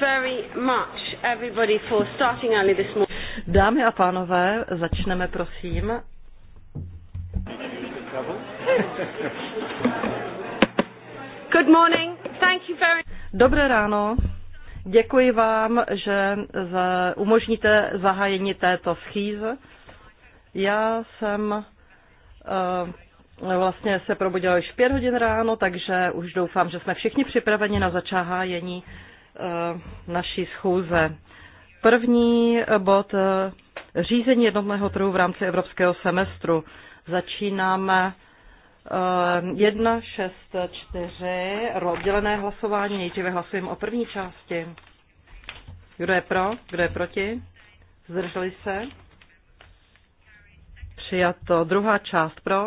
very much everybody for starting early this morning. Dámy a pánové, začneme prosím. Good morning. Thank you very Dobré ráno. Děkuji vám, že umožníte zahájení této schýze. Já jsem uh, Vlastně se probudila již pět hodin ráno, takže už doufám, že jsme všichni připraveni na začáhájení Eh, naší schůze. První bod eh, řízení jednotného trhu v rámci evropského semestru. Začínáme 1, 6, 4, rozdělené hlasování. Nejdříve hlasujeme o první části. Kdo je pro? Kdo je proti? Zdrželi se? Přijato. Druhá část pro?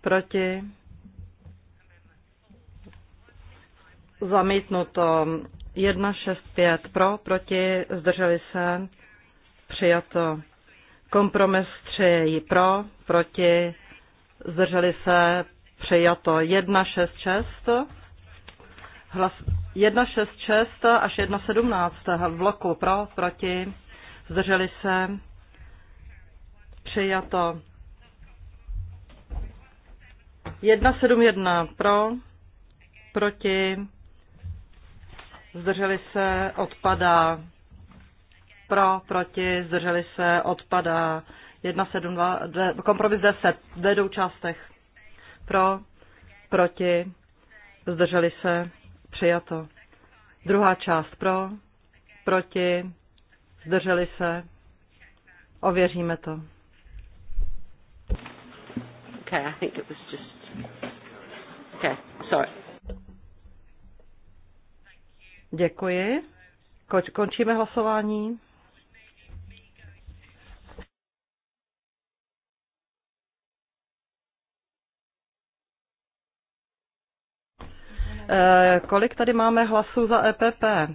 Proti? Zamítnuto 165 pro, proti, zdrželi se, přijato. Kompromis 3 pro, proti, zdrželi se, přijato. 166, hlas 166 až 117 v bloku pro, proti, zdrželi se, přijato. 171 pro, proti, zdrželi se, odpada. Pro, proti, zdrželi se, odpada. 1, 7, 2, 2, kompromis 10 ve dvou částech. Pro, proti, zdrželi se, přijato. Druhá část pro, proti, zdrželi se, ověříme to. Okay, I think it was just... Okay, sorry. Děkuji. Končíme hlasování. Eh, kolik tady máme hlasů za EPP?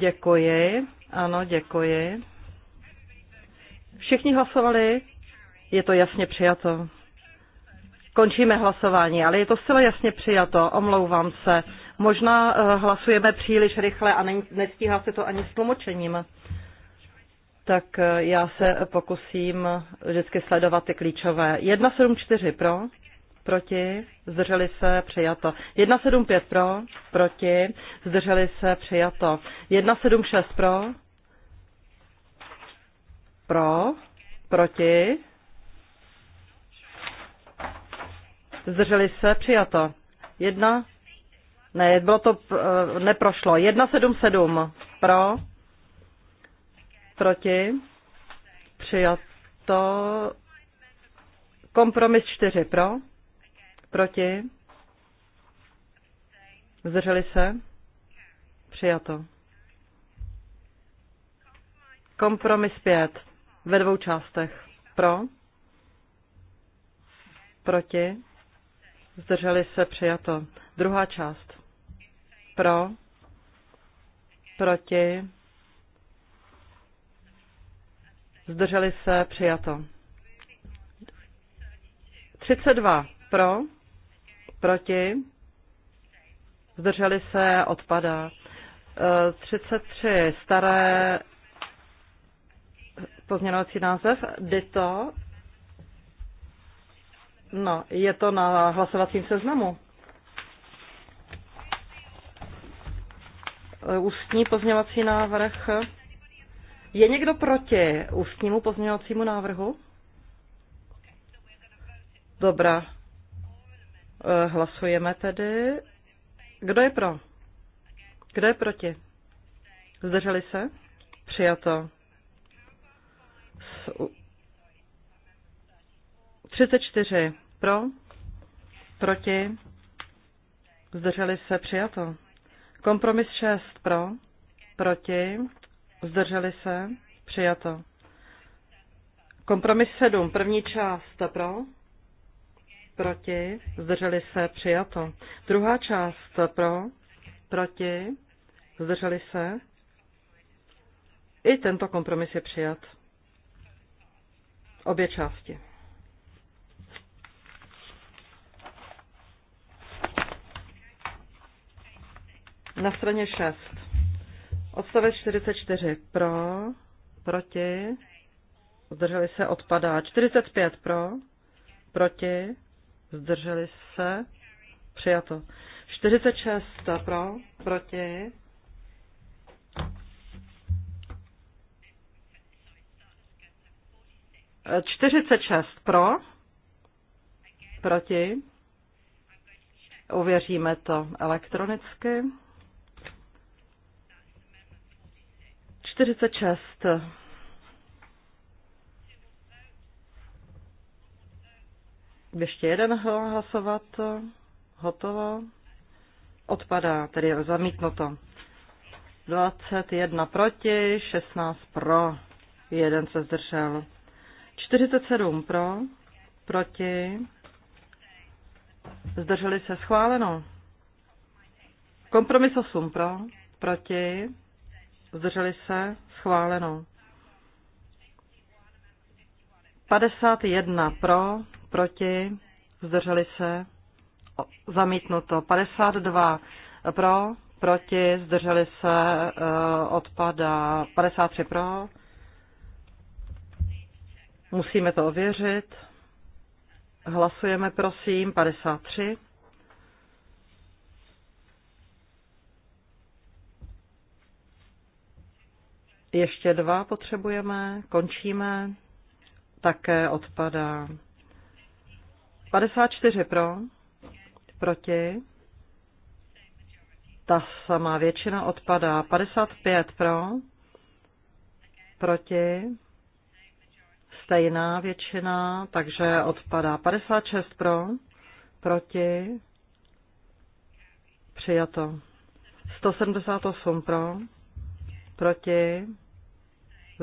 Děkuji. Ano, děkuji. Všichni hlasovali? Je to jasně přijato. Končíme hlasování, ale je to zcela jasně přijato. Omlouvám se. Možná eh, hlasujeme příliš rychle a nestíhá se to ani s tlumočením. Tak eh, já se pokusím vždycky sledovat ty klíčové. 174 pro, proti, zdrželi se, přijato. 175 pro, proti, zdrželi se, přijato. 176 pro, pro, proti, zdrželi se, přijato. Jedna, ne, bylo to, eh, neprošlo. 177 pro, proti, přijato. Kompromis 4 pro, proti, zdrželi se, přijato. Kompromis 5 ve dvou částech. Pro, proti, zdrželi se přijato. Druhá část pro, proti, zdrželi se přijato. 32 pro, proti, zdrželi se odpadá. 33 e, staré pozměňovací název, DITO No, je to na hlasovacím seznamu. Ústní pozměňovací návrh. Je někdo proti ústnímu pozměňovacímu návrhu? Dobrá. Eh, hlasujeme tedy. Kdo je pro? Kdo je proti? Zdrželi se? Přijato. 34. Pro? Proti? Zdrželi se přijato. Kompromis 6 pro, proti, zdrželi se, přijato. Kompromis 7, první část pro, proti, zdrželi se, přijato. Druhá část pro, proti, zdrželi se. I tento kompromis je přijat. Obě části. Na straně 6. Odstavec 44 pro, proti, zdrželi se, odpadá. 45 pro, proti, zdrželi se, přijato. 46 pro, proti, Čtyřicet šest pro, proti, uvěříme to elektronicky. 46. Ještě jeden hlasovat. Hotovo. Odpadá, tedy je zamítnuto. 21 proti, 16 pro. Jeden se zdržel. 47 pro, proti. Zdrželi se schváleno. Kompromis 8 pro, proti zdrželi se, schváleno. 51 pro, proti, zdrželi se, zamítnuto. 52 pro, proti, zdrželi se, e, odpada. 53 pro, musíme to ověřit. Hlasujeme prosím, 53. Ještě dva potřebujeme, končíme, také odpadá. 54 pro, proti, ta samá většina odpadá. 55 pro, proti, stejná většina, takže odpadá. 56 pro, proti, přijato. 178 pro, Proti?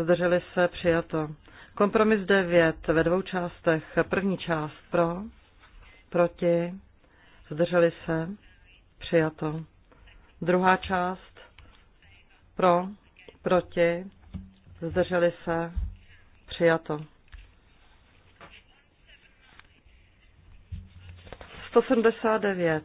Zdrželi se přijato. Kompromis 9 ve dvou částech. První část pro, proti, zdrželi se, přijato. Druhá část pro, proti, zdrželi se, přijato. 179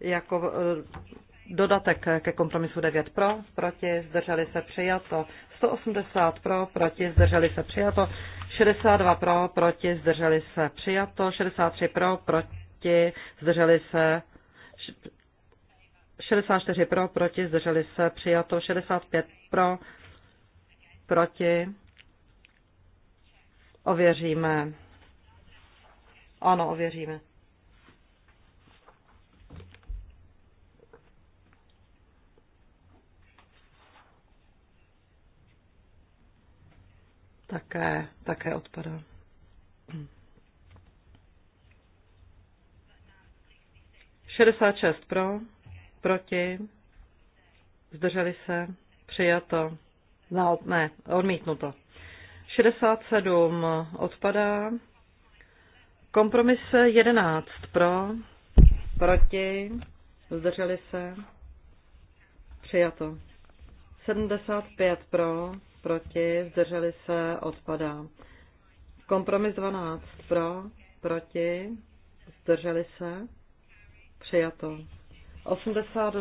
jako eh, Dodatek ke kompromisu 9 pro, proti, zdrželi se přijato. 180 pro, proti, zdrželi se přijato. 62 pro, proti, zdrželi se přijato. 63 pro, proti, zdrželi se 64 pro, proti, zdrželi se přijato. 65 pro, proti. Ověříme. Ano, ověříme. také, také odpadá. Šedesát šest pro, proti, zdrželi se, přijato, no, ne, odmítnuto. 67 odpadá, kompromis 11 pro, proti, zdrželi se, přijato. 75 pro, proti, zdrželi se, odpadá. Kompromis 12 pro, proti, zdrželi se, přijato. 80,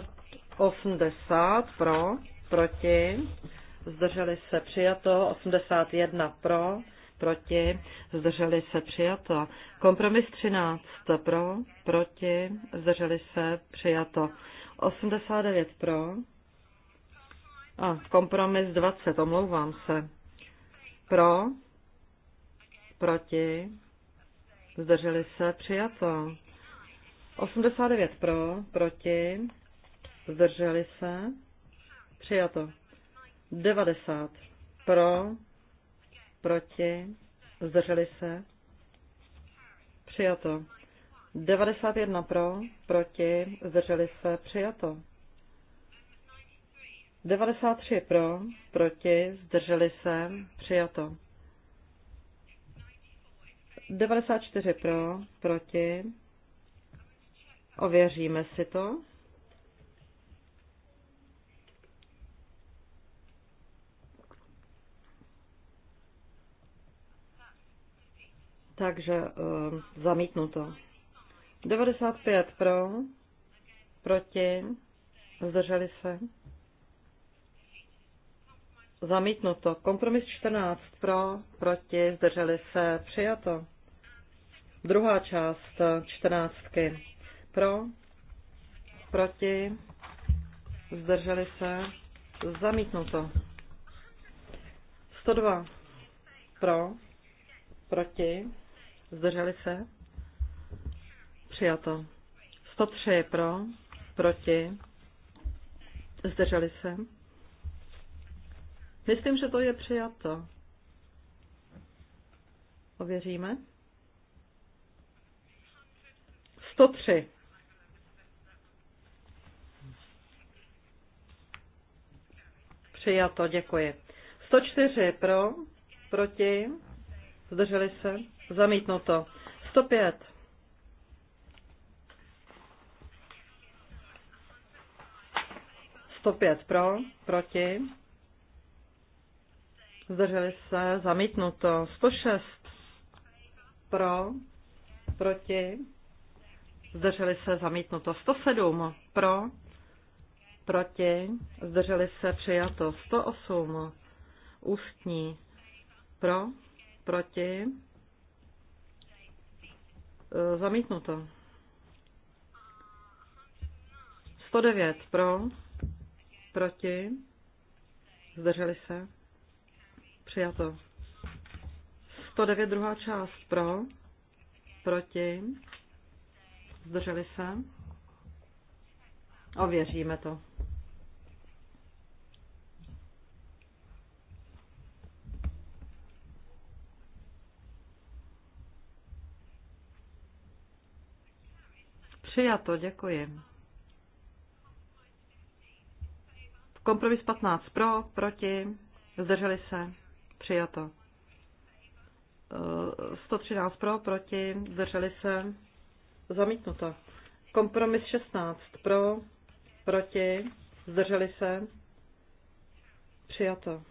80 pro, proti, zdrželi se, přijato. 81 pro, proti, zdrželi se, přijato. Kompromis 13 pro, proti, zdrželi se, přijato. 89 pro, a kompromis 20, omlouvám se. Pro, proti, zdrželi se, přijato. 89 pro, proti, zdrželi se, přijato. 90 pro, proti, zdrželi se, přijato. 91 pro, proti, zdrželi se, přijato. 93 pro, proti, zdrželi se, přijato. 94 pro, proti, ověříme si to. Takže uh, zamítnuto. 95 pro, proti, zdrželi se. Zamítnuto. Kompromis 14 pro, proti, zdrželi se, přijato. Druhá část čtrnáctky. Pro, proti, zdrželi se, zamítnuto. 102. Pro, proti, zdrželi se, přijato. 103 pro, proti, zdrželi se, Myslím, že to je přijato. Ověříme. 103. Přijato, děkuji. 104 pro, proti, zdrželi se, zamítnuto. 105. Sto pro, proti, zdrželi se, zamítnuto. 106 pro, proti, zdrželi se, zamítnuto. 107 pro, proti, zdrželi se, přijato. 108 ústní pro, proti, e, zamítnuto. 109 pro, proti, zdrželi se, Přijato. 109 druhá část pro, proti, zdrželi se. Ověříme to. Přijato, děkuji. Kompromis 15 pro, proti, zdrželi se. Přijato. 113 eh, pro, proti, zdrželi se, zamítnuto. Kompromis 16 pro, proti, zdrželi se, přijato.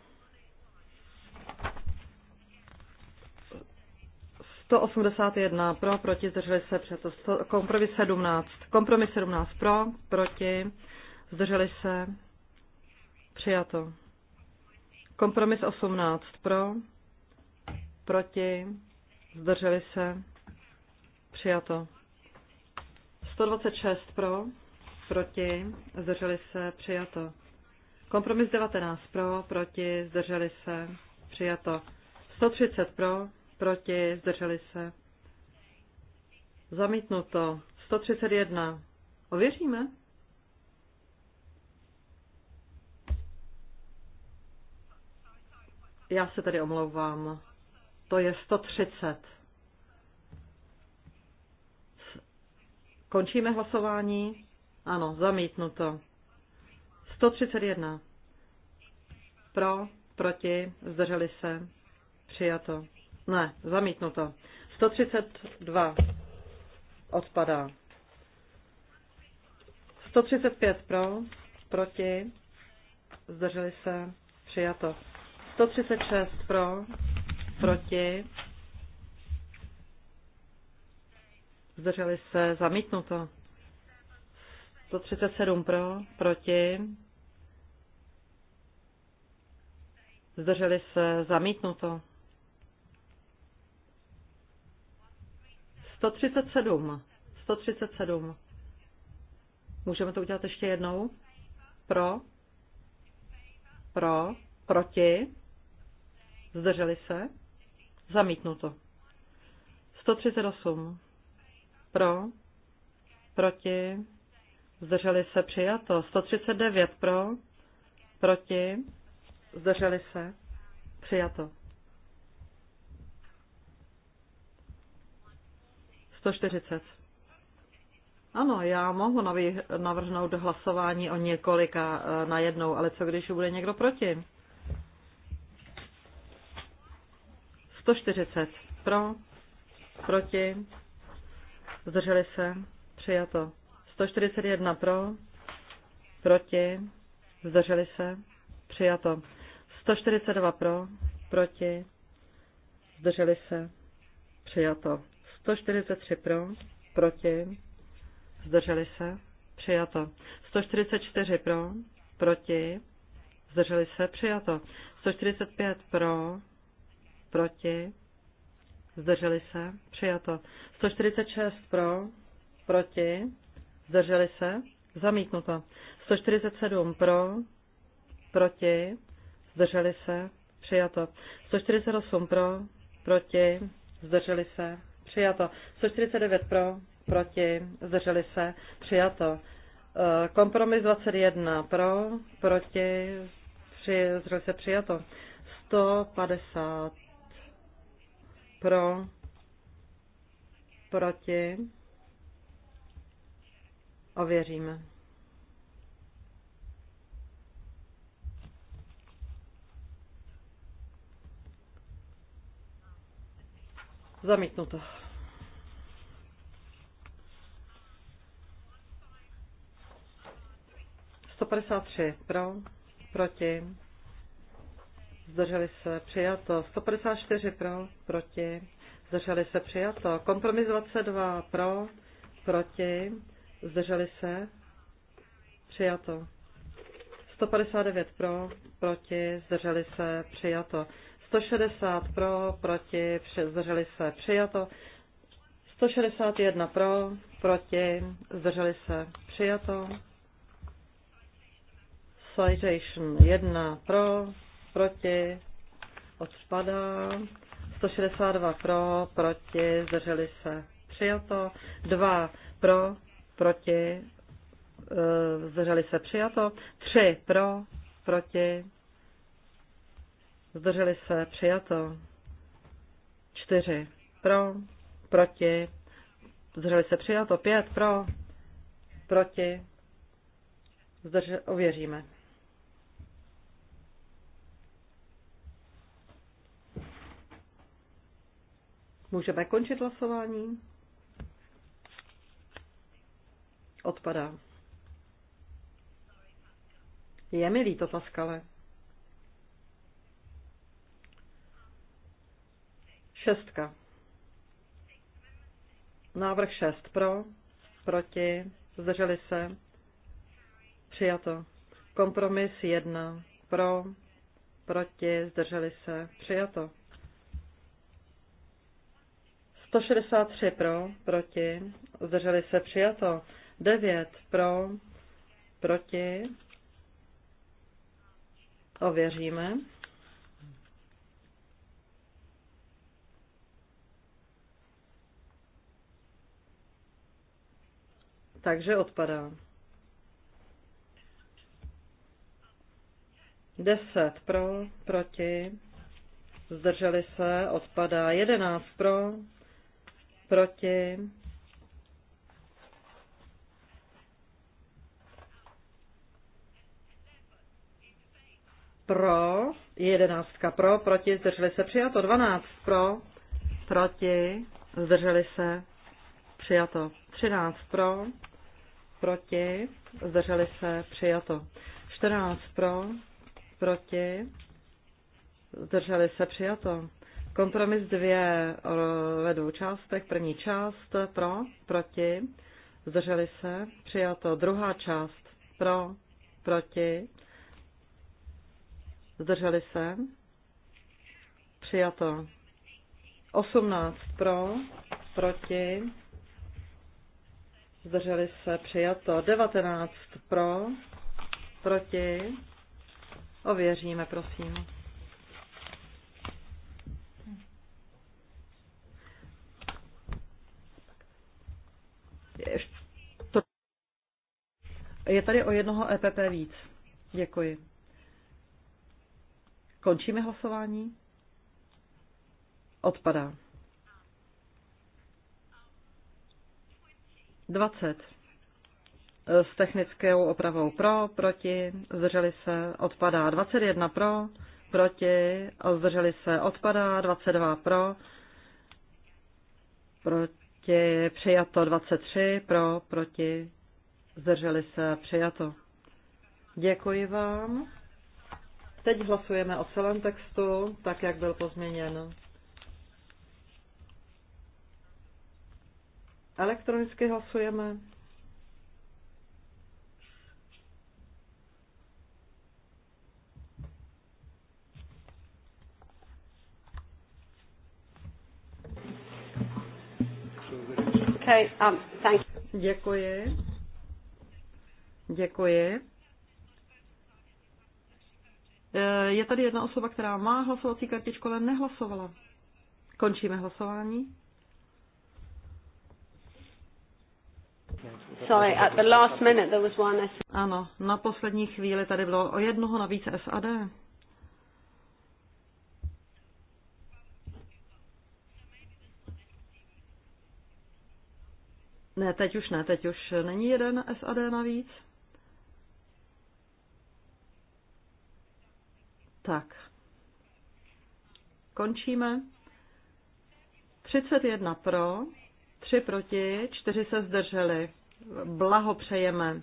181 pro, proti, zdrželi se, přijato. Kompromis 17, kompromis 17 pro, proti, zdrželi se, přijato. Kompromis 18 pro, proti, zdrželi se, přijato. 126 pro, proti, zdrželi se, přijato. Kompromis 19 pro, proti, zdrželi se, přijato. 130 pro, proti, zdrželi se. Zamítnuto. 131. Ověříme? Já se tady omlouvám. To je 130. Končíme hlasování? Ano, zamítnuto. 131. Pro, proti, zdrželi se, přijato. Ne, zamítnuto. 132 odpadá. 135 pro, proti, zdrželi se, přijato. 136 pro, proti, zdrželi se, zamítnuto. 137 pro, proti, zdrželi se, zamítnuto. 137. 137. Můžeme to udělat ještě jednou? Pro? Pro? Proti? Zdrželi se? Zamítnuto. 138. Pro? Proti? Zdrželi se? Přijato. 139. Pro? Proti? Zdrželi se? Přijato. 140. Ano, já mohu navrhnout hlasování o několika eh, na jednou, ale co když bude někdo proti? 140 pro, proti, zdrželi se, přijato. 141 pro, proti, zdrželi se, přijato. 142 pro, proti, zdrželi se, přijato. 143 pro, proti, zdrželi se, přijato. 144 pro, proti, zdrželi se, přijato. 145 pro, proti, zdrželi se, přijato. 146 pro, proti, zdrželi se, zamítnuto. 147 pro, proti, zdrželi se, přijato. 148 pro, proti, zdrželi se, přijato. 149 pro, proti, zdrželi se, přijato. Eh, kompromis 21 pro, proti, při, zdrželi se, přijato. 150 pro, proti, ověříme. Zamítnuto. Sto padesát tři pro, proti, zdrželi se přijato. 154 pro, proti, zdrželi se přijato. Kompromis 22 pro, proti, zdrželi se přijato. 159 pro, proti, zdrželi se přijato. 160 pro, proti, zdrželi se přijato. 161 pro, proti, zdrželi se přijato. Citation 1 pro, proti, odpadá. 162 pro, proti, zdrželi se, přijato. 2 e, pro, proti, zdrželi se, přijato. 3 pro, proti, zdrželi se, přijato. 4 pro, proti, zdrželi se, přijato. 5 pro, proti, zdrž, ověříme. Můžeme končit hlasování? Odpadá. Je mi líto, Paskale. Šestka. Návrh šest pro, proti, zdrželi se, přijato. Kompromis jedna pro, proti, zdrželi se, přijato. 163 pro, proti, zdrželi se přijato. 9 pro, proti, ověříme. Takže odpadá. 10 pro, proti, zdrželi se, odpadá. 11 pro, proti, pro, jedenáctka pro, proti, zdrželi se, přijato, dvanáct pro, proti, zdrželi se, přijato, třináct pro, proti, zdrželi se, přijato, čtrnáct pro, proti, zdrželi se, přijato, Kompromis dvě ve dvou částech. První část pro, proti, zdrželi se, přijato. Druhá část pro, proti, zdrželi se, přijato. 18 pro, proti, zdrželi se, přijato. 19 pro, proti, ověříme, prosím. Je tady o jednoho EPP víc. Děkuji. Končíme hlasování? Odpadá. 20. S technickou opravou pro, proti, zdrželi se, odpadá. 21 pro, proti, zdrželi se, odpadá. 22 pro, proti, přijato. 23 pro, proti, Zdrželi se přijato. Děkuji vám. Teď hlasujeme o celém textu, tak jak byl pozměněn. Elektronicky hlasujeme. Okay, um, thank you. Děkuji. Děkuji. E, je tady jedna osoba, která má hlasovací kartičku, ale nehlasovala. Končíme hlasování. Sorry, at the last minute there was one Ano, na poslední chvíli tady bylo o jednoho navíc SAD. Ne, teď už ne, teď už není jeden SAD navíc. Tak. Končíme. 31 pro, 3 proti, 4 se zdrželi. Blahopřejeme.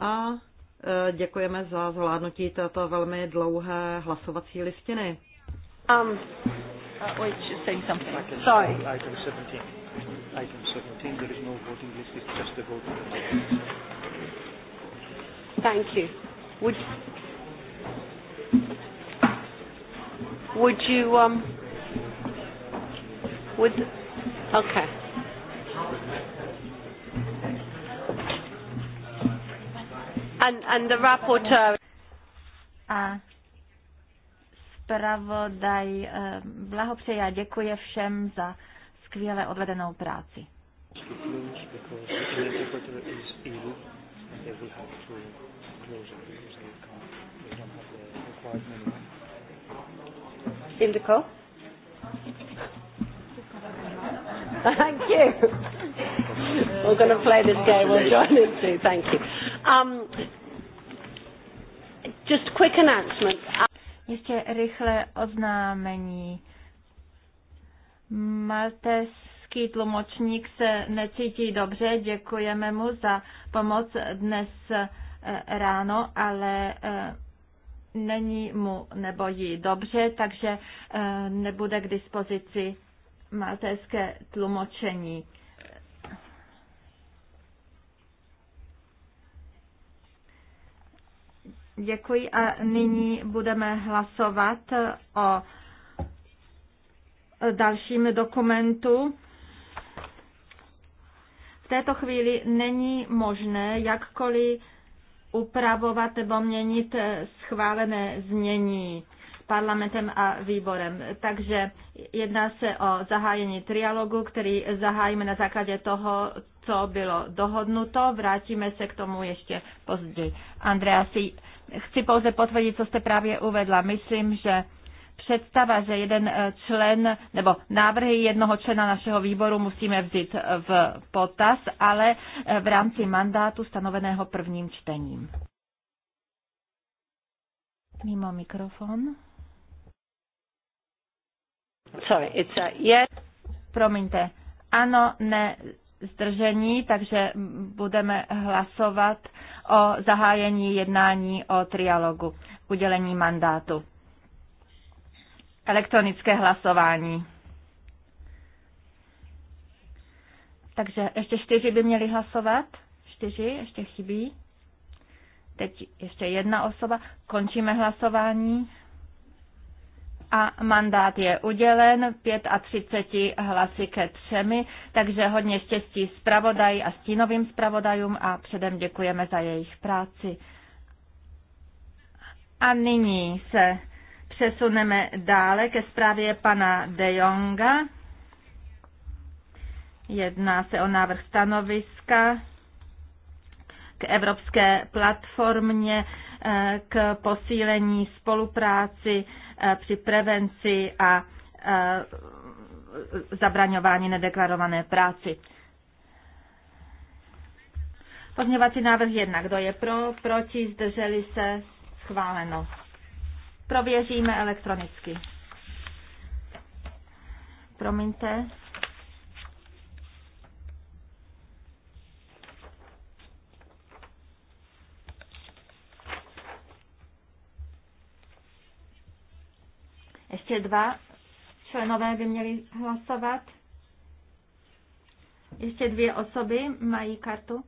A e, děkujeme za zvládnutí této velmi dlouhé hlasovací listiny. Um, uh, wait, saying something. Item, Sorry. Item 17. Item 17, there is no voting list, it's just a voting. Thank you. Would, Would you, um, would, okay. And, and the rapporteur. A zpravodaj, eh, blahopřeji a děkuji všem za skvěle odvedenou práci. Thank you. Indico. Thank you. We're going to play this game. We'll join in too. Thank you. Um, just quick announcement. Ještě rychle oznámení. Malteský tlumočník se necítí dobře, děkujeme mu za pomoc dnes eh, ráno, ale eh, není mu nebo jí dobře, takže eh, nebude k dispozici maltéské tlumočení. Děkuji a nyní budeme hlasovat o dalším dokumentu. V této chvíli není možné jakkoliv upravovat nebo měnit eh, schválené znění parlamentem a výborem. Takže jedná se o zahájení trialogu, který zahájíme na základě toho, co bylo dohodnuto. Vrátíme se k tomu ještě později. Andrea, si chci pouze potvrdit, co jste právě uvedla. Myslím, že představa, že jeden eh, člen nebo návrhy jednoho člena našeho výboru musíme vzít eh, v potaz, ale eh, v rámci mandátu stanoveného prvním čtením. Mimo mikrofon. Sorry, it's a yes. Promiňte. Ano, ne, zdržení, takže budeme hlasovat o zahájení jednání o trialogu, udělení mandátu elektronické hlasování. Takže ještě čtyři by měli hlasovat. Čtyři, ještě chybí. Teď ještě jedna osoba. Končíme hlasování. A mandát je udělen 35 hlasy ke třemi, takže hodně štěstí zpravodaji a stínovým zpravodajům a předem děkujeme za jejich práci. A nyní se přesuneme dále ke zprávě pana De Jonga. Jedná se o návrh stanoviska k Evropské platformě eh, k posílení spolupráci eh, při prevenci a eh, zabraňování nedeklarované práci. Pozměňovací návrh jednak Kdo je pro, proti, zdrželi se, schváleno. Prověříme elektronicky. Promiňte. Ještě dva členové by měli hlasovat. Ještě dvě osoby mají kartu.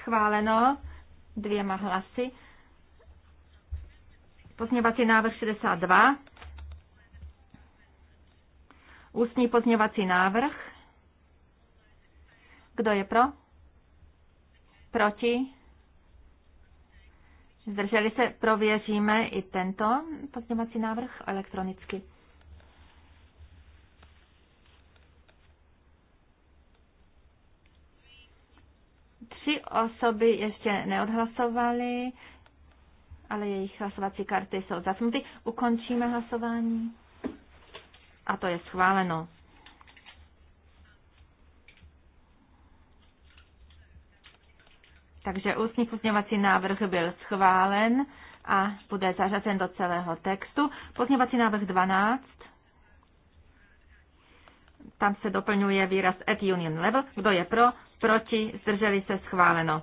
Schváleno dvěma hlasy. Pozměňovací návrh 62. Ústní pozměňovací návrh. Kdo je pro? Proti? Zdrželi se, prověříme i tento pozměňovací návrh elektronicky. Tři osoby ještě neodhlasovaly, ale jejich hlasovací karty jsou zasnuty. Ukončíme hlasování a to je schváleno. Takže ústní pozměňovací návrh byl schválen a bude zařazen do celého textu. Pozměňovací návrh 12. Tam se doplňuje výraz at union level. Kdo je pro? proti, zdrželi se schváleno.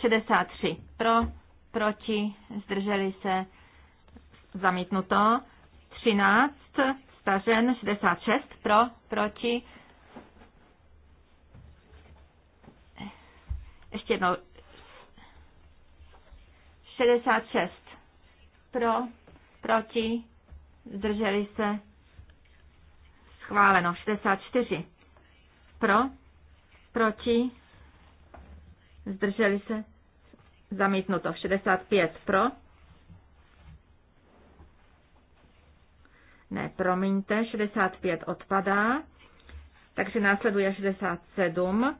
63 pro, proti, zdrželi se zamítnuto. 13 stažen, 66 pro, proti. Ještě jednou. 66 pro, proti, zdrželi se schváleno. 64 pro, proti, zdrželi se, zamítnuto. 65 pro, ne, promiňte, 65 odpadá, takže následuje 67.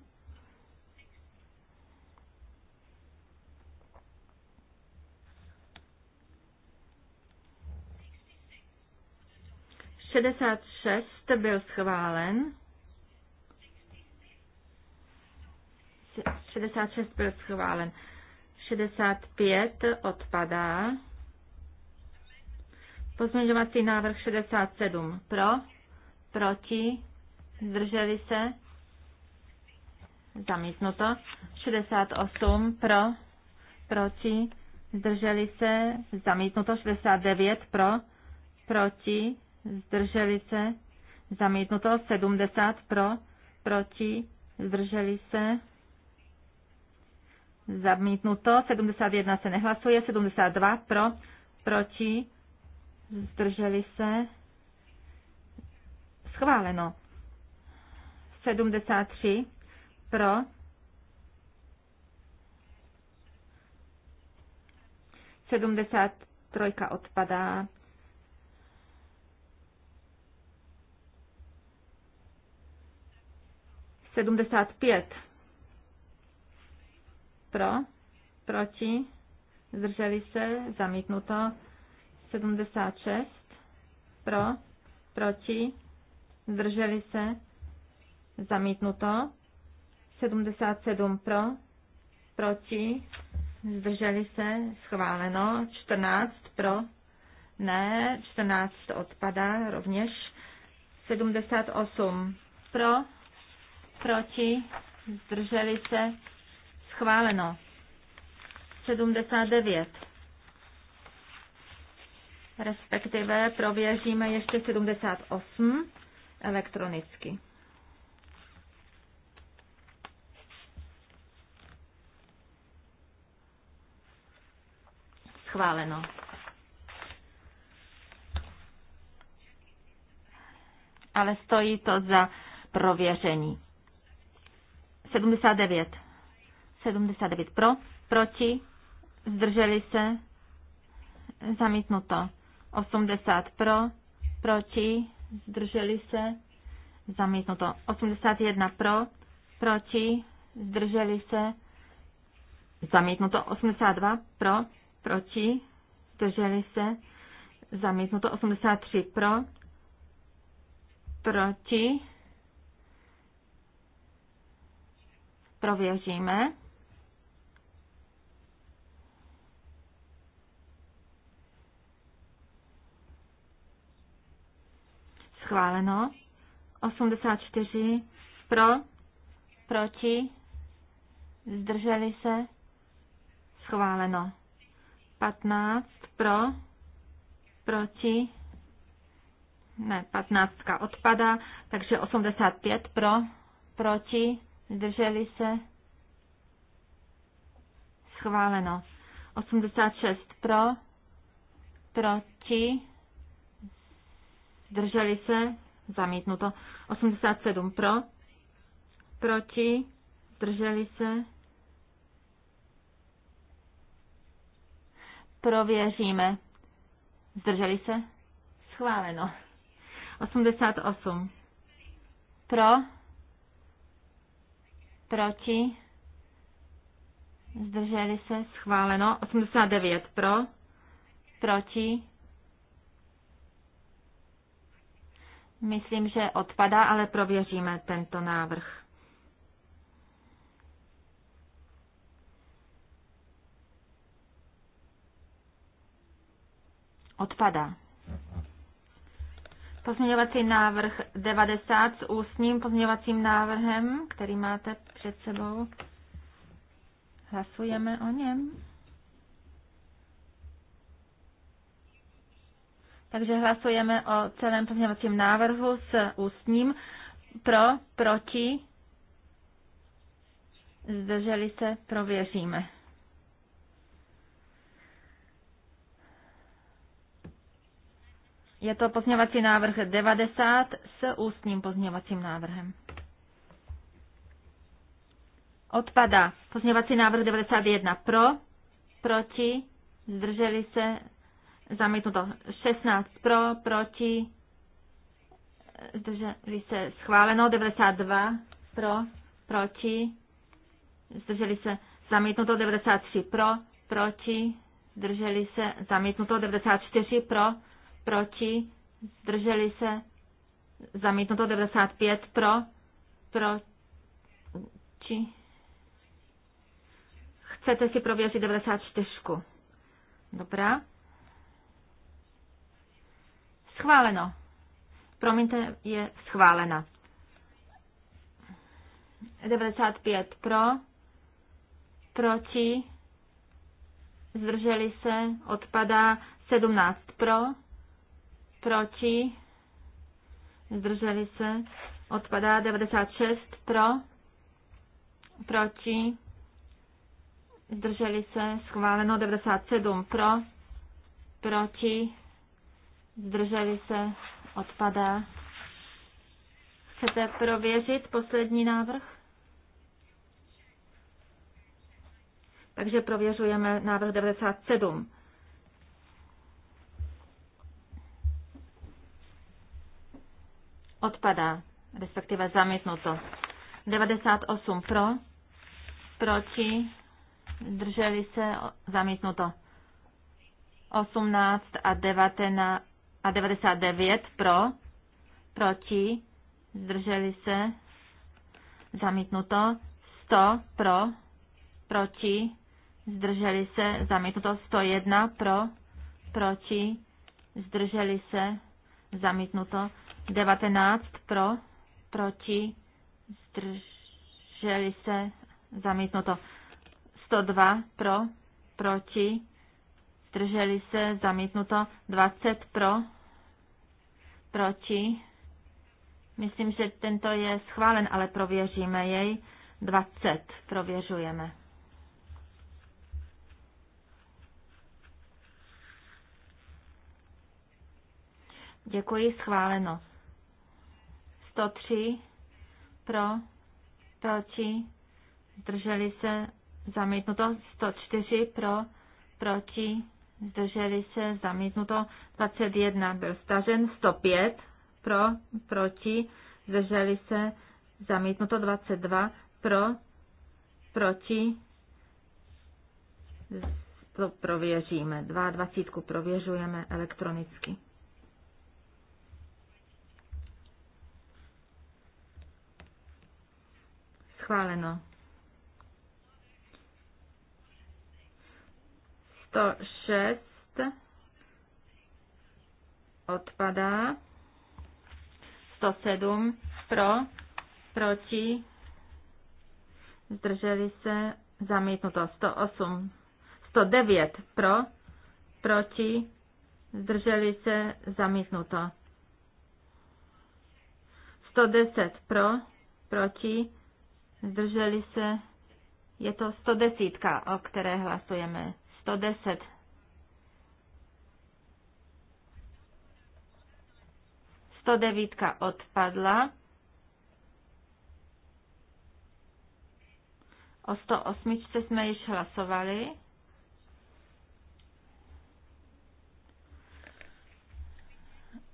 Šedesát šest byl schválen. 66 byl schválen. 65 odpadá. Pozměňovací návrh 67 pro, proti, zdrželi se, zamítnuto. 68 pro, proti, zdrželi se, zamítnuto. 69 pro, proti, zdrželi se, zamítnuto. 70 pro, proti, zdrželi se, Zamítnuto. 71 se nehlasuje. 72 pro. Proti. Zdrželi se. Schváleno. 73 pro. Sedmdesát trojka odpadá. Sedmdesát pět pro, proti, zdrželi se, zamítnuto 76, pro, proti, zdrželi se, zamítnuto 77 pro, proti, zdrželi se, schváleno 14 pro, ne, 14 odpada rovněž 78 pro, proti, zdrželi se, Schváleno. 79. Respektive prověříme ještě 78 elektronicky. Schváleno. Ale stojí to za prověření. 79. 79 pro, proti, zdrželi se, zamítnuto. 80 pro, proti, zdrželi se, zamítnuto. 81 pro, proti, zdrželi se, zamítnuto. 82 pro, proti, zdrželi se, zamítnuto. 83 pro, proti, prověříme. schváleno. 84 pro, proti, zdrželi se, schváleno. 15 pro, proti, ne, 15 odpada, takže 85 pro, proti, zdrželi se, schváleno. 86 pro, proti, zdrželi se, zamítnuto. 87 pro, proti, zdrželi se. Prověříme. Zdrželi se? Schváleno. 88. Pro? Proti? Zdrželi se? Schváleno. 89. Pro? Proti? Myslím, že odpadá, ale prověříme tento návrh. Odpadá. Pozměňovací návrh 90 s ústním pozměňovacím návrhem, který máte před sebou. Hlasujeme o něm. Takže hlasujeme o celém pozměňovacím návrhu s ústním. Pro, proti, zdrželi se, prověříme. Je to pozměňovací návrh 90 s ústním pozměňovacím návrhem. Odpada pozměňovací návrh 91 pro, proti, zdrželi se, zamítnuto 16 pro, proti, zdrželi se schváleno 92 pro, proti, zdrželi se zamítnuto 93 pro, proti, zdrželi se zamítnuto 94 pro, proti, zdrželi se zamítnuto 95 pro, proti. Chcete si prověřit 94. Dobrá. Schváleno. Promiňte, je schválena. 95 pro, proti, zdrželi se, odpadá 17 pro, proti, zdrželi se, odpadá 96 pro, proti, zdrželi se, schváleno 97 pro, proti, zdrželi se, odpadá. Chcete prověřit poslední návrh? Takže prověřujeme návrh 97. Odpadá, respektive zamítnuto. 98 pro, proti, drželi se, zamítnuto. 18 a 19 a 99 pro, proti, zdrželi se, zamítnuto, 100 pro, proti, zdrželi se, zamítnuto, 101 pro, proti, zdrželi se, zamítnuto, 19 pro, proti, zdrželi se, zamítnuto, 102 pro, proti, zdrželi se, zamítnuto, 20 pro, proti. Myslím, že tento je schválen, ale prověříme jej. 20 prověřujeme. Děkuji, schváleno. 103 pro, proti, zdrželi se, zamítnuto. 104 pro, proti, zdrželi se, zamítnuto 21 byl stažen, 105 pro, proti, zdrželi se, zamítnuto 22 pro, proti, to prověříme, 22 prověřujeme elektronicky. Schváleno. 106 odpadá. 107 pro, proti, zdrželi se, zamítnuto. 108, 109 pro, proti, zdrželi se, zamítnuto. 110 pro, proti, zdrželi se, je to 110, o které hlasujeme. 110. Sto devítka odpadla. O 108 jsme již hlasovali.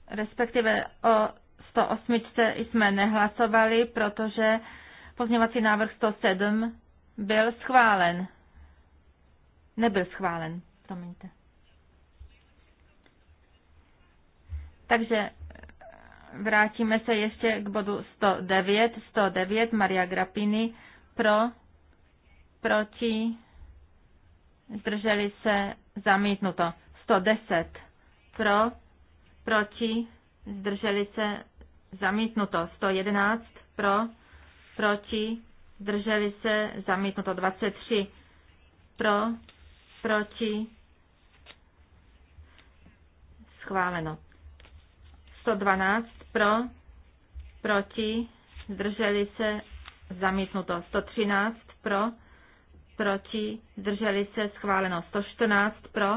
Respektive o 108 jsme nehlasovali, protože pozměňovací návrh 107 byl schválen. Nebyl schválen, promiňte. Takže vrátíme se ještě k bodu 109. 109 Maria Grapini pro, proti, zdrželi se, zamítnuto. 110 pro, proti, zdrželi se, zamítnuto. 111 pro, proti, zdrželi se, zamítnuto. 23 pro, proti, schváleno. 112 pro, proti, zdrželi se, zamítnuto. 113 pro, proti, zdrželi se, schváleno. 114 pro,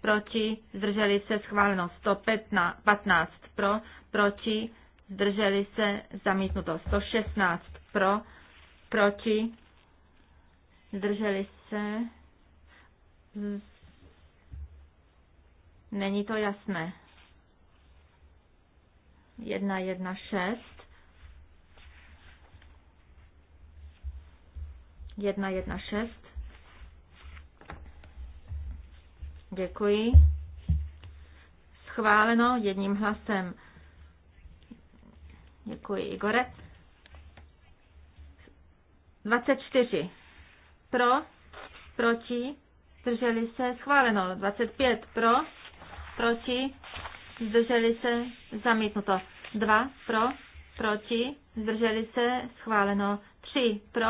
proti, zdrželi se, schváleno. 115 pro, proti, zdrželi se, zamítnuto. 116 pro, proti, zdrželi se, Hmm. Není to jasné. jedna šest. Děkuji. Schváleno jedním hlasem. Děkuji, Igore. 24. Pro, proti, zdrželi se, schváleno. 25 pro, proti, zdrželi se, zamítnuto. 2 pro, proti, zdrželi se, schváleno. 3 pro,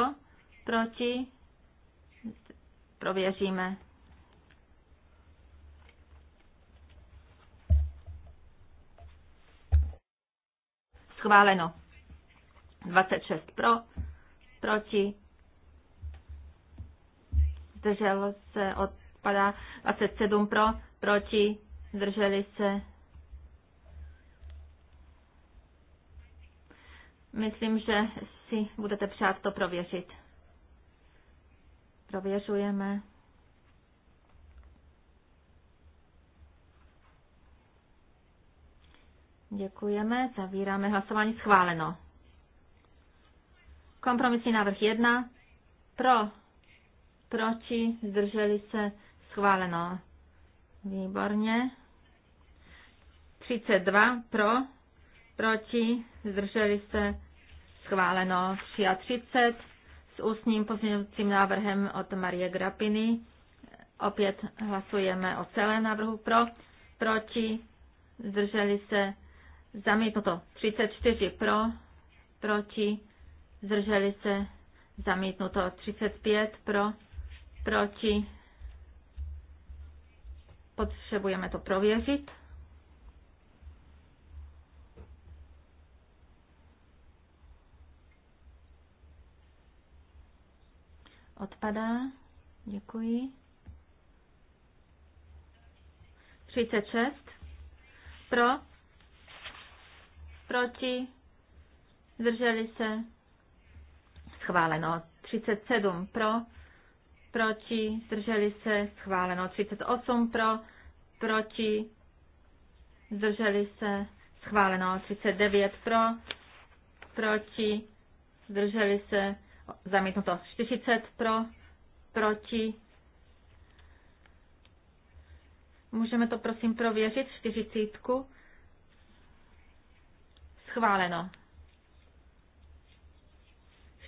proti, prověříme. Schváleno. 26 pro, proti, zdržel se, odpadá 27 pro, proti, zdrželi se. Myslím, že si budete přát to prověřit. Prověřujeme. Děkujeme, zavíráme hlasování schváleno. Kompromisní návrh 1. Pro proti, zdrželi se, schváleno. Výborně. 32 pro, proti, zdrželi se, schváleno. 33 s ústním pozměňovacím návrhem od Marie Grapiny. Opět hlasujeme o celém návrhu pro, proti, zdrželi se, zamítnuto. 34 pro, proti, zdrželi se, zamítnuto. 35 pro, proti. Potřebujeme to prověřit. Odpadá. Děkuji. 36. Pro. Proti. Zdrželi se. Schváleno. 37. Pro proti, zdrželi se, schváleno. 38 pro, proti, zdrželi se, schváleno. 39 pro, proti, zdrželi se, zamítnuto. 40 pro, proti. Můžeme to prosím prověřit, 40. Schváleno.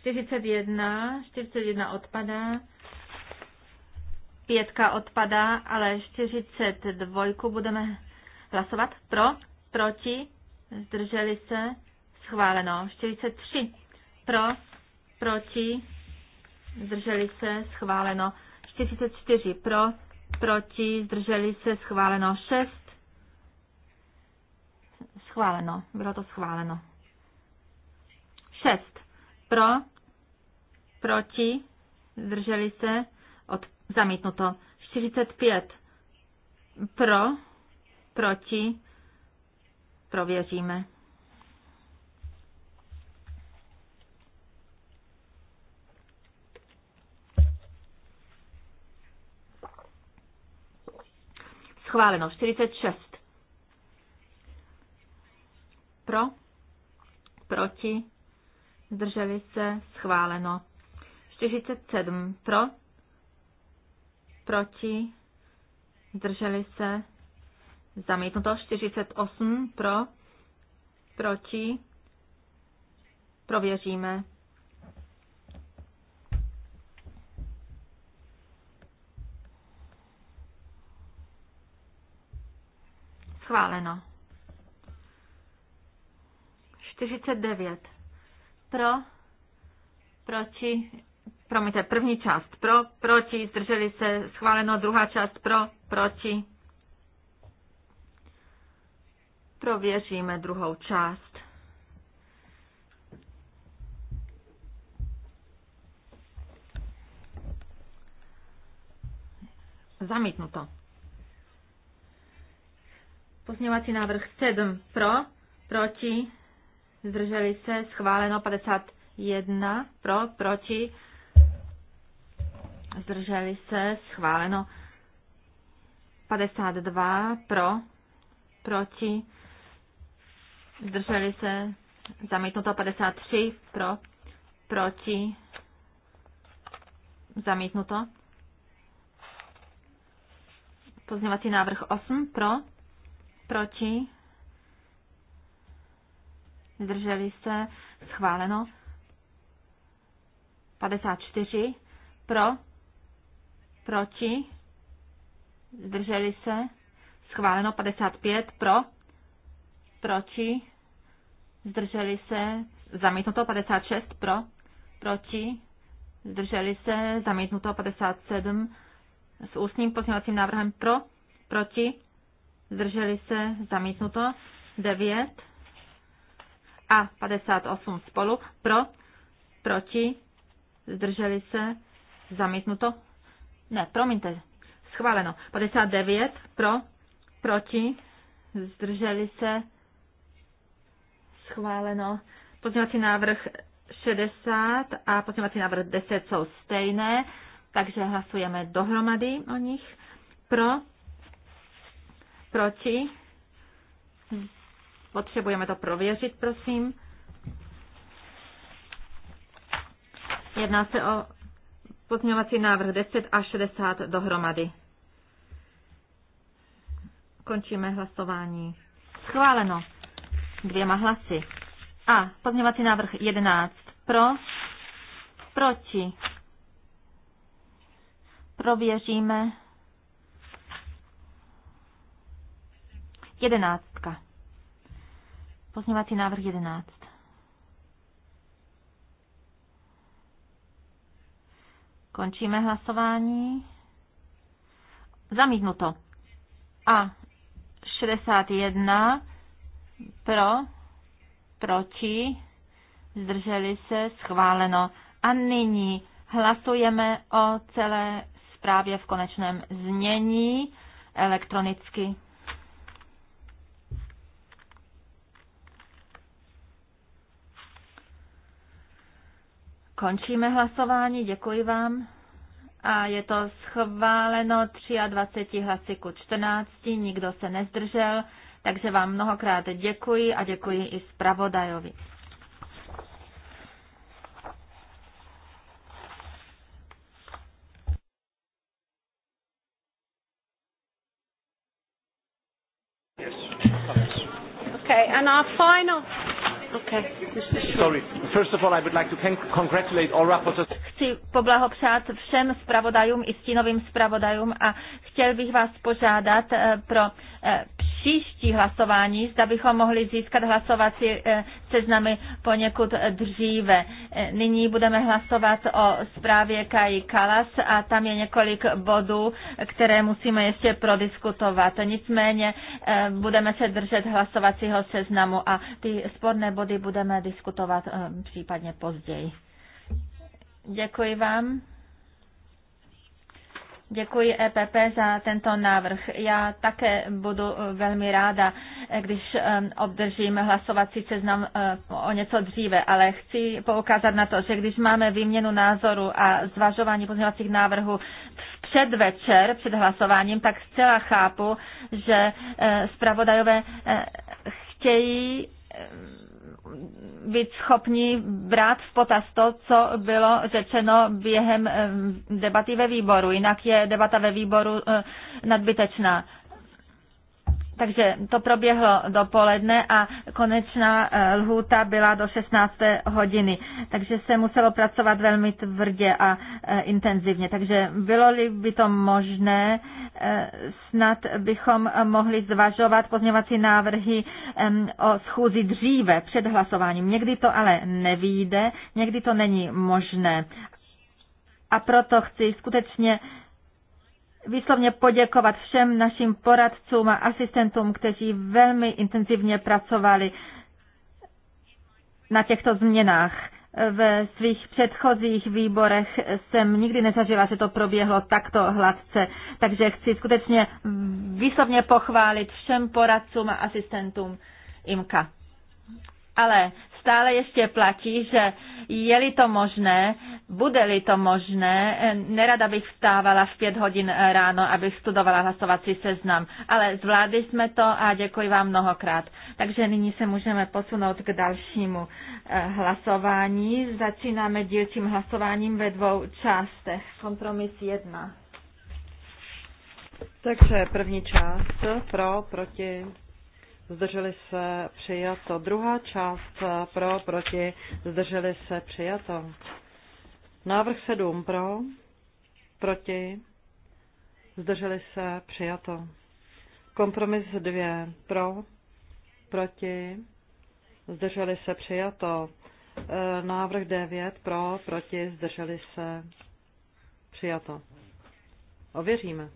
41, 41 odpadá. Pětka odpadá, ale 42 budeme hlasovat pro, proti, zdrželi se, schváleno. 43 pro, proti, zdrželi se, schváleno. 44 pro, proti, zdrželi se, schváleno. 6 schváleno, bylo to schváleno. 6 pro, proti, zdrželi se, od Zamítnuto. 45 pro, proti, prověříme. Schváleno 46. Pro, proti, zdrželi se, schváleno. 47 pro, proti, zdrželi se, zamítnuto 48 pro, proti, prověříme. Schváleno. 49. Pro, proti, promiňte, první část pro, proti, zdrželi se, schváleno, druhá část pro, proti. Prověříme druhou část. Zamítnuto. Pozměňovací návrh 7 pro, proti, zdrželi se, schváleno 51 pro, proti, zdrželi se, schváleno 52 pro, proti, zdrželi se, zamítnuto 53 pro, proti, zamítnuto. Pozměvací návrh 8 pro, proti, zdrželi se, schváleno 54 pro, proti, zdrželi se, schváleno 55 pro, proti, zdrželi se, zamítnuto 56 pro, proti, zdrželi se, zamítnuto 57 s ústním pozměňovacím návrhem pro, proti, zdrželi se, zamítnuto 9 a 58 spolu pro, proti, zdrželi se, zamítnuto ne, promiňte, schváleno. 59 pro, proti, zdrželi se, schváleno. Pozměňovací návrh 60 a pozměňovací návrh 10 jsou stejné, takže hlasujeme dohromady o nich. Pro, proti, potřebujeme to prověřit, prosím. Jedná se o Pozměňovací návrh 10 a 60 dohromady. Končíme hlasování. Schváleno dvěma hlasy. A pozměňovací návrh 11 pro, proti. Prověříme. Jedenáctka. Pozměňovací návrh 11. Končíme hlasování. Zamítnuto. A 61 pro, proti, zdrželi se, schváleno. A nyní hlasujeme o celé zprávě v konečném znění elektronicky. Končíme hlasování, děkuji vám. A je to schváleno 23 hlasy ku 14, nikdo se nezdržel, takže vám mnohokrát děkuji a děkuji i zpravodajovi. Okay, and our final. Okay, Sorry. First of all, I would like to thank Chci poblahopřát všem zpravodajům i stínovým zpravodajům a chtěl bych vás požádat eh, pro eh, příští hlasování, zda bychom mohli získat hlasovací eh, seznamy poněkud dříve. Nyní budeme hlasovat o zprávě Kaji Kalas a tam je několik bodů, které musíme ještě prodiskutovat. Nicméně budeme se držet hlasovacího seznamu a ty sporné body budeme diskutovat případně později. Děkuji vám. Děkuji EPP za tento návrh. Já také budu eh, velmi ráda, eh, když eh, obdržím hlasovací seznam o něco dříve, ale chci poukázat na to, že když máme výměnu názoru a zvažování pozměňovacích návrhů před večer před hlasováním, tak zcela chápu, že zpravodajové chtějí být schopni brát v potaz to, co bylo řečeno během eh, debaty ve výboru. Jinak je debata ve výboru eh, nadbytečná. Takže to proběhlo dopoledne a konečná eh, lhůta byla do 16. hodiny. Takže se muselo pracovat velmi tvrdě a eh, intenzivně. Takže bylo-li by to možné, eh, snad bychom mohli zvažovat pozměňovací návrhy o schůzi dříve před hlasováním. Někdy to ale nevýjde, někdy to není možné. A proto chci skutečně výslovně poděkovat všem našim poradcům a asistentům, kteří velmi intenzivně pracovali na těchto změnách. Ve svých předchozích výborech jsem nikdy nezažila, že to proběhlo takto hladce, takže chci skutečně výslovně pochválit všem poradcům a asistentům IMKA. Ale stále ještě platí, že je-li to možné, bude-li to možné, nerada bych vstávala v pět hodin ráno, abych studovala hlasovací seznam, ale zvládli jsme to a děkuji vám mnohokrát. Takže nyní se můžeme posunout k dalšímu eh, hlasování. Začínáme dílčím hlasováním ve dvou částech. Kompromis jedna. Takže první část pro, proti, zdrželi se, přijato. Druhá část pro, proti, zdrželi se, přijato. Návrh 7 pro, proti, zdrželi se, přijato. Kompromis 2 pro, proti, zdrželi se, přijato. E, návrh 9 pro, proti, zdrželi se, přijato. Ověříme.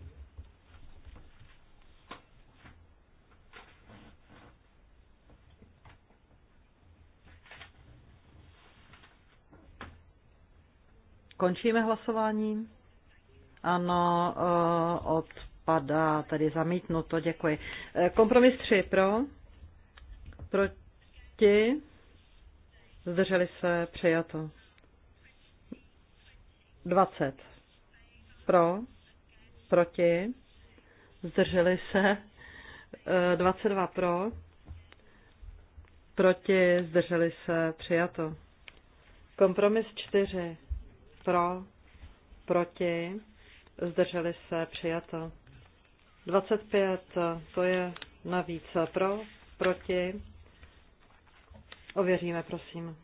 Končíme hlasování? Ano, eh, odpadá, tady zamítnuto, děkuji. Eh, kompromis 3 pro, proti, zdrželi se, přijato. 20 pro, proti, zdrželi se, 22 eh, pro, proti, zdrželi se, přijato. Kompromis 4 pro, proti, zdrželi se, přijato. 25, to je navíc pro, proti, ověříme, prosím.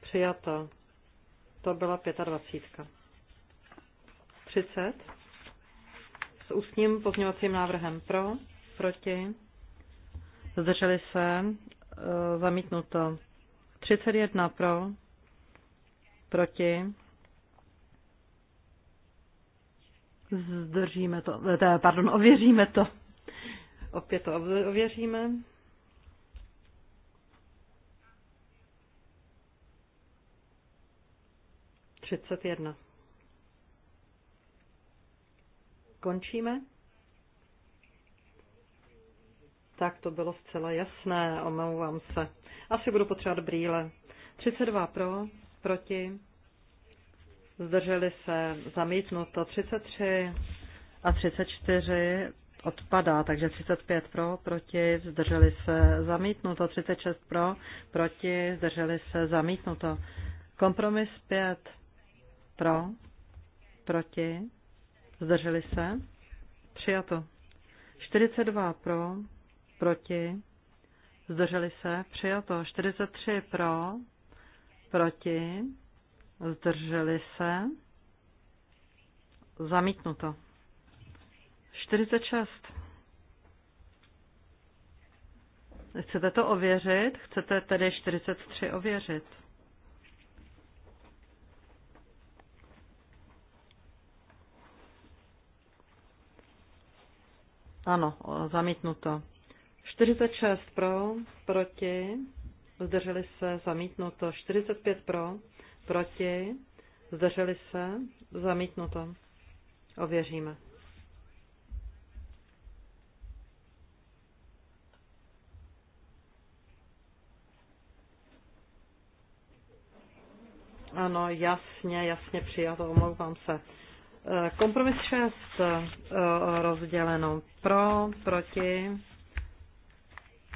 Přijato. To byla 25. 30. S ústním pozměňovacím návrhem pro, proti, zdrželi se, eh, zamítnuto. 31 pro, proti, zdržíme to, eh, pardon, ověříme to. Opět to ověříme. Třicet jedna. Končíme. tak to bylo zcela jasné, omlouvám se. Asi budu potřebovat brýle. 32 pro, proti, zdrželi se, zamítnuto 33 a 34 odpadá, takže 35 pro, proti, zdrželi se, zamítnuto 36 pro, proti, zdrželi se, zamítnuto. Kompromis 5 pro, proti, zdrželi se, přijato. 42 pro, proti, zdrželi se, přijato 43 pro, proti, zdrželi se, zamítnuto. 46. Chcete to ověřit? Chcete tedy 43 ověřit? Ano, zamítnuto. 46 pro, proti, zdrželi se, zamítnuto. 45 pro, proti, zdrželi se, zamítnuto. Ověříme. Ano, jasně, jasně přijato, omlouvám se. Eh, kompromis 6 eh, rozděleno pro, proti,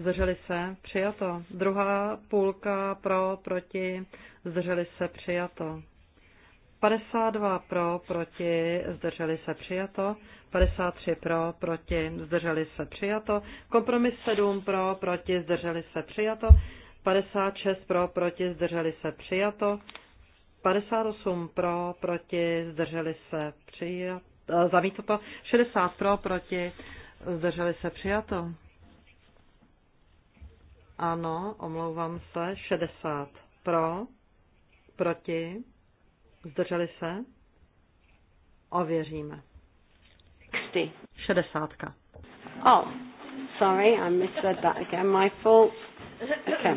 zdrželi se, přijato. Druhá půlka pro, proti, zdrželi se, přijato. 52 pro, proti, zdrželi se, přijato. 53 pro, proti, zdrželi se, přijato. Kompromis 7 pro, proti, zdrželi se, přijato. 56 pro, proti, zdrželi se, přijato. 58 eh, pro, proti, zdrželi se, přijato. to 60 pro, proti, zdrželi se, přijato. Ano, omlouvám se. 60. Pro. Proti. Zdrželi se? Ověříme. 60. 60. Oh, sorry, I misread that again. My fault. Okay.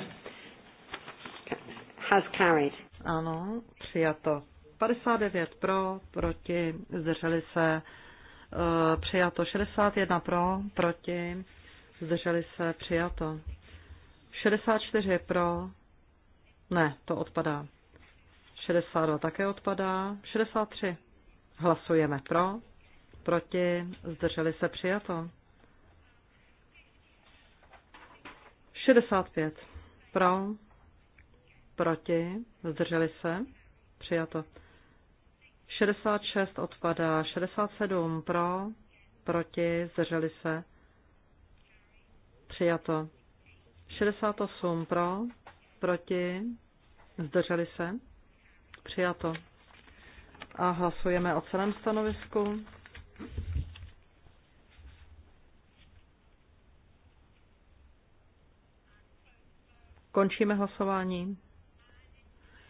Has carried. Ano, přijato. 59 pro, proti, zdrželi se. Uh, přijato 61 pro, proti, zdrželi se, přijato. 64 pro. Ne, to odpadá. 62 také odpadá. 63. Hlasujeme pro. Proti. Zdrželi se přijato. 65. Pro. Proti. Zdrželi se. Přijato. 66 odpadá. 67 pro. Proti. Zdrželi se. Přijato. 68 pro, proti, zdrželi se, přijato. A hlasujeme o celém stanovisku. Končíme hlasování.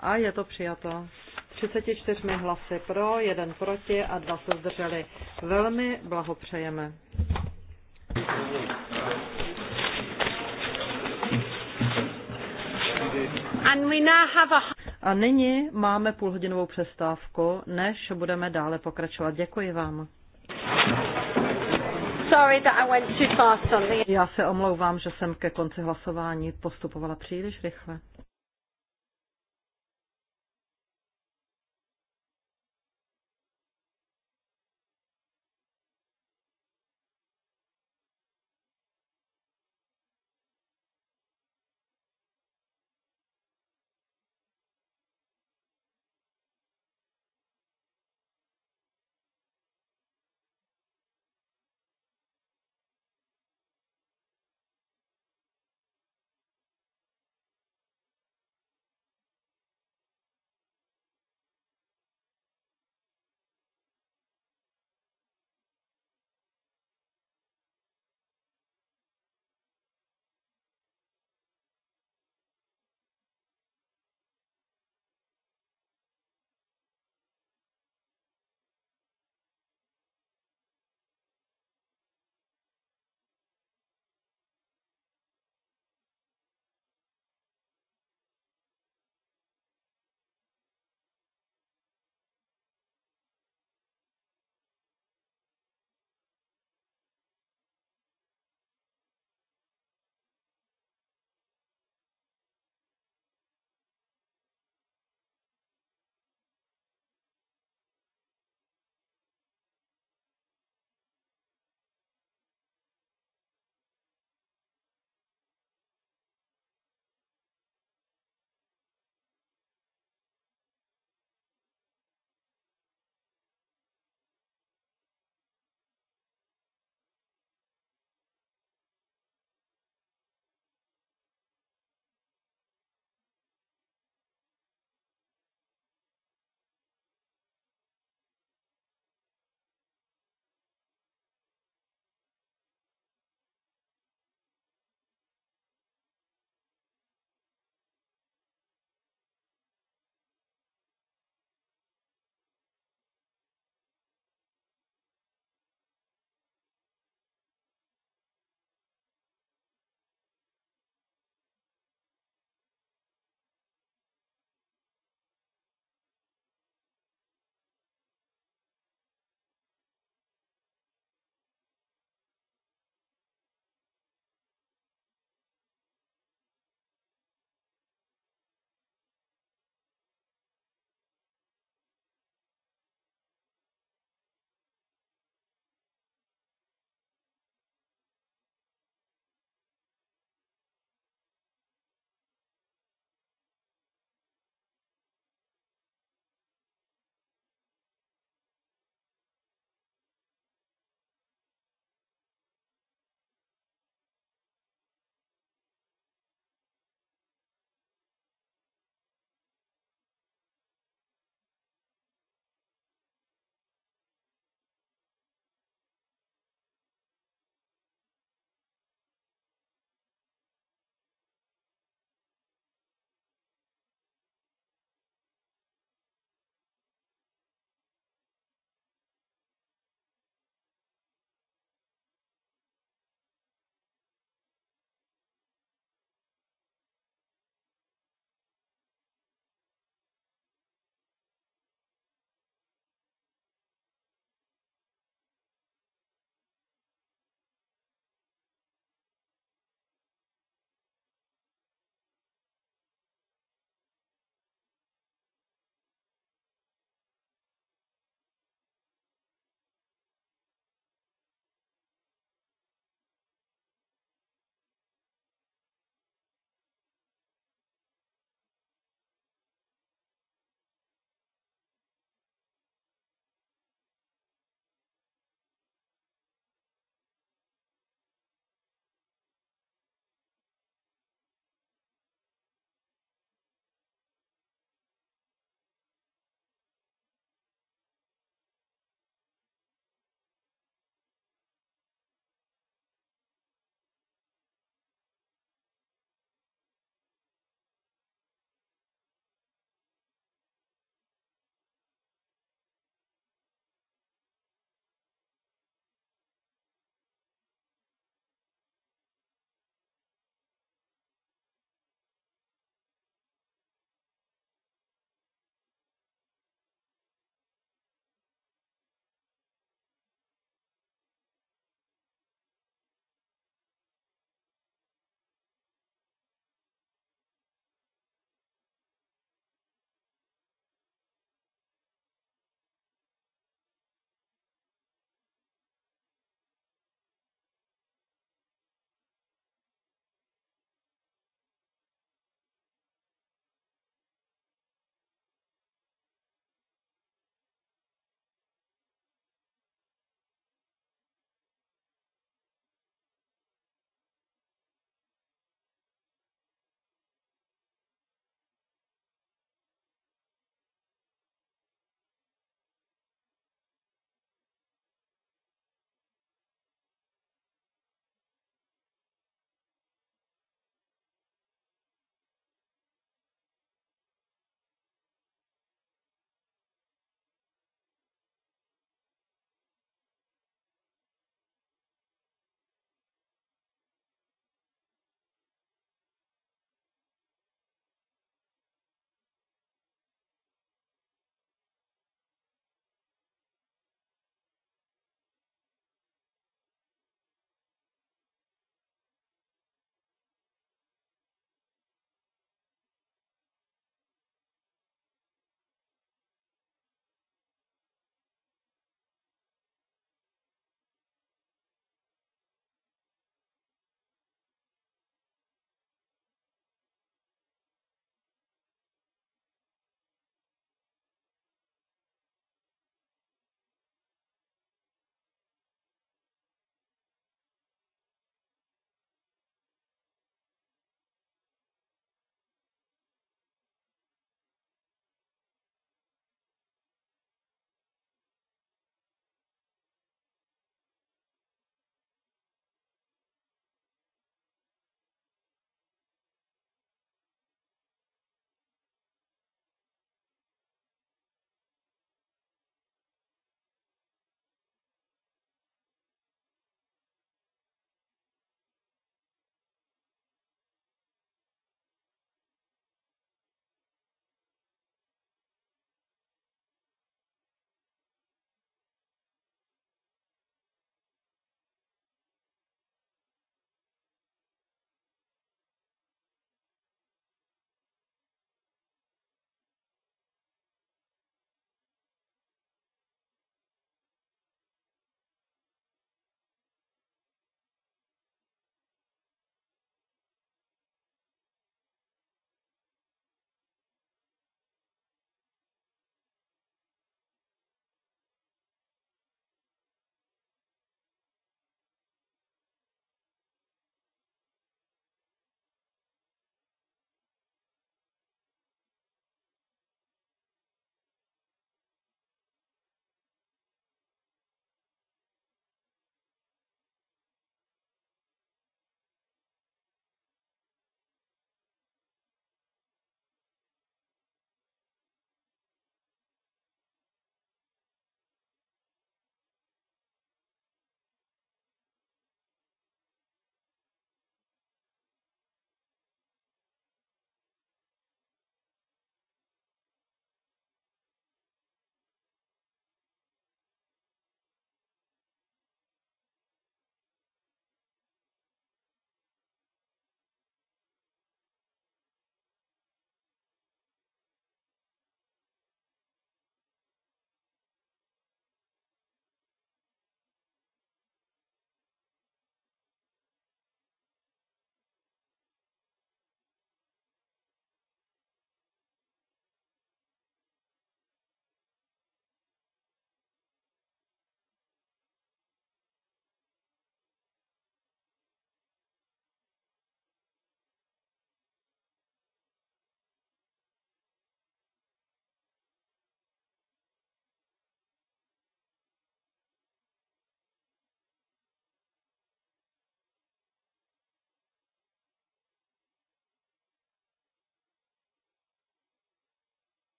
A je to přijato. 34 hlasy pro, jeden proti a dva se zdrželi. Velmi blahopřejeme. And we now have a... A nyní máme půlhodinovou přestávku, než budeme dále pokračovat. Děkuji vám. Sorry that I went too fast on the... Já se omlouvám, že jsem ke konci hlasování postupovala příliš rychle.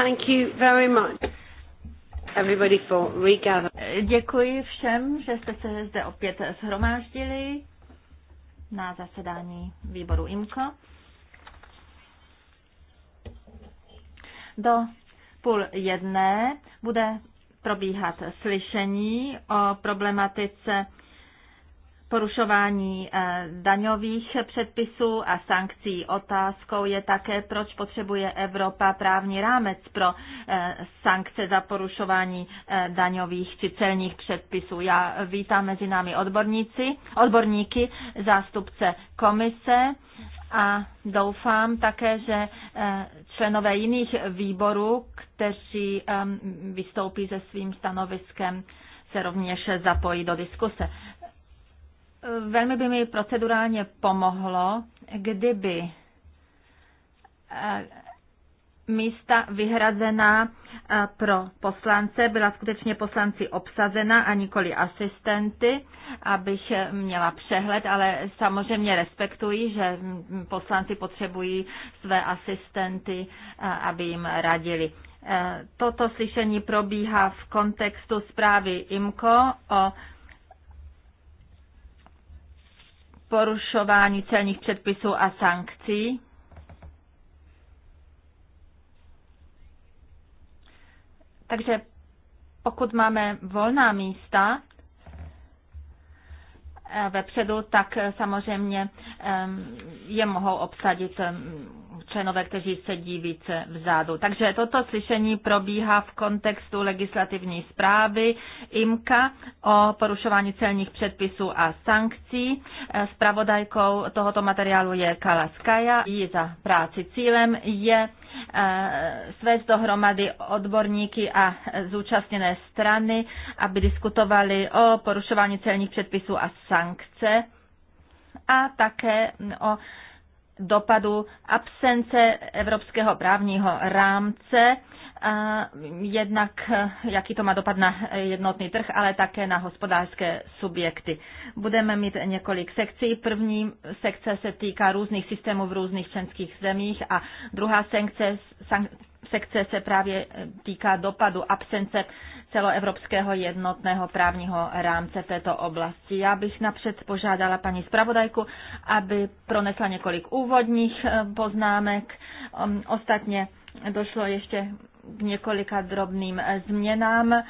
Thank you very much. Everybody for regather. Děkuji všem, že jste se zde opět shromáždili na zasedání výboru IMCO. Do půl jedné bude probíhat slyšení o problematice porušování eh, daňových předpisů a sankcí. Otázkou je také, proč potřebuje Evropa právní rámec pro eh, sankce za porušování eh, daňových či celních předpisů. Já vítám mezi námi odborníci, odborníky, zástupce komise a doufám také, že členové jiných výborů, kteří vystoupí se svým stanoviskem, se rovněž zapojí do diskuse. Velmi by mi procedurálně pomohlo, kdyby eh, místa vyhrazená eh, pro poslance byla skutečně poslanci obsazena a nikoli asistenty, abych eh, měla přehled, ale samozřejmě respektuji, že mm, mm, poslanci potřebují své asistenty, aby jim radili. Toto slyšení probíhá v kontextu zprávy IMCO o porušování celních předpisů a sankcí. Takže pokud máme volná místa, Eh, vepředu, tak eh, samozřejmě je mohou obsadit členové, kteří sedí více vzadu. Takže toto slyšení probíhá v kontextu legislativní zprávy IMKA o porušování celních předpisů a sankcí. Spravodajkou eh, tohoto materiálu je Kala Skaja. Jí za práci cílem je Eh, svést dohromady odborníky a zúčastněné strany, aby diskutovali o porušování celních předpisů a sankce a také o dopadu absence evropského právního rámce, jednak jaký to má dopad na jednotný trh, ale také na hospodářské subjekty. Budeme mít několik sekcí. První sekce se týká různých systémů v různých členských zemích a druhá sekce, sekce se právě eh, týká dopadu absence celoevropského jednotného právního rámce této oblasti. Já bych napřed požádala paní zpravodajku, aby pronesla několik úvodních eh, poznámek. Ehm, ostatně došlo ještě k několika drobným eh, změnám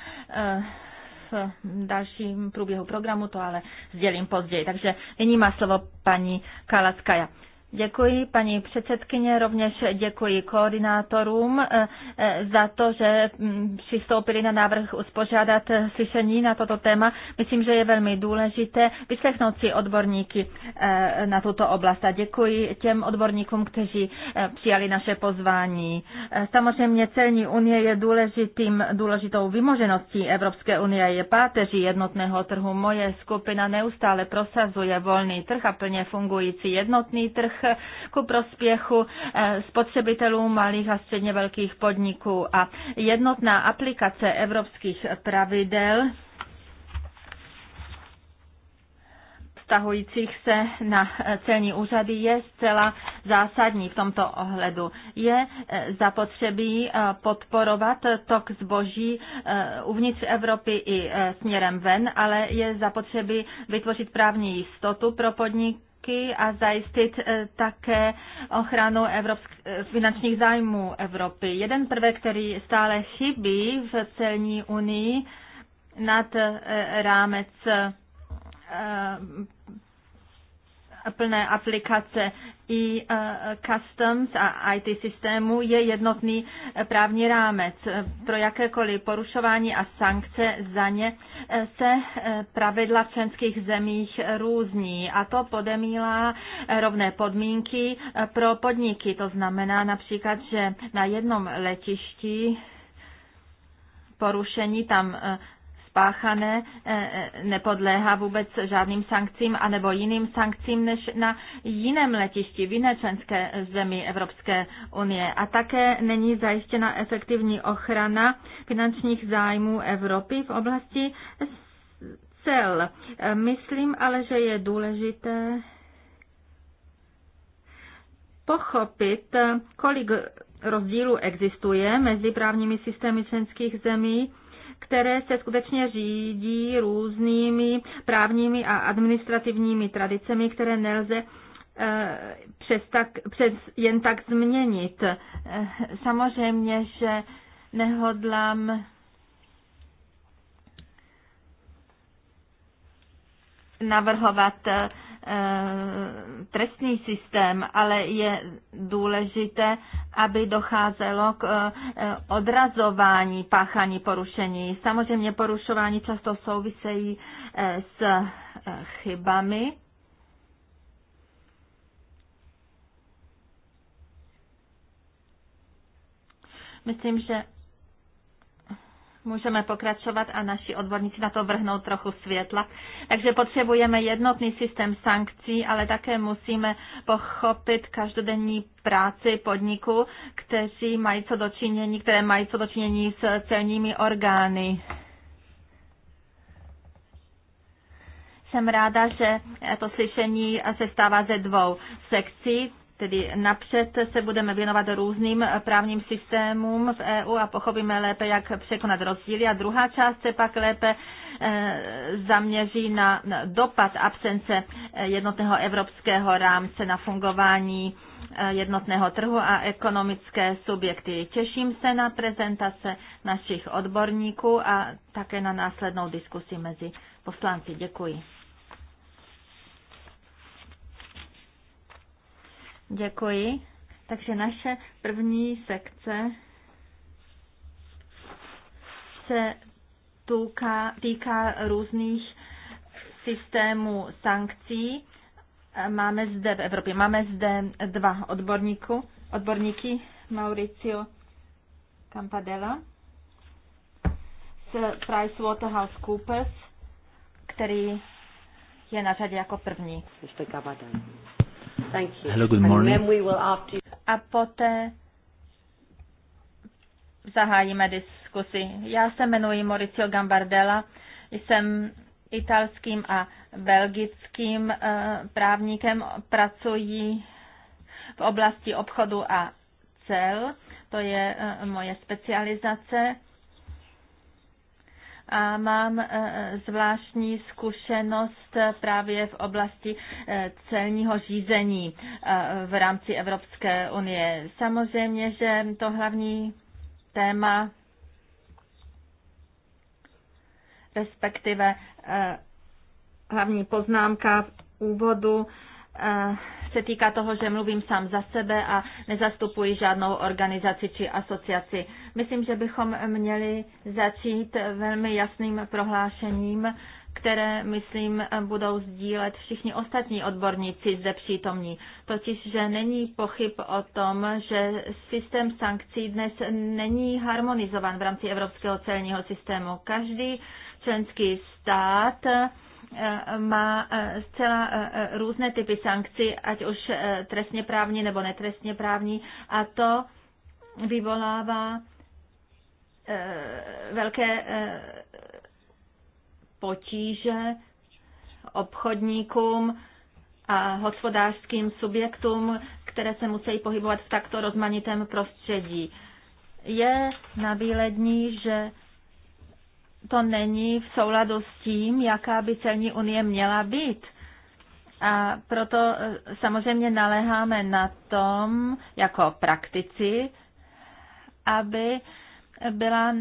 v dalším průběhu programu, to ale sdělím později. Takže nyní má slovo paní Kalackaja. Děkuji paní předsedkyně, rovněž děkuji koordinátorům eh, eh, za to, že mm, přistoupili na návrh uspořádat eh, slyšení na toto téma. Myslím, že je velmi důležité vyslechnout si odborníky na tuto oblast a děkuji těm odborníkům, kteří přijali naše pozvání. Samozřejmě celní unie je důležitým, důležitou vymožeností Evropské unie, je páteří jednotného trhu. Moje skupina neustále prosazuje volný trh a plně fungující jednotný trh ku prospěchu eh, spotřebitelů malých a středně velkých podniků. A jednotná aplikace evropských pravidel vztahujících se na eh, celní úřady je zcela zásadní v tomto ohledu. Je eh, zapotřebí podporovat tok zboží uvnitř Evropy i směrem ven, ale je zapotřebí vytvořit právní jistotu pro podnik taky a zajistit eh, také ochranu evropsk- eh, finančních zájmů Evropy. Jeden prvek, který stále chybí v celní unii nad eh, rámec plné aplikace i e, customs a IT systému je jednotný e, právní rámec. Pro jakékoliv porušování a sankce za ně e, se pravidla v členských zemích různí a to podemílá rovné podmínky pro podniky. To znamená například, že na jednom letišti porušení tam spáchané eh, eh, nepodléhá vůbec žádným sankcím anebo jiným sankcím než na jiném letišti v jiné členské zemi Evropské unie. A také není zajištěna efektivní ochrana finančních zájmů Evropy v oblasti cel. Eh, myslím ale, že je důležité pochopit, kolik rozdílů existuje mezi právními systémy členských zemí které se skutečně řídí různými právními a administrativními tradicemi, které nelze eh, přes, tak, přes jen tak změnit. Eh, samozřejmě, že nehodlám navrhovat eh, Eh, trestní systém, ale je důležité, aby docházelo k eh, odrazování páchání porušení. Samozřejmě porušování často souvisejí eh, s chybami. Myslím, že můžeme pokračovat a naši odborníci na to vrhnou trochu světla. Takže potřebujeme jednotný systém sankcí, ale také musíme pochopit každodenní práci podniků, kteří mají co dočinění, které mají co dočinění s celními orgány. Jsem ráda, že to slyšení se stává ze dvou sekcí. Tedy napřed se budeme věnovat různým právním systémům v EU a pochopíme lépe, jak překonat rozdíly. A druhá část se pak lépe eh, zaměří na dopad absence eh, jednotného evropského rámce na fungování eh, jednotného trhu a ekonomické subjekty. Těším se na prezentace našich odborníků a také na následnou diskusi mezi poslanci. Děkuji. Děkuji. Takže naše první sekce se týká, týká různých systémů sankcí. Máme zde v Evropě, máme zde dva odborníku, odborníky Mauricio Campadella z PricewaterhouseCoopers, který je na řadě jako první. Thank you. Hello, good morning. And then we will after you... A poté zahájíme diskusi. Já se jmenuji Mauricio Gambardella, jsem italským a belgickým eh, právníkem, pracuji v oblasti obchodu a cel, to je eh, moje specializace a mám e, e, zvláštní zkušenost e, právě v oblasti celního řízení v rámci Evropské unie. Samozřejmě, že to hlavní téma respektive hlavní poznámka v úvodu se týká toho, že mluvím sám za sebe a nezastupuji žádnou organizaci či asociaci. Myslím, že bychom měli začít velmi jasným prohlášením, které, myslím, budou sdílet všichni ostatní odborníci zde přítomní. Totiž, že není pochyb o tom, že systém sankcí dnes není harmonizovan v rámci evropského celního systému. Každý členský stát má eh, zcela eh, eh, různé typy sankcí, ať už trestně právní nebo netrestně právní, a to vyvolává velké potíže obchodníkům a hospodářským subjektům, které se musí pohybovat v takto rozmanitém prostředí. Je nabílední, že to není v souladu s tím, jaká by celní unie měla být. A proto e, samozřejmě naléháme na tom, jako praktici, aby byla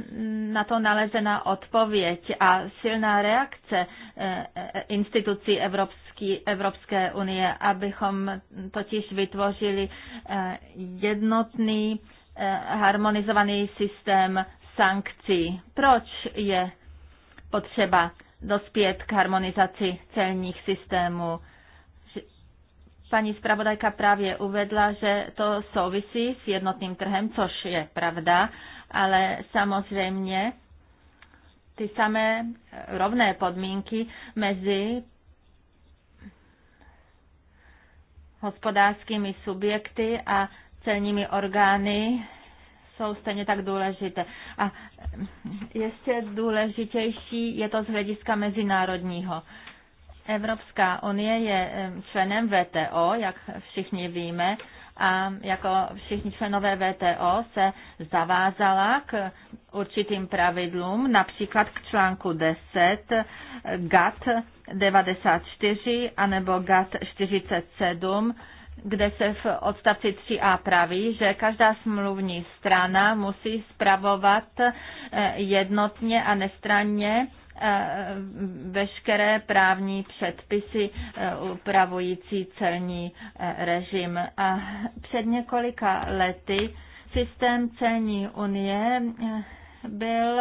na to nalezena odpověď a silná reakce e, e, institucí Evropský, Evropské unie, abychom totiž vytvořili jednotný harmonizovaný systém sankcí. Proč je potřeba dospět k harmonizaci celních systémů? Paní zpravodajka právě uvedla, že to souvisí s jednotným trhem, což je pravda, ale samozřejmě ty samé rovné podmínky mezi hospodářskými subjekty a celními orgány jsou stejně tak důležité. A ještě důležitější je to z hlediska mezinárodního. Evropská unie je členem VTO, jak všichni víme, a jako všichni členové VTO se zavázala k určitým pravidlům, například k článku 10 GATT 94 anebo GATT 47 kde se v odstavci 3a praví, že každá smluvní strana musí spravovat eh, jednotně a nestranně eh, veškeré právní předpisy eh, upravující celní režim. A před několika lety systém celní unie byl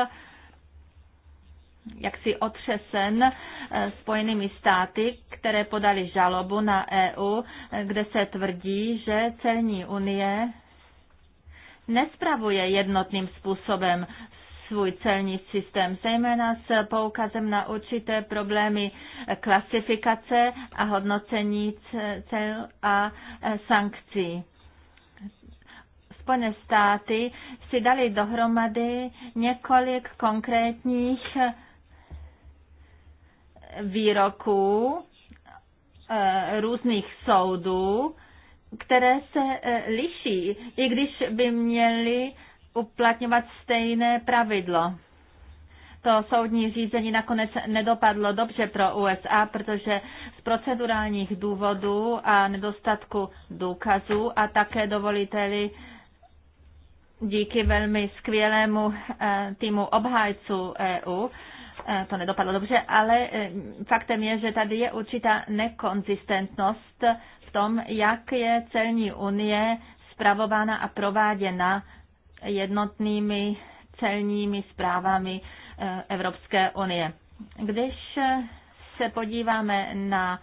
jaksi otřesen eh, Spojenými státy, které podali žalobu na EU, eh, kde se tvrdí, že celní unie nespravuje jednotným způsobem svůj celní systém, zejména s poukazem na určité problémy klasifikace a hodnocení cel a eh, sankcí. Spojené státy si dali dohromady několik konkrétních výroků eh, různých soudů, které se eh, liší, i když by měly uplatňovat stejné pravidlo. To soudní řízení nakonec nedopadlo dobře pro USA, protože z procedurálních důvodů a nedostatku důkazů a také dovoliteli díky velmi skvělému eh, týmu obhájců EU Eh, to nedopadlo dobře, ale eh, faktem je, že tady je určitá nekonzistentnost v tom, jak je celní unie spravována a prováděna jednotnými celními zprávami eh, Evropské unie. Když se podíváme na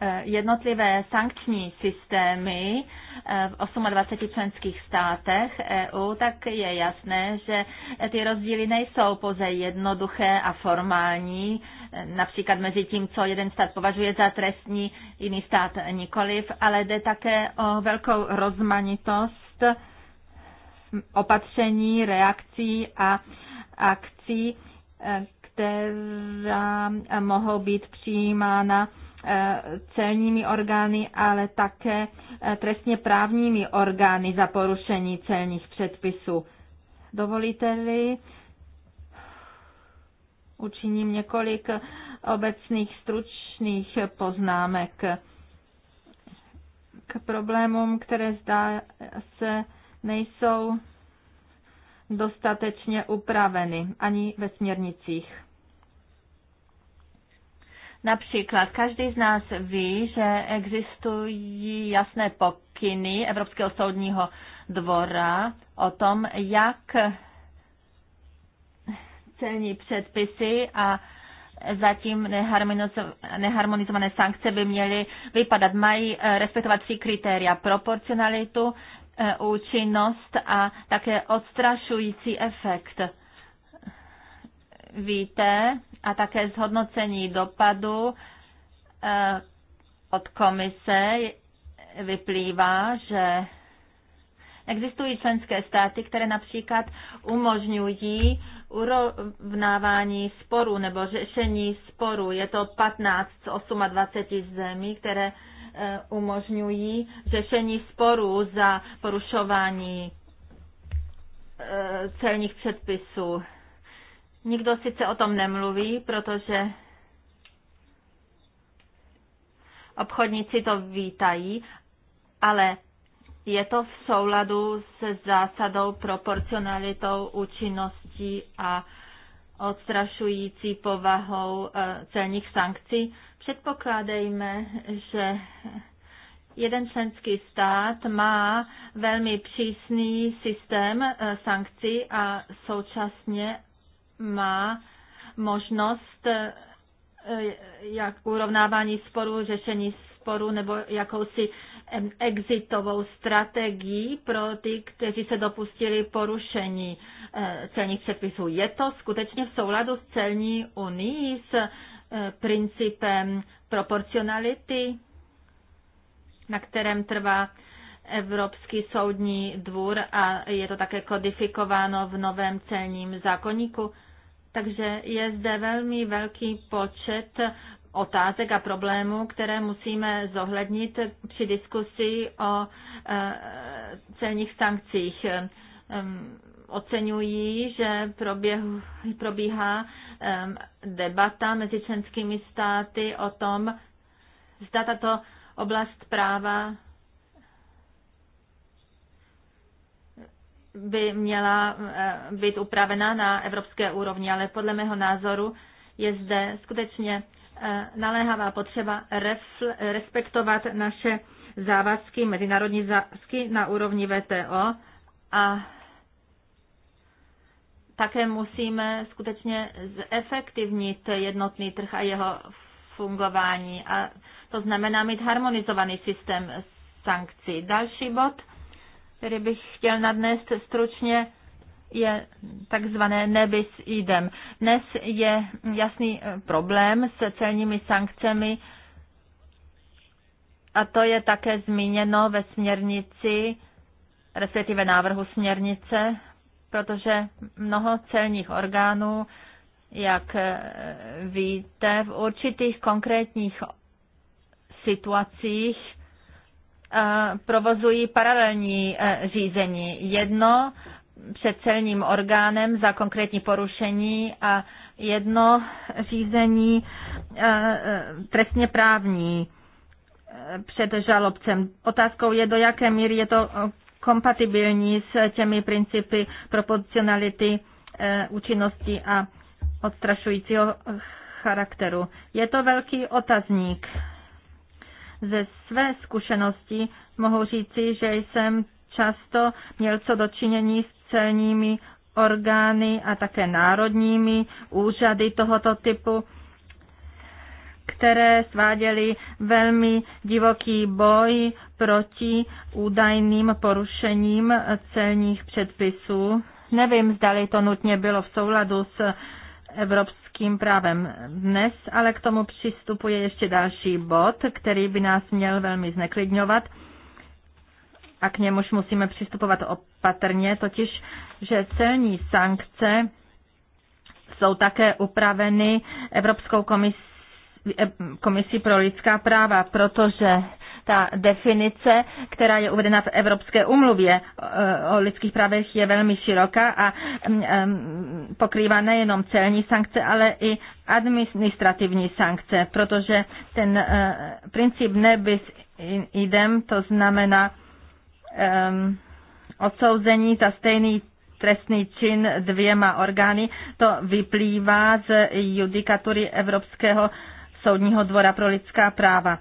Eh, jednotlivé sankční systémy eh, v 28 členských státech EU, tak je jasné, že ty rozdíly nejsou pouze jednoduché a formální, eh, například mezi tím, co jeden stát považuje za trestní, jiný stát nikoliv, ale jde také o velkou rozmanitost opatření, reakcí a akcí, která mohou být přijímána Eh, celními orgány, ale také eh, trestně právními orgány za porušení celních předpisů. Dovolíte-li, učiním několik obecných stručných poznámek k problémům, které zdá se nejsou dostatečně upraveny ani ve směrnicích. Například každý z nás ví, že existují jasné pokyny Evropského soudního dvora o tom, jak celní předpisy a zatím neharmonizované sankce by měly vypadat. Mají eh, respektovat tři kritéria. Proporcionalitu, eh, účinnost a také odstrašující efekt víte, a také zhodnocení dopadu eh, od komise vyplývá, že existují členské státy, které například umožňují urovnávání sporů nebo řešení sporů. Je to 15 z 28 zemí, které eh, umožňují řešení sporů za porušování eh, celních předpisů. Nikdo sice o tom nemluví, protože obchodníci to vítají, ale je to v souladu se zásadou proporcionalitou účinností a odstrašující povahou e, celních sankcí. Předpokládejme, že jeden členský stát má velmi přísný systém e, sankcí a současně má možnost eh, jak urovnávání sporu, řešení sporu nebo jakousi exitovou strategii pro ty, kteří se dopustili porušení eh, celních předpisů. Je to skutečně v souladu s celní unii, s eh, principem proporcionality, na kterém trvá Evropský soudní dvůr a je to také kodifikováno v novém celním zákonníku. Takže je zde velmi velký počet otázek a problémů, které musíme zohlednit při diskusi o e, celních sankcích. E, Oceňují, že proběhu, probíhá debata mezi členskými státy o tom, zda tato oblast práva by měla eh, být upravena na evropské úrovni, ale podle mého názoru je zde skutečně eh, naléhavá potřeba respektovat naše závazky, mezinárodní závazky na úrovni VTO a také musíme skutečně zefektivnit jednotný trh a jeho fungování. A to znamená mít harmonizovaný systém sankcí. Další bod který bych chtěl nadnést stručně, je takzvané nebis idem. Dnes je jasný eh, problém s celními sankcemi a to je také zmíněno ve směrnici, respektive návrhu směrnice, protože mnoho celních orgánů, jak eh, víte, v určitých konkrétních situacích provozují paralelní e, řízení. Jedno před celním orgánem za konkrétní porušení a jedno řízení e, e, trestně právní před žalobcem. Otázkou je, do jaké míry je to kompatibilní s těmi principy proporcionality, účinnosti a odstrašujícího charakteru. Je to velký otazník ze své zkušenosti mohu říci, že jsem často měl co dočinění s celními orgány a také národními úřady tohoto typu, které sváděly velmi divoký boj proti údajným porušením celních předpisů. Nevím, zdali to nutně bylo v souladu s evropským právem. Dnes ale k tomu přistupuje ještě další bod, který by nás měl velmi zneklidňovat a k němuž musíme přistupovat opatrně, totiž, že celní sankce jsou také upraveny Evropskou komisí, e, komisí pro lidská práva, protože ta definice, která je uvedena v Evropské umluvě eh, o lidských právech, je velmi široká a mm, pokrývá nejenom celní sankce, ale i administrativní sankce, protože ten eh, princip nebis idem, to znamená odsouzení za stejný trestný čin dvěma orgány. To vyplývá z judikatury Evropského soudního dvora pro lidská práva.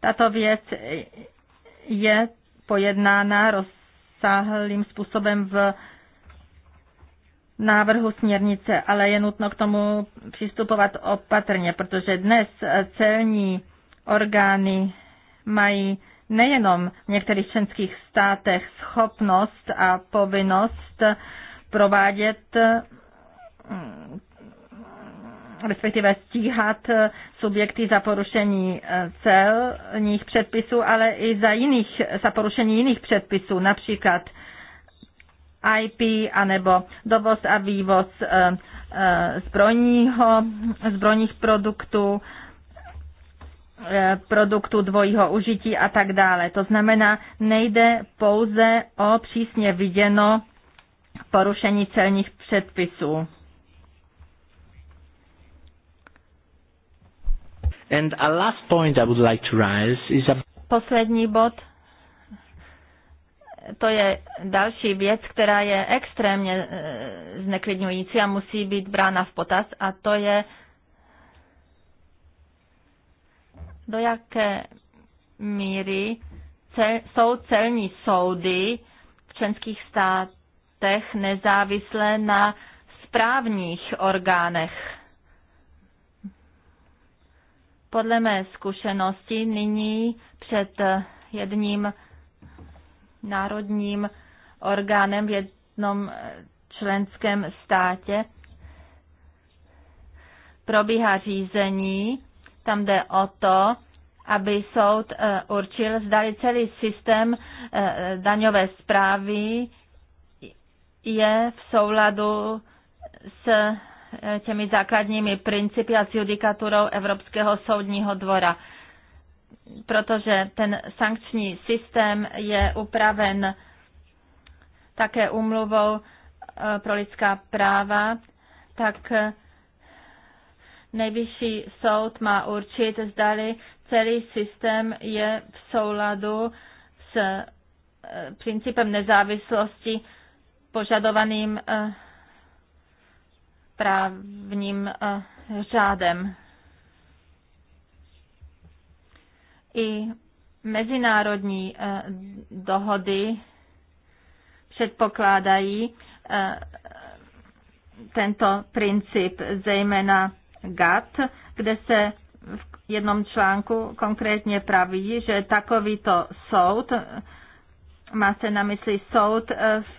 Tato věc je pojednána rozsáhlým způsobem v návrhu směrnice, ale je nutno k tomu přistupovat opatrně, protože dnes celní orgány mají nejenom v některých členských státech schopnost a povinnost provádět respektive stíhat eh, subjekty za porušení eh, celních předpisů, ale i za, jiných, za porušení jiných předpisů, například IP anebo dovoz a vývoz eh, zbrojního, zbrojních produktů, produktů dvojího užití a tak dále. To znamená, nejde pouze o přísně viděno porušení celních předpisů. And a last point I would like to raise is a... Poslední bod. To je další věc, která je extrémně eh, zneklidňující a musí být brána v potaz, a to je do jaké míry cel, jsou celní soudy v členských státech nezávislé na správních orgánech podle mé zkušenosti nyní před eh, jedním národním orgánem v jednom eh, členském státě probíhá řízení. Tam jde o to, aby soud eh, určil, zdali celý systém daňové zprávy je v souladu s těmi základními principy a s judikaturou Evropského soudního dvora, protože ten sankční systém je upraven také umluvou eh, pro lidská práva, tak eh, nejvyšší soud má určit, zdali celý systém je v souladu s eh, principem nezávislosti požadovaným právním eh, řádem. I mezinárodní eh, dohody předpokládají eh, tento princip, zejména GATT, kde se v jednom článku konkrétně praví, že takovýto soud má se na mysli soud eh, v,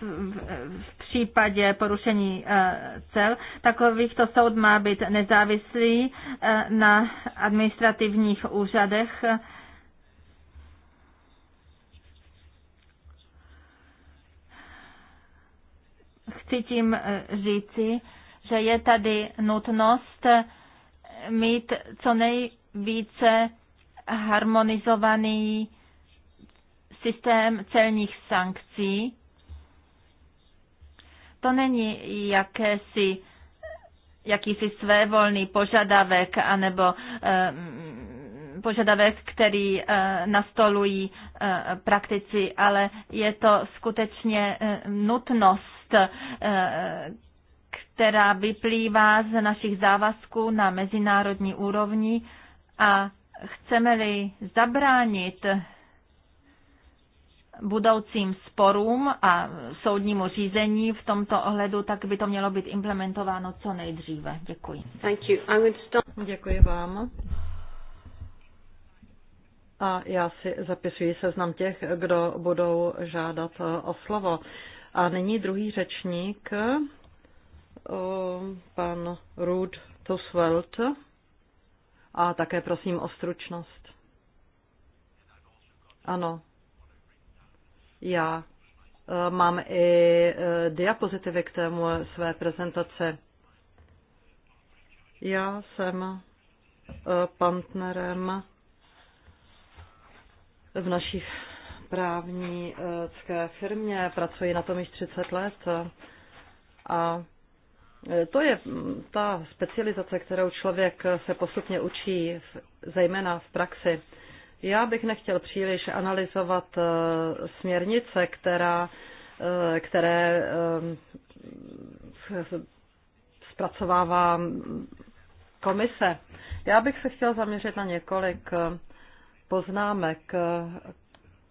v případě porušení eh, cel. Takovýchto soud má být nezávislý eh, na administrativních úřadech. Chci tím říci, že je tady nutnost mít co nejvíce harmonizovaný systém celních sankcí. To není jakési, jakýsi svévolný požadavek anebo eh, požadavek, který eh, nastolují eh, praktici, ale je to skutečně nutnost, která vyplývá z našich závazků na mezinárodní úrovni a chceme-li zabránit budoucím sporům a soudnímu řízení v tomto ohledu, tak by to mělo být implementováno co nejdříve. Děkuji. Thank you. I would stop. Děkuji vám. A já si zapisuji seznam těch, kdo budou žádat o slovo. A nyní druhý řečník, pan Ruud Tusvelt. A také prosím o stručnost. Ano, já eh, mám i eh, diapozitivy k tému své prezentace. Já jsem eh, partnerem v naší právnické firmě, pracuji na tom již 30 let a to je mm, ta specializace, kterou člověk se postupně učí, zejména v praxi. Já bych nechtěl příliš analyzovat eh, směrnice, která, eh, které eh, zpracovává komise. Já bych se chtěl zaměřit na několik poznámek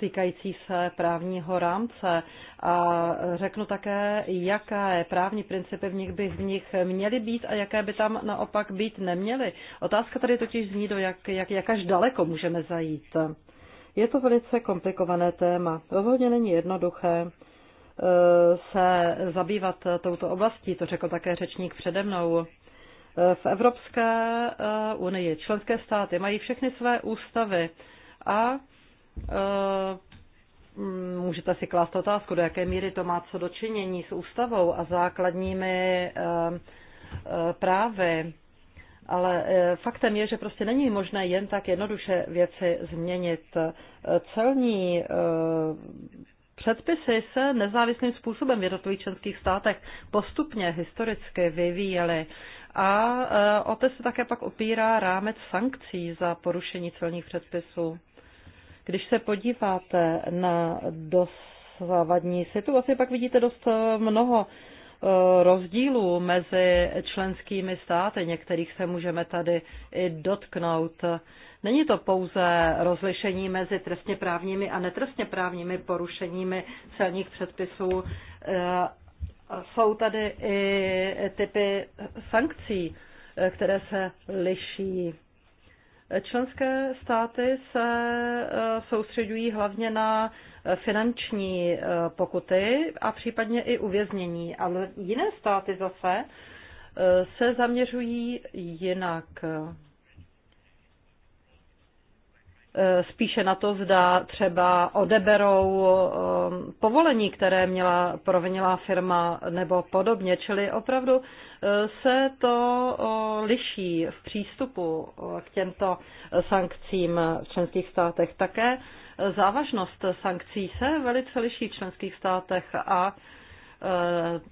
týkající se právního rámce a řeknu také, jaké právní principy v nich by v nich měly být a jaké by tam naopak být neměly. Otázka tady totiž zní, do jak, jak, jak až daleko můžeme zajít. Je to velice komplikované téma. Rozhodně není jednoduché eh, se zabývat touto oblastí, to řekl také řečník přede mnou. Eh, v Evropské eh, unii členské státy mají všechny své ústavy a Eh, mm, můžete si klást otázku, do jaké míry to má co dočinění s ústavou a základními eh, eh, právy. Ale faktem je, že prostě není možné jen tak jednoduše věci změnit. Celní předpisy se nezávislým způsobem v jednotlivých členských státech postupně historicky vyvíjely a o to se také pak opírá rámec sankcí za porušení celních předpisů. Když se podíváte na dosavadní situaci, pak vidíte dost eh, mnoho eh, rozdílů mezi členskými státy. Některých se můžeme tady i dotknout. Není to pouze rozlišení mezi trestně právními a netrestně právními porušeními celních předpisů. Eh, jsou tady i typy sankcí, které se liší. Členské státy se eh, soustředují hlavně na eh, finanční eh, pokuty a případně i uvěznění, ale jiné státy zase se zaměřují jinak. Eh, spíše na to, zda třeba odeberou eh, povolení, které měla provinila firma nebo podobně. Čili opravdu eh, se to liší v přístupu k těmto sankcím v členských státech. Také závažnost sankcí se velice liší v členských státech a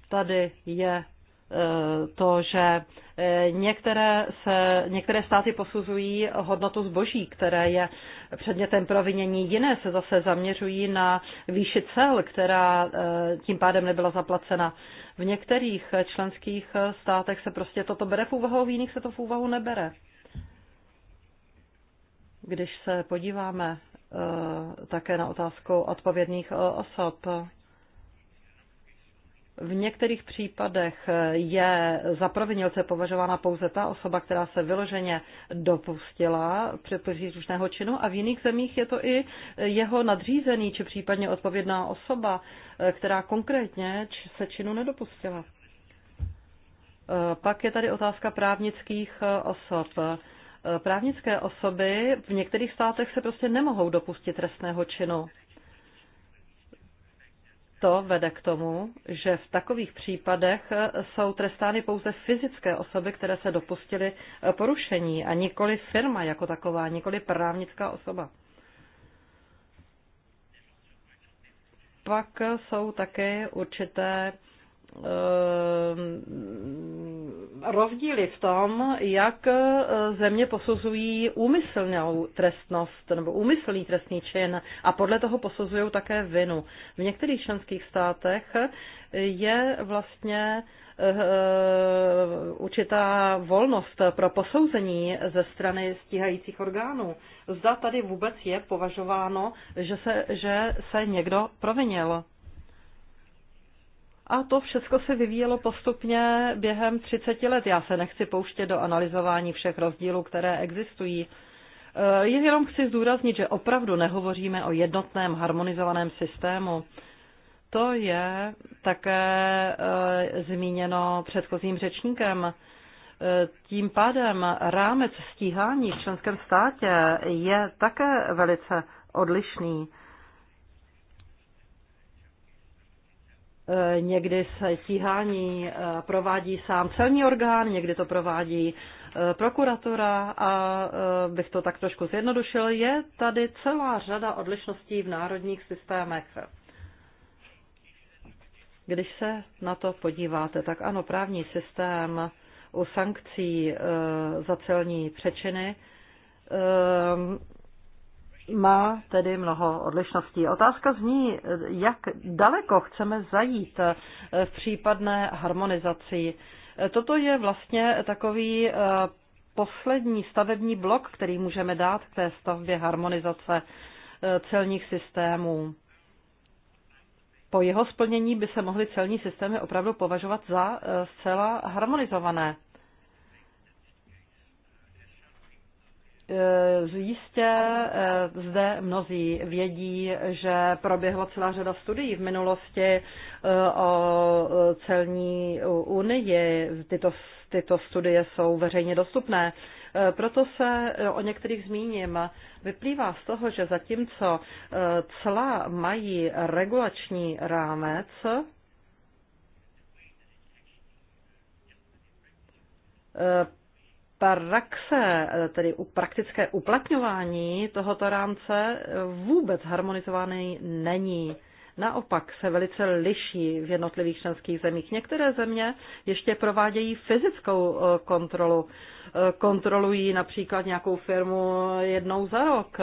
tady je Eh, to, že eh, některé, se, některé státy posuzují hodnotu zboží, které je předmětem provinění, jiné se zase zaměřují na výši cel, která eh, tím pádem nebyla zaplacena. V některých členských státech se prostě toto bere v úvahu, v jiných se to v úvahu nebere. Když se podíváme také na otázku odpovědných osob, v některých případech je za provinilce považována pouze ta osoba, která se vyloženě dopustila příslušného činu a v jiných zemích je to i jeho nadřízený či případně odpovědná osoba, která konkrétně se činu nedopustila. Pak je tady otázka právnických osob. Právnické osoby v některých státech se prostě nemohou dopustit trestného činu to vede k tomu, že v takových případech jsou trestány pouze fyzické osoby, které se dopustily eh, porušení a nikoli firma jako taková, nikoli právnická osoba. Pak jsou také určité eh, rozdíly v tom, jak e, země posuzují úmyslnou trestnost nebo úmyslný trestný čin a podle toho posuzují také vinu. V některých členských státech je vlastně e, e, určitá volnost pro posouzení ze strany stíhajících orgánů. Zda tady vůbec je považováno, že se, že se někdo provinil. A to všechno se vyvíjelo postupně během 30 let. Já se nechci pouštět do analyzování všech rozdílů, které existují. Eh, jenom chci zdůraznit, že opravdu nehovoříme o jednotném harmonizovaném systému. To je také eh, zmíněno předchozím řečníkem. Eh, tím pádem rámec stíhání v členském státě je také velice odlišný. E, někdy se tíhání e, provádí sám celní orgán, někdy to provádí e, prokuratura a bych to tak trošku zjednodušil, je tady celá řada odlišností v národních systémech. Když se na to podíváte, tak ano, právní systém u sankcí za celní přečiny má tedy mnoho odlišností. Otázka zní, jak daleko chceme zajít eh, v případné harmonizaci. Eh, toto je vlastně takový eh, poslední stavební blok, který můžeme dát k té stavbě harmonizace celních systémů. Po jeho splnění by se mohly celní systémy opravdu považovat za zcela harmonizované. Eh, jistě eh, zde mnozí vědí, že proběhla celá řada studií v minulosti eh, o celní unii. Tyto, tyto studie jsou veřejně dostupné. Proto se o některých zmíním. Vyplývá z toho, že zatímco celá mají regulační rámec, praxe, eh, tedy u praktické uplatňování tohoto rámce eh, vůbec harmonizovaný není. Naopak se velice liší v jednotlivých členských zemích. Některé země ještě provádějí fyzickou eh, kontrolu. Kontrolují například nějakou firmu jednou za rok.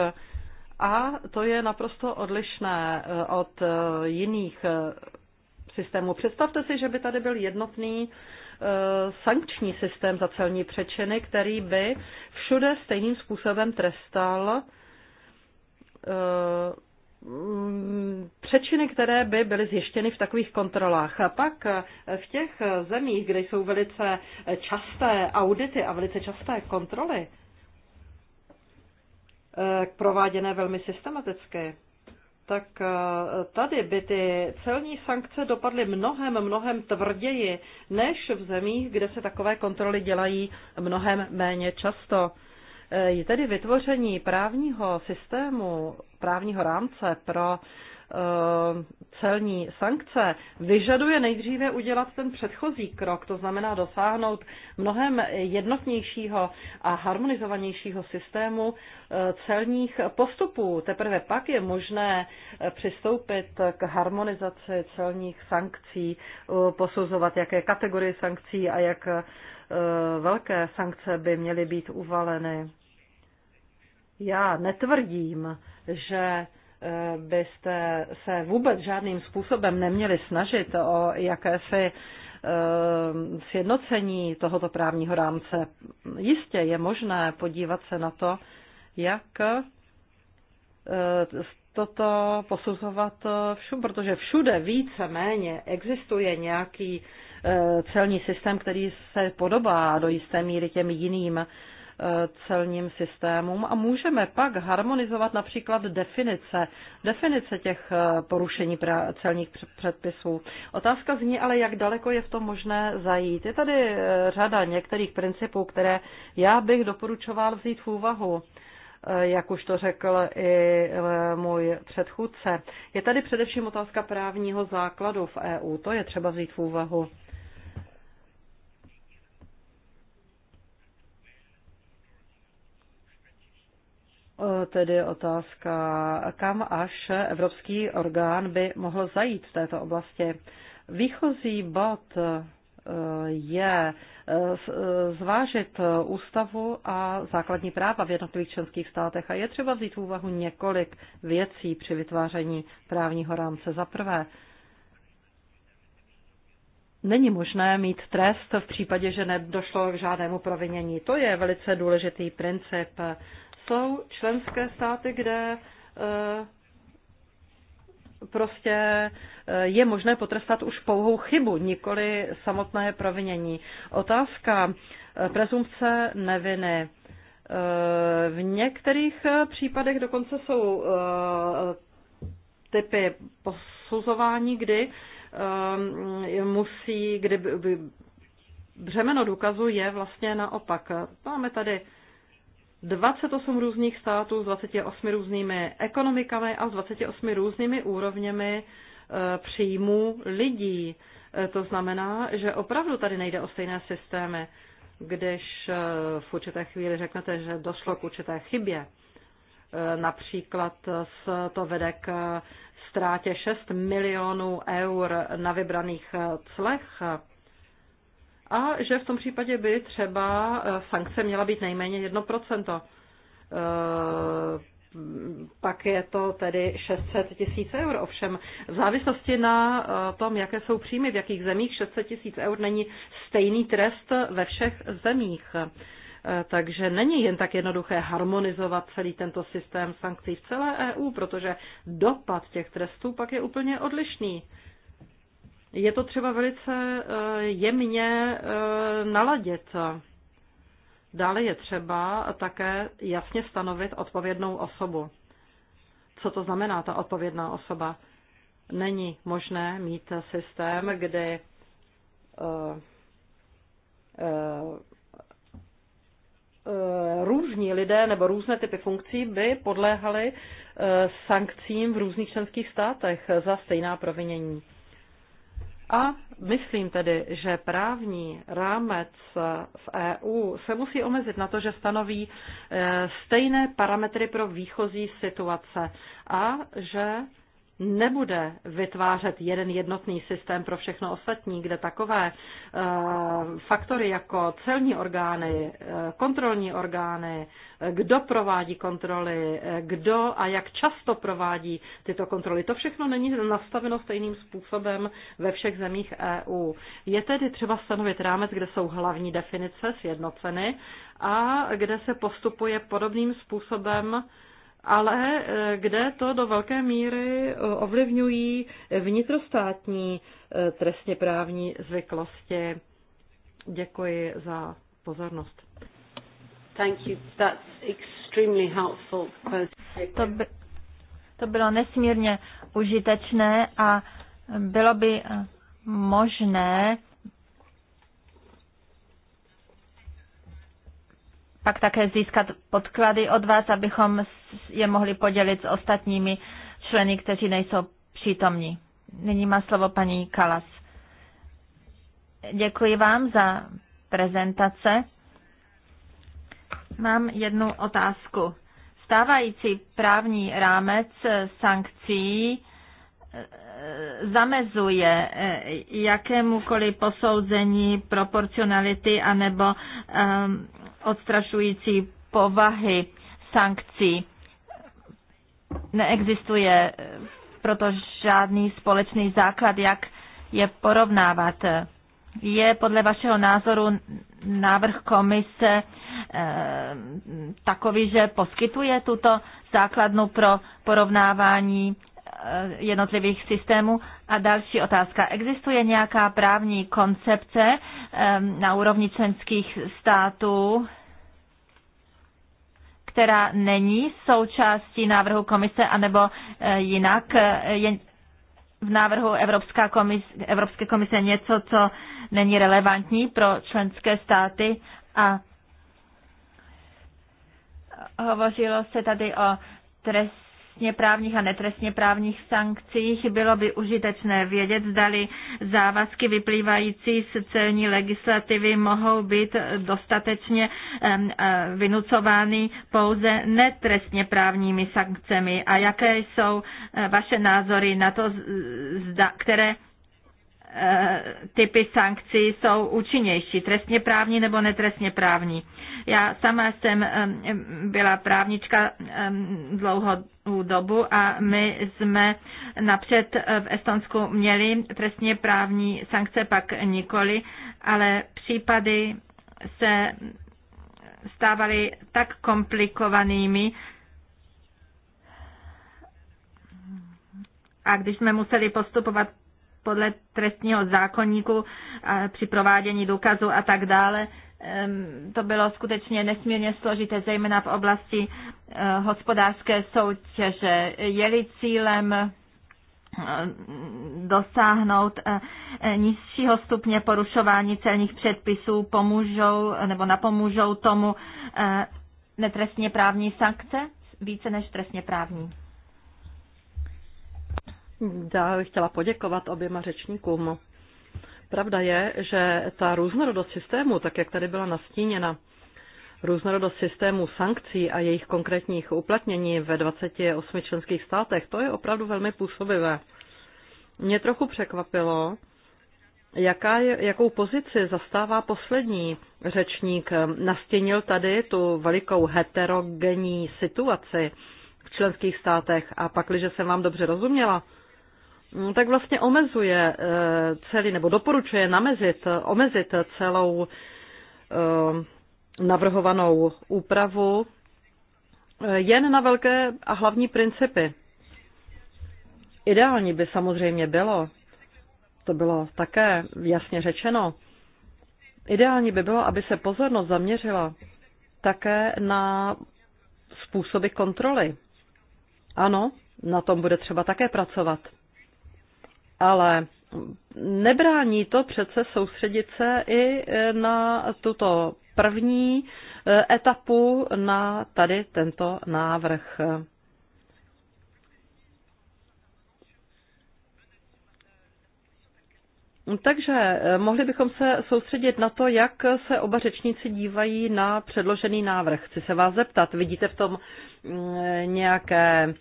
A to je naprosto odlišné od jiných systémů. Představte si, že by tady byl jednotný Eh, sankční systém za celní přečiny, který by všude stejným způsobem trestal eh, přečiny, které by byly zjištěny v takových kontrolách. A pak eh, v těch zemích, kde jsou velice časté audity a velice časté kontroly, prováděné velmi systematicky, tak eh, tady by ty celní sankce dopadly mnohem, mnohem tvrději, než v zemích, kde se takové kontroly dělají mnohem méně často. Eh, je tedy vytvoření právního systému, právního rámce pro Eh, celní sankce vyžaduje nejdříve udělat ten předchozí krok, to znamená dosáhnout mnohem jednotnějšího a harmonizovanějšího systému eh, celních postupů. Teprve pak je možné eh, přistoupit k harmonizaci celních sankcí, posuzovat, jaké kategorie sankcí a jak velké sankce by měly být uvaleny. Já netvrdím, že Eh, byste se vůbec žádným způsobem neměli snažit o jakési eh, sjednocení tohoto právního rámce. Jistě je možné podívat se na to, jak eh, toto posuzovat všude, protože všude více méně existuje nějaký celní systém, který se podobá do jisté míry těm jiným Eh, celním systémům a můžeme pak harmonizovat například definice, definice těch eh, porušení celních předpisů. Otázka zní ale, jak daleko je v tom možné zajít. Je tady eh, řada některých principů, které já bych doporučoval vzít v úvahu jak už to řekl i můj předchůdce. Je tady především otázka právního základu v EU, to je třeba vzít v úvahu. tedy otázka, kam až evropský orgán by mohl zajít v této oblasti. Výchozí bod eh, je eh, eh, zvážit ústavu a základní práva v jednotlivých členských státech a je třeba vzít v úvahu několik věcí při vytváření právního rámce. Za prvé, není možné mít trest v případě, že nedošlo k žádnému provinění. To je velice důležitý princip jsou členské státy, kde eh, prostě eh, je možné potrestat už pouhou chybu, nikoli samotné provinění. Otázka eh, prezumce neviny. V některých případech dokonce jsou typy posuzování, kdy musí, kdy břemeno důkazu je vlastně naopak. Máme tady 28 různých států s 28 různými ekonomikami a s 28 různými úrovněmi e, příjmů lidí. E, to znamená, že opravdu tady nejde o stejné systémy, když e, v určité chvíli řeknete, že došlo k určité chybě. Například to vede k ztrátě 6 milionů eur na vybraných clech a že v tom případě by třeba eh, sankce měla být nejméně 1%. Eh, pak je to tedy 600 tisíc eur. Ovšem v závislosti na eh, tom, jaké jsou příjmy, v jakých zemích 600 tisíc eur není stejný trest ve všech zemích. Takže není jen tak jednoduché harmonizovat celý tento systém sankcí v celé EU, protože dopad těch trestů pak je úplně odlišný je to třeba velice eh, jemně eh, naladit. Dále je třeba také jasně stanovit odpovědnou osobu. Co to znamená ta odpovědná osoba? Není možné mít systém, kdy eh, různí lidé nebo různé typy funkcí by podléhaly sankcím v různých členských státech za stejná provinění. A myslím tedy, že právní rámec v EU se musí omezit na to, že stanoví e, stejné parametry pro výchozí situace a že nebude vytvářet jeden jednotný systém pro všechno ostatní, kde takové eh, faktory jako celní orgány, eh, kontrolní orgány, eh, kdo provádí kontroly, kdo a jak často provádí tyto kontroly, to všechno není nastaveno stejným způsobem ve všech zemích EU. Je tedy třeba stanovit rámec, kde jsou hlavní definice sjednoceny a kde se postupuje podobným způsobem, ale eh, kde to do velké míry eh, ovlivňují vnitrostátní eh, trestně právní zvyklosti. Děkuji za pozornost. Thank you. That's extremely helpful. To, by, to bylo nesmírně užitečné a bylo by možné pak také získat podklady od vás, abychom je mohli podělit s ostatními členy, kteří nejsou přítomní. Nyní má slovo paní Kalas. Děkuji vám za prezentace. Mám jednu otázku. Stávající právní rámec sankcí eh, zamezuje eh, jakémukoliv posouzení proporcionality anebo um, odstrašující povahy sankcí. Neexistuje eh, proto žádný společný základ, jak je porovnávat. Je podle vašeho názoru návrh komise eh, takový, že poskytuje tuto základnu pro porovnávání eh, jednotlivých systémů. A další otázka. Existuje nějaká právní koncepce na úrovni členských států která není součástí návrhu komise, anebo eh, jinak eh, je v návrhu Evropská komise, Evropské komise něco, co není relevantní pro členské státy a hovořilo se tady o trest trestně právních a netrestně právních sankcích. Bylo by užitečné vědět, zdali závazky vyplývající z celní legislativy mohou být dostatečně e, vynucovány pouze netrestně právními sankcemi a jaké jsou e, vaše názory na to, které Eh, typy sankcí jsou účinnější, trestně právní nebo netrestně právní. Já sama jsem eh, byla právnička eh, dlouho dobu a my jsme napřed v Estonsku měli trestně právní sankce, pak nikoli, ale případy se stávaly tak komplikovanými, a když jsme museli postupovat podle trestního zákonníku eh, při provádění důkazu a tak dále. To bylo skutečně nesmírně složité, zejména v oblasti eh, hospodářské soutěže. Je-li cílem eh, dosáhnout nižšího stupně porušování celních předpisů, pomůžou nebo napomůžou tomu netrestně právní sankce více než trestně právní. Já bych chtěla poděkovat oběma řečníkům. Pravda je, že ta různorodost systému, tak jak tady byla nastíněna, různorodost systému sankcí a jejich konkrétních uplatnění ve 28 členských státech, to je opravdu velmi působivé. Mě trochu překvapilo, jaká je, jakou pozici zastává poslední řečník. Nastěnil tady tu velikou heterogenní situaci v členských státech a pak, když jsem vám dobře rozuměla, No, tak vlastně omezuje eh, celý, nebo doporučuje namezit, omezit celou eh, navrhovanou úpravu eh, jen na velké a hlavní principy. Ideální by samozřejmě bylo, to bylo také jasně řečeno, ideální by bylo, aby se pozornost zaměřila také na způsoby kontroly. Ano, na tom bude třeba také pracovat ale nebrání to přece soustředit se i e, na tuto první e, etapu na tady tento návrh. Takže e, mohli bychom se soustředit na to, jak se oba řečníci dívají na předložený návrh. Chci se vás zeptat, vidíte v tom mm, nějaké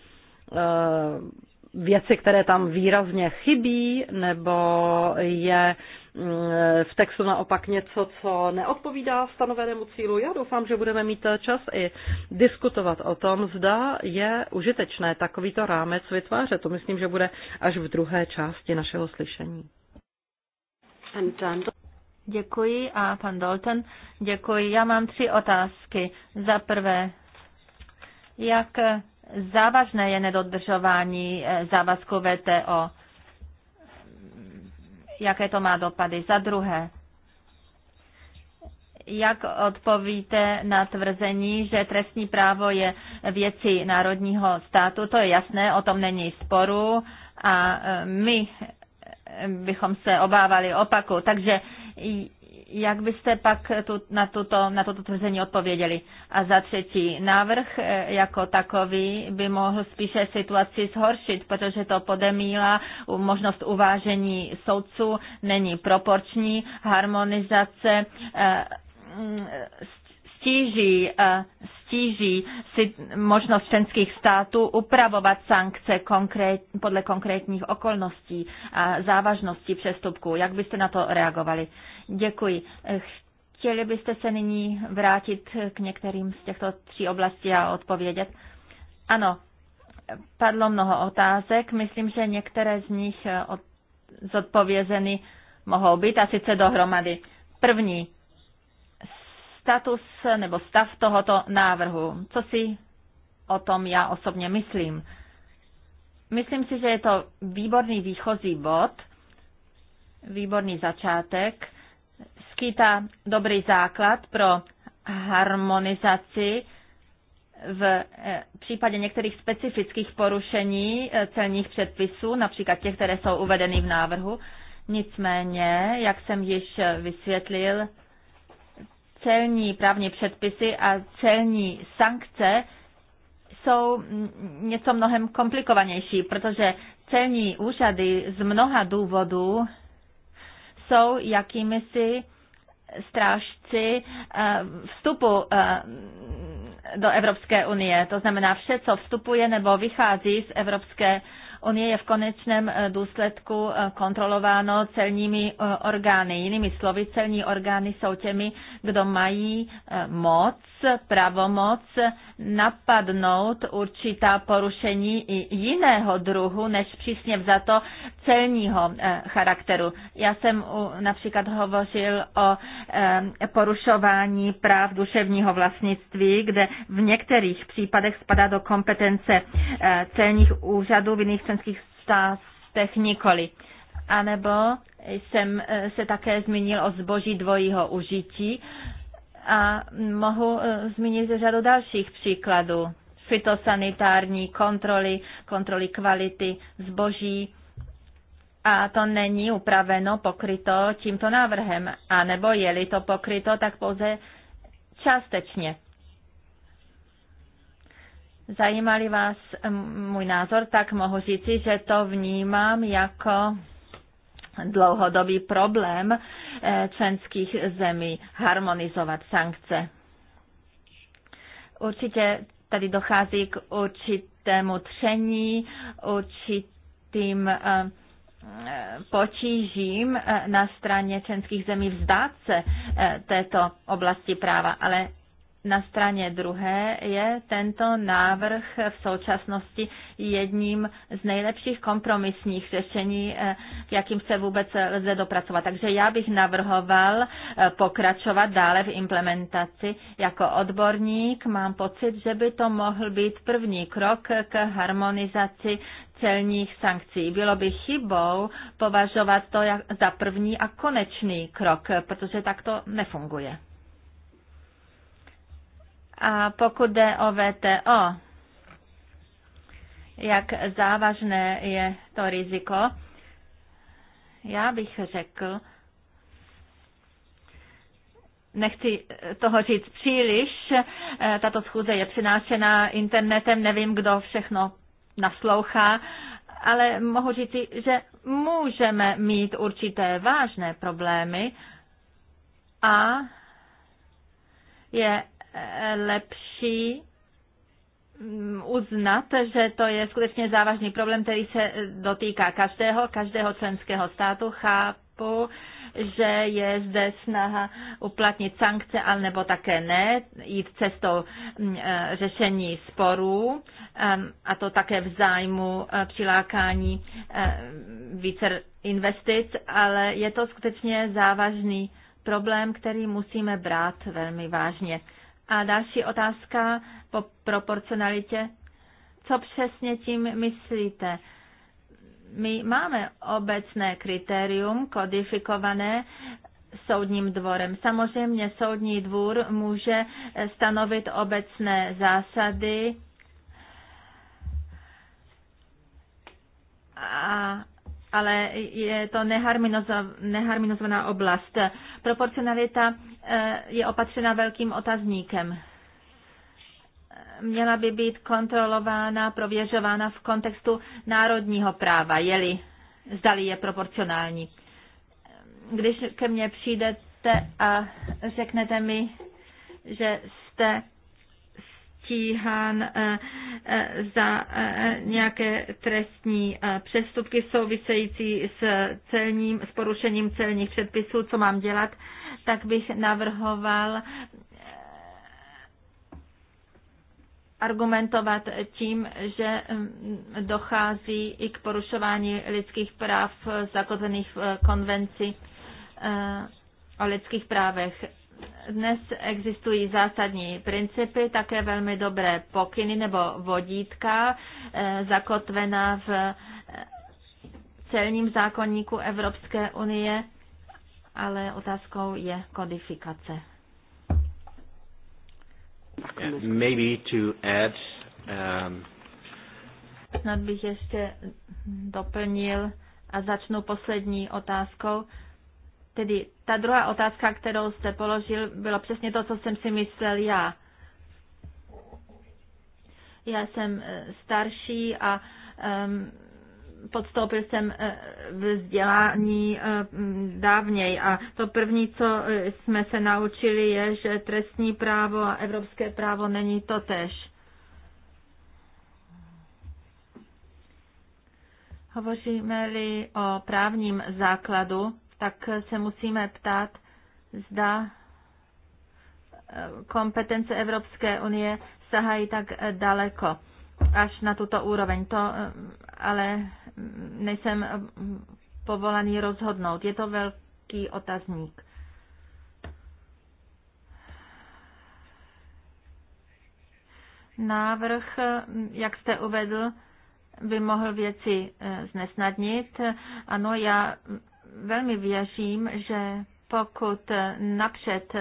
věci, které tam výrazně chybí, nebo je mm, v textu naopak něco, co neodpovídá stanovenému cílu. Já doufám, že budeme mít čas i diskutovat o tom, zda je užitečné takovýto rámec vytvářet. To myslím, že bude až v druhé části našeho slyšení. Děkuji a pan Dalton, děkuji. Já mám tři otázky. Za prvé, jak závažné je nedodržování eh, závazku VTO. Jaké to má dopady? Za druhé, jak odpovíte na tvrzení, že trestní právo je věcí národního státu? To je jasné, o tom není sporu a eh, my eh, bychom se obávali opaku. Takže jak byste pak tu, na, tuto, na toto tvrzení odpověděli? A za třetí, návrh eh, jako takový by mohl spíše situaci zhoršit, protože to podemíla možnost uvážení soudců, není proporční, harmonizace eh, mm, s stíží, eh, stíží si možnost členských států upravovat sankce konkrét, podle konkrétních okolností a závažností přestupků. Jak byste na to reagovali? Děkuji. Eh, chtěli byste se nyní vrátit k některým z těchto tří oblastí a odpovědět? Ano, padlo mnoho otázek. Myslím, že některé z nich eh, zodpovězeny mohou být a sice dohromady. První, status nebo stav tohoto návrhu. Co si o tom já osobně myslím? Myslím si, že je to výborný výchozí bod, výborný začátek, skýtá dobrý základ pro harmonizaci v e, případě některých specifických porušení e, celních předpisů, například těch, které jsou uvedeny v návrhu. Nicméně, jak jsem již vysvětlil, celní právní předpisy a celní sankce jsou mm, něco mnohem komplikovanější, protože celní úřady z mnoha důvodů jsou jakými si strážci eh, vstupu eh, do Evropské unie. To znamená, vše, co vstupuje nebo vychází z Evropské Unie je v konečném eh, důsledku eh, kontrolováno celními eh, orgány. Jinými slovy, celní orgány jsou těmi, kdo mají moc, pravomoc napadnout určitá porušení i jiného druhu, než přísně vzato celního charakteru. Já jsem například hovořil o porušování práv duševního vlastnictví, kde v některých případech spadá do kompetence celních úřadů, v jiných křesťanských státech nikoli. A nebo jsem eh, se také zmínil o zboží dvojího užití a mohu eh, zmínit řadu dalších příkladů. Fitosanitární kontroly, kontroly kvality zboží, a to není upraveno, pokryto tímto návrhem. A nebo je-li to pokryto, tak pouze částečně. Zajímali vás můj názor, tak mohu říci, že to vnímám jako dlouhodobý problém eh, členských zemí harmonizovat sankce. Určitě tady dochází k určitému tření, určitým eh, potížím eh, na straně členských zemí vzdát se této oblasti práva, ale na straně druhé je tento návrh v současnosti jedním z nejlepších kompromisních řešení, k eh, jakým se vůbec lze dopracovat. Takže já bych navrhoval eh, pokračovat dále v implementaci. Jako odborník mám pocit, že by to mohl být první krok k harmonizaci celních sankcí. Bylo by chybou považovat to za první a konečný krok, protože tak to nefunguje. A pokud jde o VTO, jak závažné je to riziko, já bych řekl, nechci toho říct příliš, eh, tato schůze je přinášena internetem, nevím, kdo všechno naslouchá, ale mohu říct, že můžeme mít určité vážné problémy a je lepší mm, uznat, že to je skutečně závažný problém, který se dotýká každého, každého členského státu. Chápu, že je zde snaha uplatnit sankce, ale nebo také ne, jít cestou mm, e, řešení sporů a to také v zájmu e, přilákání e, více investic, ale je to skutečně závažný problém, který musíme brát velmi vážně. A další otázka po proporcionalitě. Co přesně tím myslíte? My máme obecné kritérium kodifikované soudním dvorem. Samozřejmě soudní dvůr může stanovit obecné zásady a ale je to neharmonizovaná oblast. Proporcionalita je opatřena velkým otazníkem. Měla by být kontrolována, prověřována v kontextu národního práva, jeli zdali je proporcionální. Když ke mně přijdete a řeknete mi, že jste stíhán eh, eh, za eh, nějaké trestní přestupky související s, celním, s porušením celních předpisů, co mám dělat, tak bych navrhoval argumentovat tím, že hm, dochází i k porušování lidských práv zakotvených v konvenci o lidských právech. Dnes existují zásadní principy, také velmi dobré pokyny nebo vodítka eh, zakotvená v eh, celním zákonníku Evropské unie, ale otázkou je kodifikace. Maybe to add, um... Snad bych ještě doplnil a začnu poslední otázkou. Tedy ta druhá otázka, kterou jste položil, bylo přesně to, co jsem si myslel já. Já jsem eh, starší a um, podstoupil jsem eh, vzdělání eh, dávněji a to první, co jsme se naučili, je, že trestní právo a evropské právo není to tež. Hovoříme-li o právním základu, tak se musíme ptát, zda eh, kompetence Evropské unie sahají tak eh, daleko až na tuto úroveň. To eh, ale nejsem povolaný rozhodnout. Je to velký otazník. Návrh, jak jste uvedl, by mohl věci znesnadnit. Ano, já velmi věřím, že pokud napřed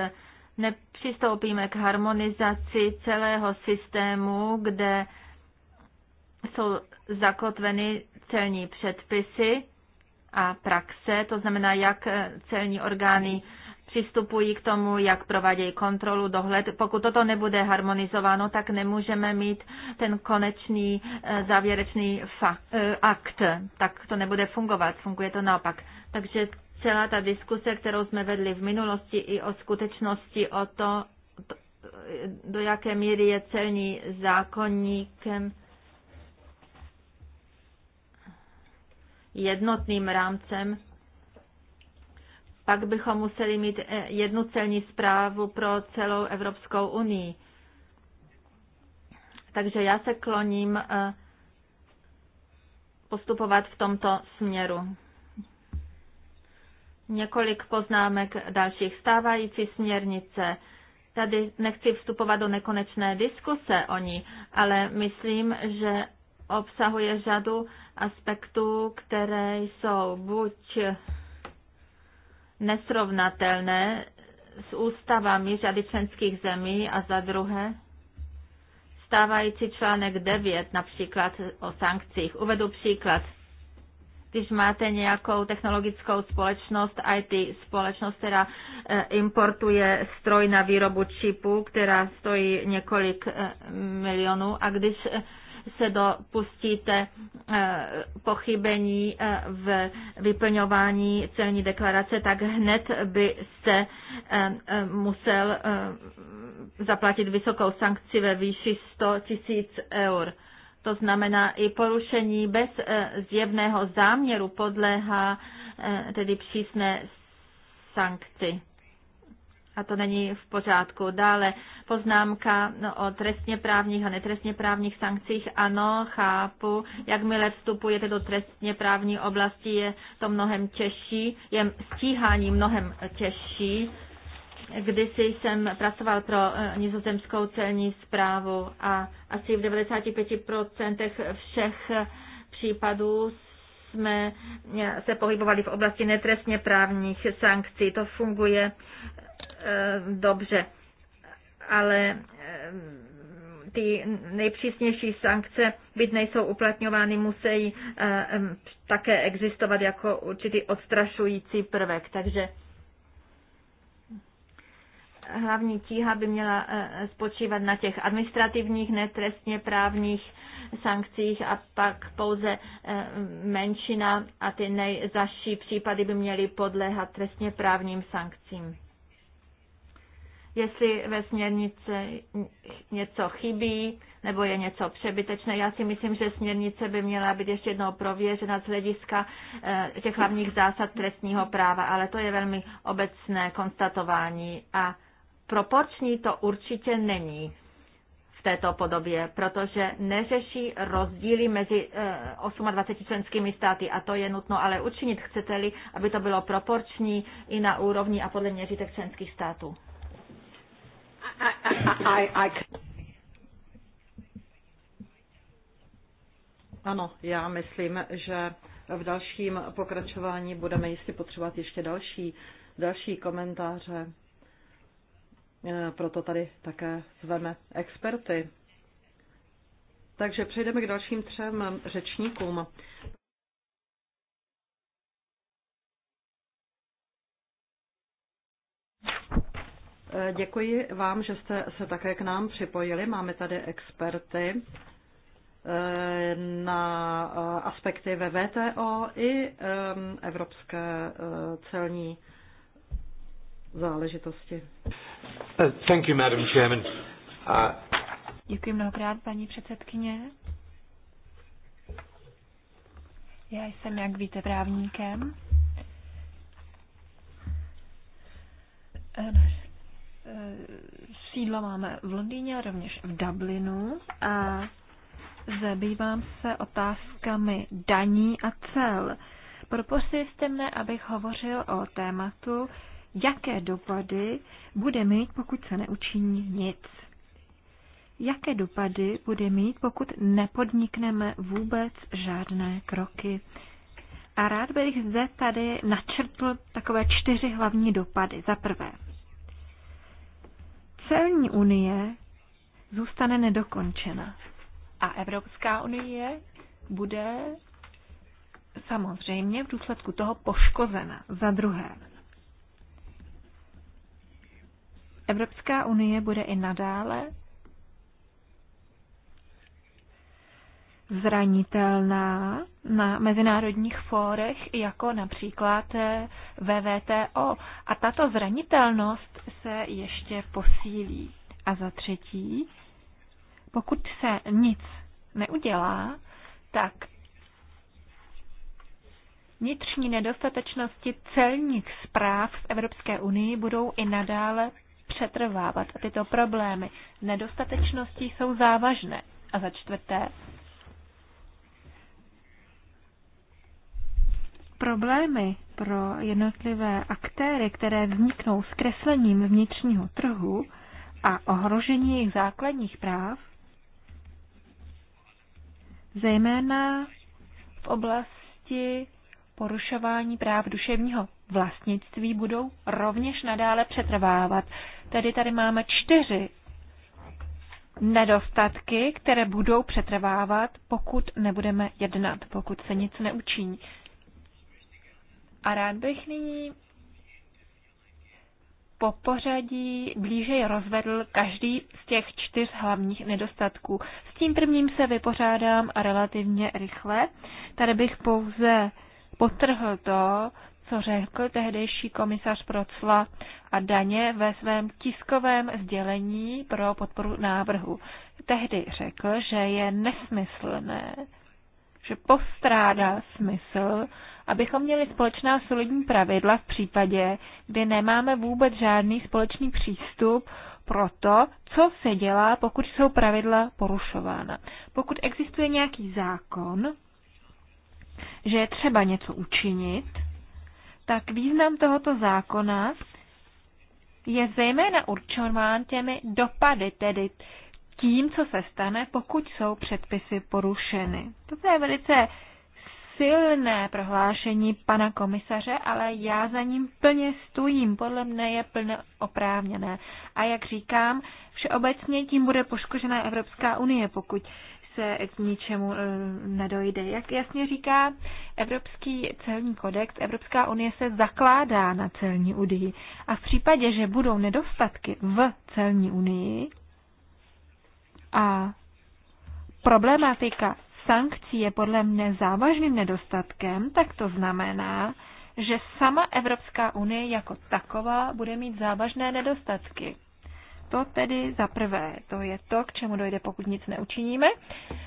nepřistoupíme k harmonizaci celého systému, kde jsou zakotveny celní předpisy a praxe, to znamená, jak celní orgány přistupují k tomu, jak provádějí kontrolu, dohled. Pokud toto nebude harmonizováno, tak nemůžeme mít ten konečný eh, závěrečný eh, akt. Tak to nebude fungovat, funguje to naopak. Takže celá ta diskuse, kterou jsme vedli v minulosti i o skutečnosti o to, do jaké míry je celní zákonníkem jednotným rámcem, pak bychom museli mít eh, jednu celní zprávu pro celou Evropskou unii. Takže já se kloním eh, postupovat v tomto směru. Několik poznámek dalších stávající směrnice. Tady nechci vstupovat do nekonečné diskuse o ní, ale myslím, že obsahuje řadu aspektů, které jsou buď nesrovnatelné s ústavami řady členských zemí a za druhé stávající článek 9 například o sankcích. Uvedu příklad když máte nějakou technologickou společnost, IT společnost, která eh, importuje stroj na výrobu čipu, která stojí několik eh, milionů a když eh, se dopustíte pochybení v vyplňování celní deklarace, tak hned by se musel zaplatit vysokou sankci ve výši 100 tisíc eur to znamená i porušení bez e, zjevného záměru podléhá e, tedy přísné sankci. A to není v pořádku. Dále poznámka no, o trestně právních a netrestně právních sankcích. Ano, chápu, jakmile vstupujete do trestně právní oblasti, je to mnohem těžší, je stíhání mnohem těžší Kdysi jsem pracoval pro eh, nizozemskou celní zprávu a asi v 95% všech eh, případů jsme eh, se pohybovali v oblasti netrestně právních sankcí. To funguje dobře, ale ty nejpřísnější sankce, byť nejsou uplatňovány, musí také existovat jako určitý odstrašující prvek. Takže hlavní tíha by měla eh, spočívat na těch administrativních, netrestně právních sankcích a pak pouze eh, menšina a ty nejzaší případy by měly podléhat trestně právním sankcím. Jestli ve směrnice něco chybí nebo je něco přebytečné, já si myslím, že směrnice by měla být ještě jednou prověřena z hlediska eh, těch hlavních zásad trestního práva, ale to je velmi obecné konstatování a proporční to určitě není v této podobě, protože neřeší rozdíly mezi 28 eh, členskými státy a to je nutno ale učinit, chcete-li, aby to bylo proporční i na úrovni a podle měřitek členských států. Ano, já myslím, že v dalším pokračování budeme jistě potřebovat ještě další, další komentáře. Eh, proto tady také zveme experty. Takže přejdeme k dalším třem řečníkům. Eh, děkuji vám, že jste se také k nám připojili. Máme tady experty eh, na aspekty ve VTO i evropské celní záležitosti. Uh, thank you, Madam Chairman. Uh... Děkuji mnohokrát, paní předsedkyně. Já jsem, jak víte, právníkem. Eh, eh, sídlo máme v Londýně a rovněž v Dublinu a zabývám se otázkami daní a cel. Proposili jste mne, abych hovořil o tématu, jaké dopady bude mít, pokud se neučiní nic. Jaké dopady bude mít, pokud nepodnikneme vůbec žádné kroky. A rád bych zde tady načrtl takové čtyři hlavní dopady. Za prvé, celní unie zůstane nedokončena a Evropská unie bude samozřejmě v důsledku toho poškozena. Za druhé, Evropská unie bude i nadále zranitelná na mezinárodních fórech, jako například eh, VVTO. A tato zranitelnost se ještě posílí. A za třetí, pokud se nic neudělá, tak vnitřní nedostatečnosti celních zpráv v Evropské unii budou i nadále přetrvávat a tyto problémy nedostatečnosti jsou závažné. A za čtvrté, problémy pro jednotlivé aktéry, které vzniknou s kreslením vnitřního trhu a ohrožení jejich základních práv, zejména v oblasti porušování práv duševního vlastnictví budou rovněž nadále přetrvávat. Tedy tady máme čtyři nedostatky, které budou přetrvávat, pokud nebudeme jednat, pokud se nic neučiní. A rád bych nyní po pořadí blíže rozvedl každý z těch čtyř hlavních nedostatků. S tím prvním se vypořádám relativně rychle. Tady bych pouze potrhl to, co řekl tehdejší komisař pro cla a daně ve svém tiskovém sdělení pro podporu návrhu. Tehdy řekl, že je nesmyslné, že postrádá smysl, abychom měli společná solidní pravidla v případě, kdy nemáme vůbec žádný společný přístup pro to, co se dělá, pokud jsou pravidla porušována. Pokud existuje nějaký zákon, že je třeba něco učinit, tak význam tohoto zákona je zejména určován těmi dopady, tedy tím, co se stane, pokud jsou předpisy porušeny. To je velice silné prohlášení pana komisaře, ale já za ním plně stojím. Podle mne je plně oprávněné. A jak říkám, všeobecně tím bude poškozená Evropská unie, pokud se k ničemu eh, nedojde. Jak jasně říká Evropský celní kodex, Evropská unie se zakládá na celní unii. A v případě, že budou nedostatky v celní unii a problematika sankcí je podle mne závažným nedostatkem, tak to znamená, že sama Evropská unie jako taková bude mít závažné nedostatky. To tedy za prvé, to je to, k čemu dojde, pokud nic neučiníme.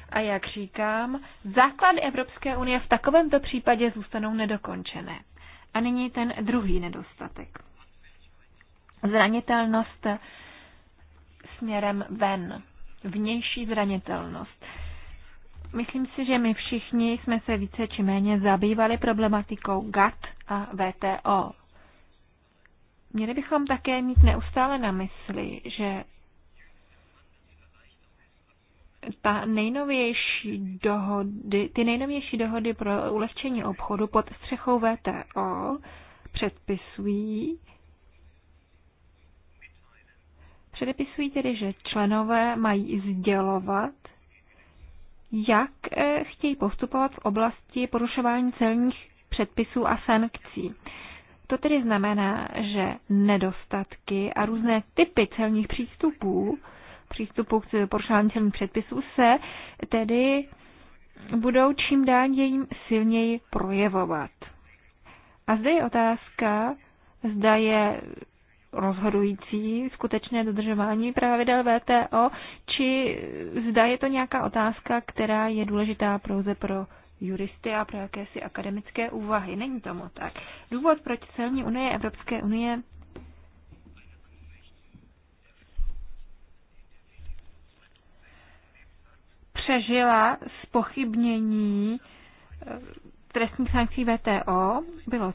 A jak říkám, základy Evropské unie v takovémto případě zůstanou nedokončené. A nyní ten druhý nedostatek. Zranitelnost směrem ven. Vnější zranitelnost. Myslím si, že my všichni jsme se více či méně zabývali problematikou GATT a VTO. Měli bychom také mít neustále na mysli, že ta nejnovější dohody, ty nejnovější dohody pro ulehčení obchodu pod střechou VTO předpisují, předepisují tedy, že členové mají sdělovat, jak eh, chtějí postupovat v oblasti porušování celních předpisů a sankcí. To tedy znamená, že nedostatky a různé typy celních přístupů, přístupů k porušování celních předpisů se tedy budou čím dál jim silněji projevovat. A zde je otázka, zda je rozhodující skutečné dodržování pravidel VTO, či zda je to nějaká otázka, která je důležitá pouze pro juristy a pro jakési akademické úvahy. Není tomu tak. Důvod, proč celní unie Evropské unie přežila spochybnění eh, trestních sankcí VTO, bylo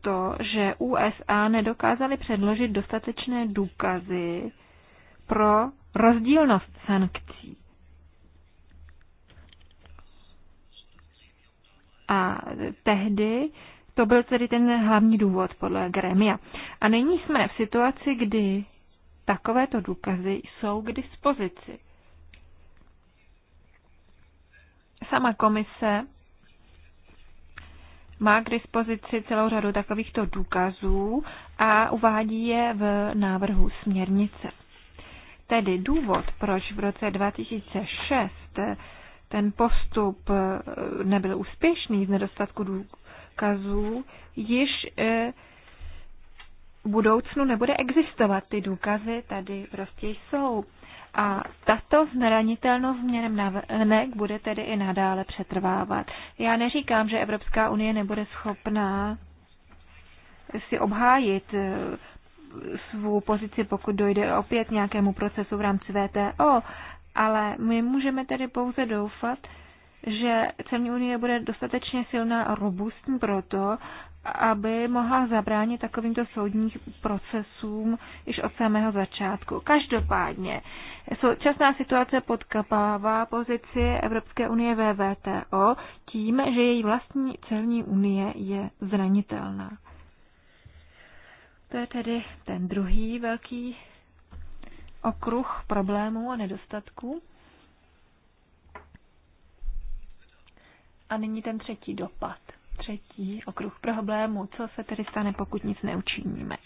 to, že USA nedokázali předložit dostatečné důkazy pro rozdílnost sankcí. A tehdy to byl tedy ten hlavní důvod podle Gremia. A nyní jsme v situaci, kdy takovéto důkazy jsou k dispozici. Sama komise má k dispozici celou řadu takovýchto důkazů a uvádí je v návrhu směrnice. Tedy důvod, proč v roce 2006 ten postup eh, nebyl úspěšný z nedostatku důkazů, již eh, v budoucnu nebude existovat. Ty důkazy tady prostě jsou. A tato zranitelnost na venek bude tedy i nadále přetrvávat. Já neříkám, že Evropská unie nebude schopná si obhájit eh, svou pozici, pokud dojde opět nějakému procesu v rámci VTO, ale my můžeme tedy pouze doufat, že celní unie bude dostatečně silná a robustní proto, aby mohla zabránit takovýmto soudních procesům již od samého začátku. Každopádně současná situace podkapává pozici Evropské unie VVTO tím, že její vlastní celní unie je zranitelná. To je tedy ten druhý velký okruh problémů a nedostatků. A nyní ten třetí dopad, třetí okruh problémů. Co se tedy stane, pokud nic neučiníme?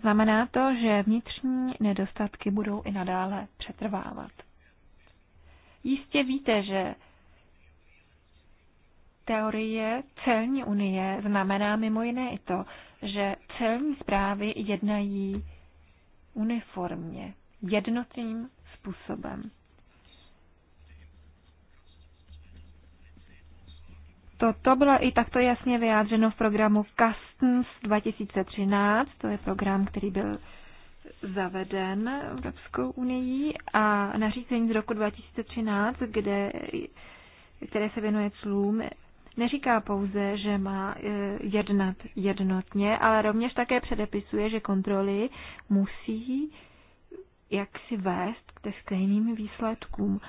Znamená to, že vnitřní nedostatky budou i nadále přetrvávat. Jistě víte, že teorie celní unie znamená mimo jiné i to, že celní zprávy jednají uniformně, jednotným způsobem. Toto bylo i takto jasně vyjádřeno v programu Customs 2013, to je program, který byl zaveden Evropskou unii a nařízení z roku 2013, kde, které se věnuje clům, neříká pouze, že má e, jednat jednotně, ale rovněž také předepisuje, že kontroly musí jaksi vést ke stejným výsledkům.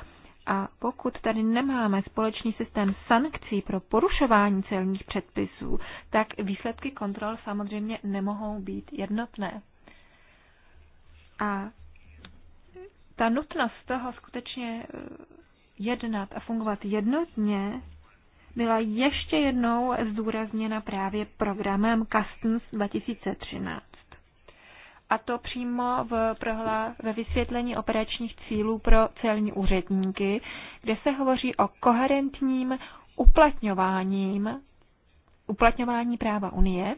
A pokud tady nemáme společný systém sankcí pro porušování celních předpisů, tak výsledky kontrol samozřejmě nemohou být jednotné. A ta nutnost toho skutečně e, jednat a fungovat jednotně byla ještě jednou zdůrazněna právě programem Customs 2013. A to přímo v prohla, ve vysvětlení operačních cílů pro celní úředníky, kde se hovoří o koherentním uplatňováním, uplatňování práva Unie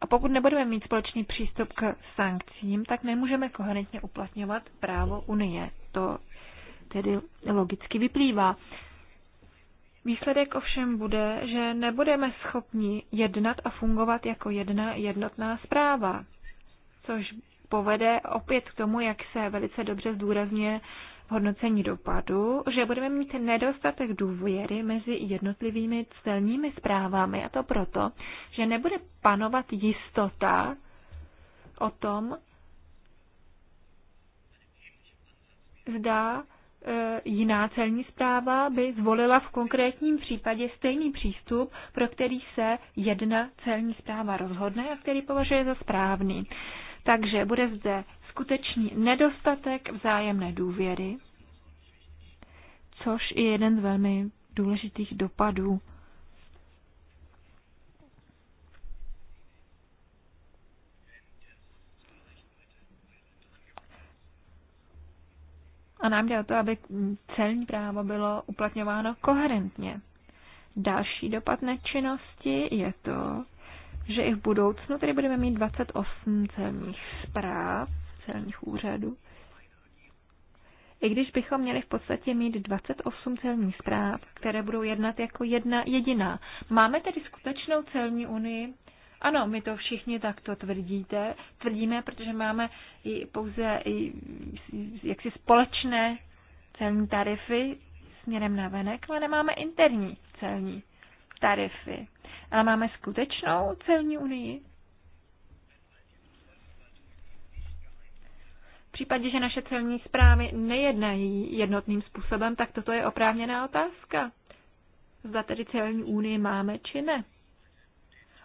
A pokud nebudeme mít společný přístup k sankcím, tak nemůžeme koherentně uplatňovat právo Unie. To tedy logicky vyplývá. Výsledek ovšem bude, že nebudeme schopni jednat a fungovat jako jedna jednotná zpráva, což povede opět k tomu, jak se velice dobře zdůrazně v hodnocení dopadu, že budeme mít nedostatek důvěry mezi jednotlivými celními zprávami a to proto, že nebude panovat jistota o tom, zda Eh, jiná celní zpráva by zvolila v konkrétním případě stejný přístup, pro který se jedna celní zpráva rozhodne a který považuje za správný. Takže bude zde skutečný nedostatek vzájemné důvěry, což je jeden z velmi důležitých dopadů A nám jde o to, aby celní právo bylo uplatňováno koherentně. Další dopad nečinnosti je to, že i v budoucnu tedy budeme mít 28 celních zpráv, celních úřadů. I když bychom měli v podstatě mít 28 celních zpráv, které budou jednat jako jedna jediná. Máme tedy skutečnou celní unii, ano, my to všichni takto tvrdíte, tvrdíme, protože máme i pouze i, jaksi společné celní tarify směrem na venek, ale nemáme interní celní tarify. Ale máme skutečnou celní unii. V případě, že naše celní zprávy nejednají jednotným způsobem, tak toto je oprávněná otázka. Zda tedy celní unii máme či ne.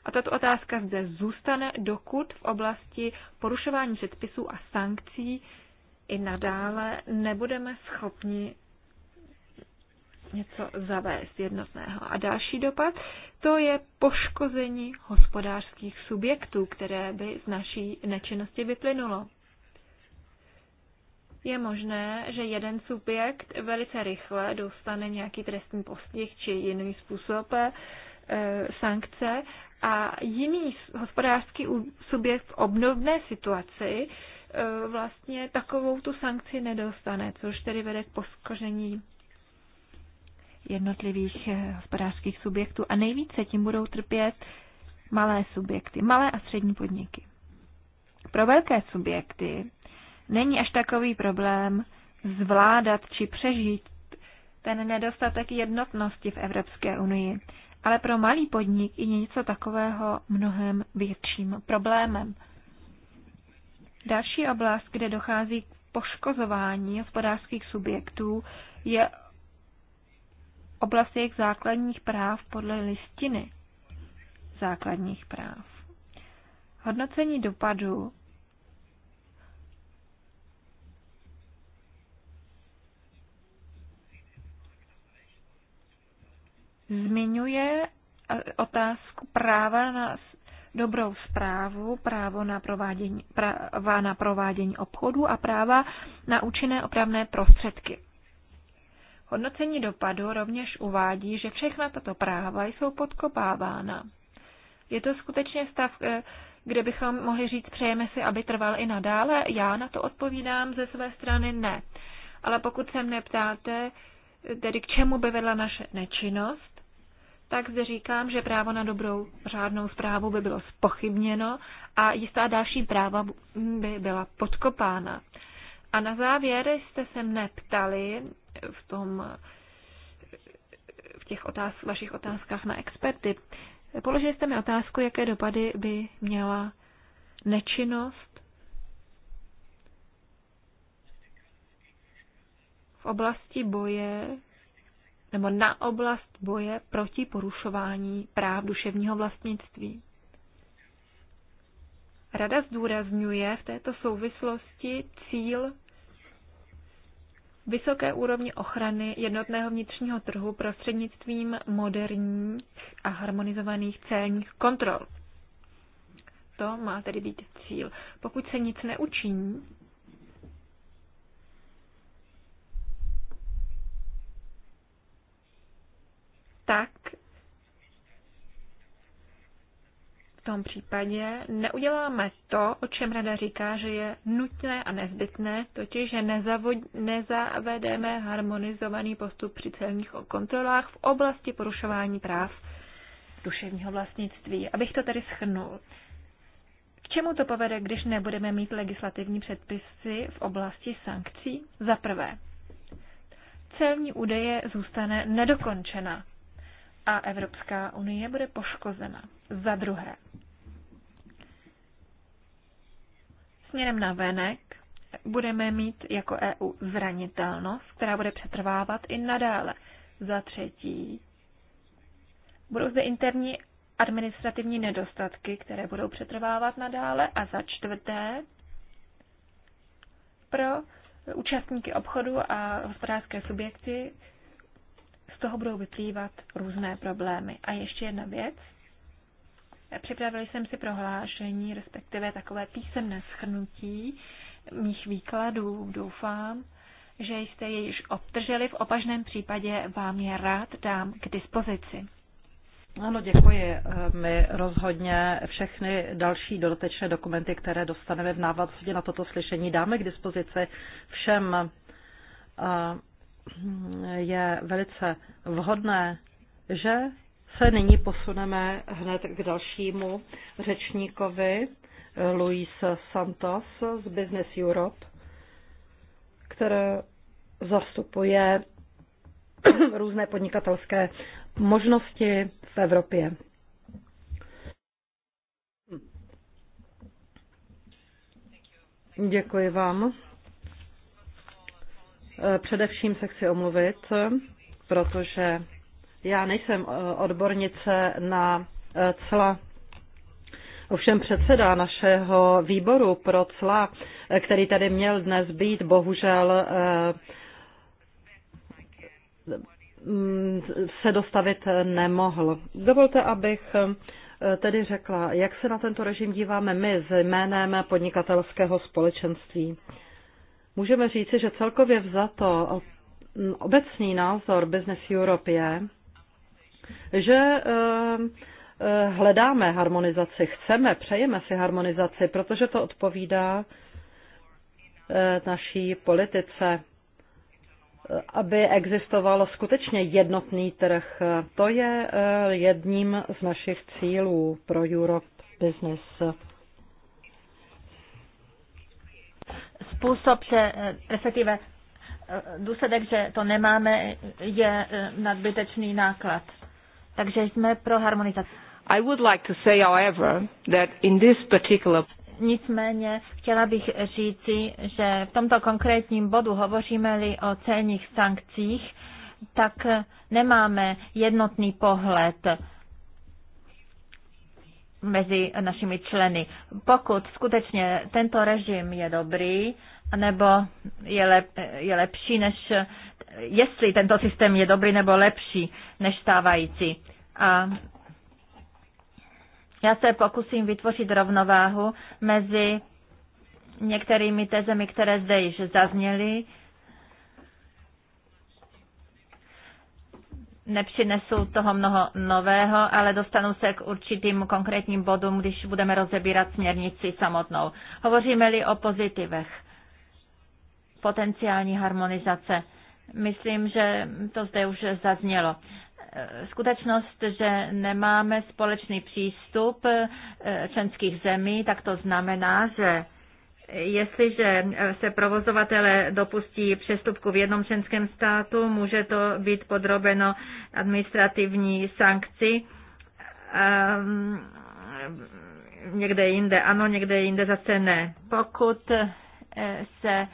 A tato otázka zde zůstane, dokud v oblasti porušování předpisů a sankcí i nadále nebudeme schopni něco zavést jednotného. A další dopad, to je poškození hospodářských subjektů, které by z naší nečinnosti vyplynulo. Je možné, že jeden subjekt velice rychle dostane nějaký trestní postih či jiný způsob eh, sankce a jiný hospodářský subjekt v obnovné situaci e, vlastně takovou tu sankci nedostane, což tedy vede k poskoření jednotlivých e, hospodářských subjektů. A nejvíce tím budou trpět malé subjekty, malé a střední podniky. Pro velké subjekty není až takový problém zvládat či přežít ten nedostatek jednotnosti v Evropské unii ale pro malý podnik je něco takového mnohem větším problémem. Další oblast, kde dochází k poškozování hospodářských subjektů, je oblast jejich základních práv podle listiny základních práv. Hodnocení dopadu zmiňuje eh, otázku práva na dobrou zprávu, právo na provádění, práva na provádění obchodu a práva na účinné opravné prostředky. Hodnocení dopadu rovněž uvádí, že všechna tato práva jsou podkopávána. Je to skutečně stav, eh, kde bychom mohli říct, přejeme si, aby trval i nadále? Já na to odpovídám ze své strany ne. Ale pokud se mne ptáte, eh, tedy k čemu by vedla naše nečinnost, tak zde říkám, že právo na dobrou řádnou zprávu by bylo spochybněno a jistá další práva by byla podkopána. A na závěr jste se mne ptali v, tom, v těch otáz, vašich otázkách na experty. Položili jste mi otázku, jaké dopady by měla nečinnost v oblasti boje nebo na oblast boje proti porušování práv duševního vlastnictví. Rada zdůrazňuje v této souvislosti cíl vysoké úrovně ochrany jednotného vnitřního trhu prostřednictvím moderních a harmonizovaných celních kontrol. To má tedy být cíl. Pokud se nic neučiní, tak v tom případě neuděláme to, o čem rada říká, že je nutné a nezbytné, totiž že nezavedeme harmonizovaný postup při celních kontrolách v oblasti porušování práv duševního vlastnictví. Abych to tedy schrnul. K čemu to povede, když nebudeme mít legislativní předpisy v oblasti sankcí? Za prvé, celní údaje zůstane nedokončena a Evropská unie bude poškozena. Za druhé, směrem na venek budeme mít jako EU zranitelnost, která bude přetrvávat i nadále. Za třetí, budou zde interní administrativní nedostatky, které budou přetrvávat nadále. A za čtvrté, pro účastníky obchodu a hospodářské subjekty toho budou vyplývat různé problémy. A ještě jedna věc. Připravili jsem si prohlášení, respektive takové písemné schrnutí mých výkladů. Doufám, že jste je již obdrželi. V opažném případě vám je rád dám k dispozici. Ano, děkuji. My rozhodně všechny další dodatečné dokumenty, které dostaneme v návaznosti na toto slyšení, dáme k dispozici všem je velice vhodné, že se nyní posuneme hned k dalšímu řečníkovi, Luis Santos z Business Europe, který zastupuje různé podnikatelské možnosti v Evropě. Děkuji vám. Eh, především se chci omluvit, protože já nejsem eh, odbornice na eh, cla. Ovšem předseda našeho výboru pro cla, který tady měl dnes být, bohužel mm, se dostavit nemohl. Dovolte, abych tedy řekla, jak se na tento režim díváme my s jménem podnikatelského společenství můžeme říci, že celkově vzato obecný názor Business Europe je, že eh, hledáme harmonizaci, chceme, přejeme si harmonizaci, protože to odpovídá eh, naší politice, eh, aby existovalo skutečně jednotný trh. To je jedním z našich cílů pro Europe Business způsob, že, eh, respektive eh, důsledek, že to nemáme, je eh, nadbytečný náklad. Takže jsme pro harmonizaci. I would like to say, however, that in this particular Nicméně chtěla bych říci, že v tomto konkrétním bodu hovoříme-li o celních sankcích, tak nemáme jednotný pohled mezi našimi členy. Pokud skutečně tento režim je dobrý, nebo je, lep, je lepší než, jestli tento systém je dobrý nebo lepší než stávající. A já se pokusím vytvořit rovnováhu mezi některými tezemi, které zde již zazněly, nepřinesou toho mnoho nového, ale dostanu se k určitým konkrétním bodům, když budeme rozebírat směrnici samotnou. Hovoříme-li o pozitivech potenciální harmonizace, myslím, že to zde už zaznělo. Skutečnost, že nemáme společný přístup eh, členských zemí, tak to znamená, že Jestliže se provozovatele dopustí přestupku v jednom členském státu, může to být podrobeno administrativní sankci. Ehm, někde jinde ano, někde jinde zase ne. Pokud eh, se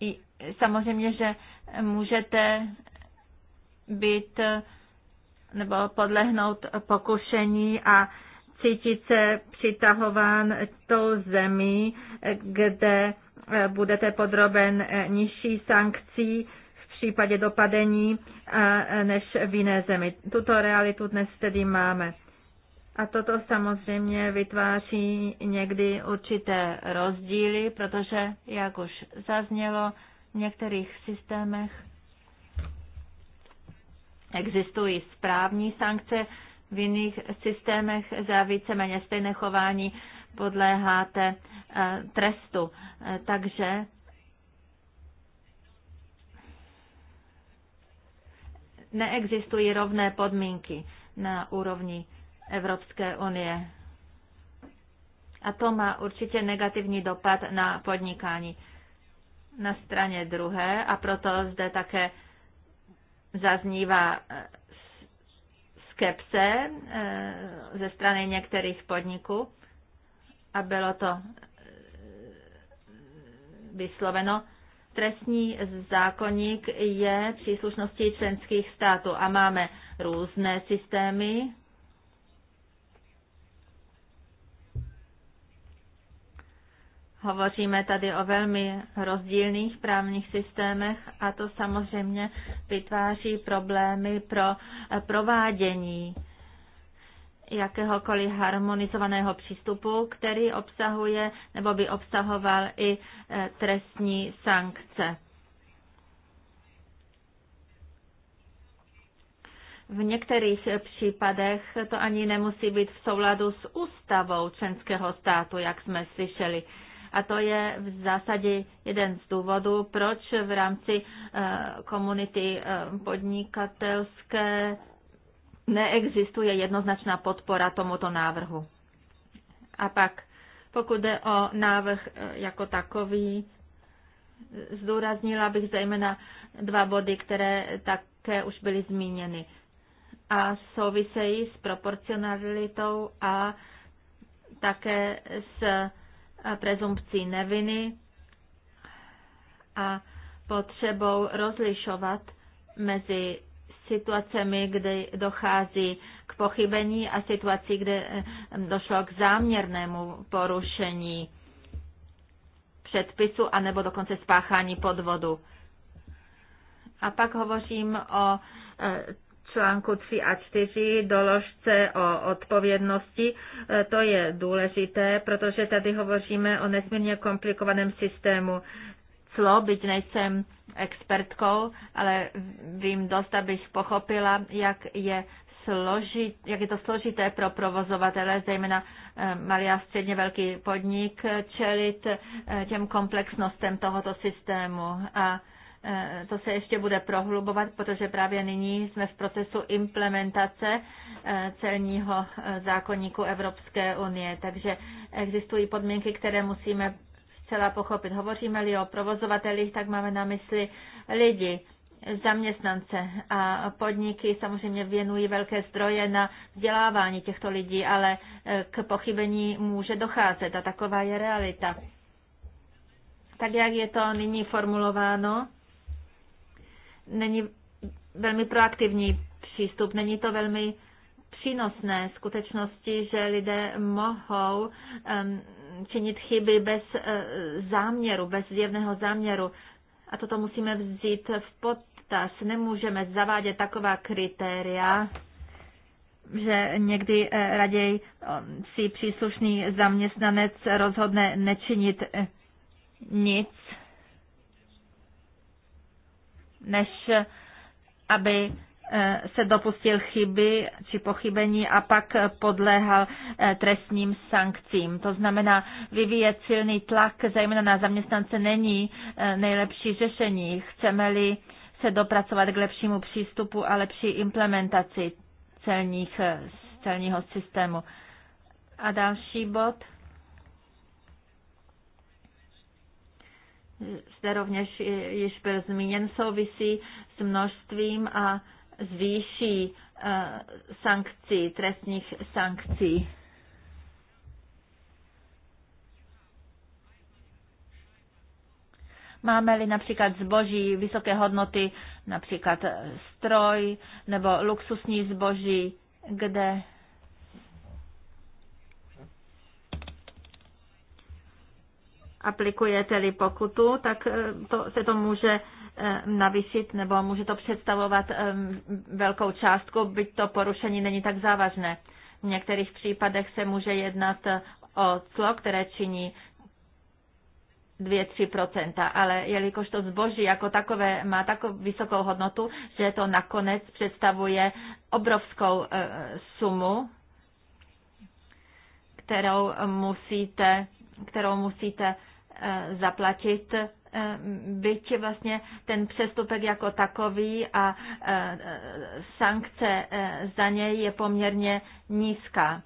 i samozřejmě, že můžete být nebo podlehnout pokušení a cítit se přitahován tou zemí, kde budete podroben nižší sankcí v případě dopadení než v jiné zemi. Tuto realitu dnes tedy máme. A toto samozřejmě vytváří někdy určité rozdíly, protože, jak už zaznělo, v některých systémech Existují správní sankce, v jiných systémech za víceméně stejné chování podléháte eh, trestu. Eh, takže neexistují rovné podmínky na úrovni Evropské unie. A to má určitě negativní dopad na podnikání na straně druhé a proto zde také zaznívá eh, skepse eh, ze strany některých podniků a bylo to eh, vysloveno. Trestní zákonník je příslušností členských států a máme různé systémy Hovoříme tady o velmi rozdílných právních systémech a to samozřejmě vytváří problémy pro eh, provádění jakéhokoliv harmonizovaného přístupu, který obsahuje nebo by obsahoval i eh, trestní sankce. V některých případech to ani nemusí být v souladu s ústavou členského státu, jak jsme slyšeli. A to je v zásadě jeden z důvodů, proč v rámci eh, komunity eh, podnikatelské neexistuje jednoznačná podpora tomuto návrhu. A pak, pokud jde o návrh eh, jako takový, zdůraznila bych zejména dva body, které také už byly zmíněny a souvisejí s proporcionalitou a také s prezumpcí neviny a potřebou rozlišovat mezi situacemi, kdy dochází k pochybení a situací, kde eh, došlo k záměrnému porušení předpisu anebo dokonce spáchání podvodu. A pak hovořím o eh, článku 3 a 4 doložce o odpovědnosti. E, to je důležité, protože tady hovoříme o nesmírně komplikovaném systému clo, byť nejsem expertkou, ale vím dost, abych pochopila, jak je složit, jak je to složité pro provozovatele, zejména e, malý a středně velký podnik, čelit e, těm komplexnostem tohoto systému. A Eh, to se ještě bude prohlubovat, protože právě nyní jsme v procesu implementace eh, celního eh, zákonníku Evropské unie. Takže existují podmínky, které musíme zcela pochopit. Hovoříme-li o provozovatelích, tak máme na mysli lidi, zaměstnance a podniky samozřejmě věnují velké zdroje na vzdělávání těchto lidí, ale k pochybení může docházet a taková je realita. Tak jak je to nyní formulováno, není velmi proaktivní přístup, není to velmi přínosné skutečnosti, že lidé mohou činit chyby bez eh, záměru, bez zjevného záměru. A toto musíme vzít v potaz. Nemůžeme zavádět taková kritéria, že někdy eh, raději eh, si příslušný zaměstnanec rozhodne nečinit nic, než aby eh, se dopustil chyby či pochybení a pak podléhal eh, trestním sankcím. To znamená, vyvíjet silný tlak, zejména na zaměstnance, není eh, nejlepší řešení. Chceme-li se dopracovat k lepšímu přístupu a lepší implementaci celních, celního systému. A další bod. zde rovněž již byl zmíněn, souvisí s množstvím a zvýší eh, sankcí, trestních sankcí. Máme-li například zboží vysoké hodnoty, například stroj nebo luxusní zboží, kde aplikujete-li pokutu, tak eh, to, se to může eh, navýšit nebo může to představovat ehm, velkou částku, byť to porušení není tak závažné. V některých případech se může jednat eh, o clo, které činí 2-3%, ale jelikož to zboží jako takové má takovou vysokou hodnotu, že to nakonec představuje obrovskou sumu, kterou musíte, kterou musíte Eh, zaplatit, eh, byť vlastně ten přestupek jako takový a eh, sankce za něj je poměrně nízká.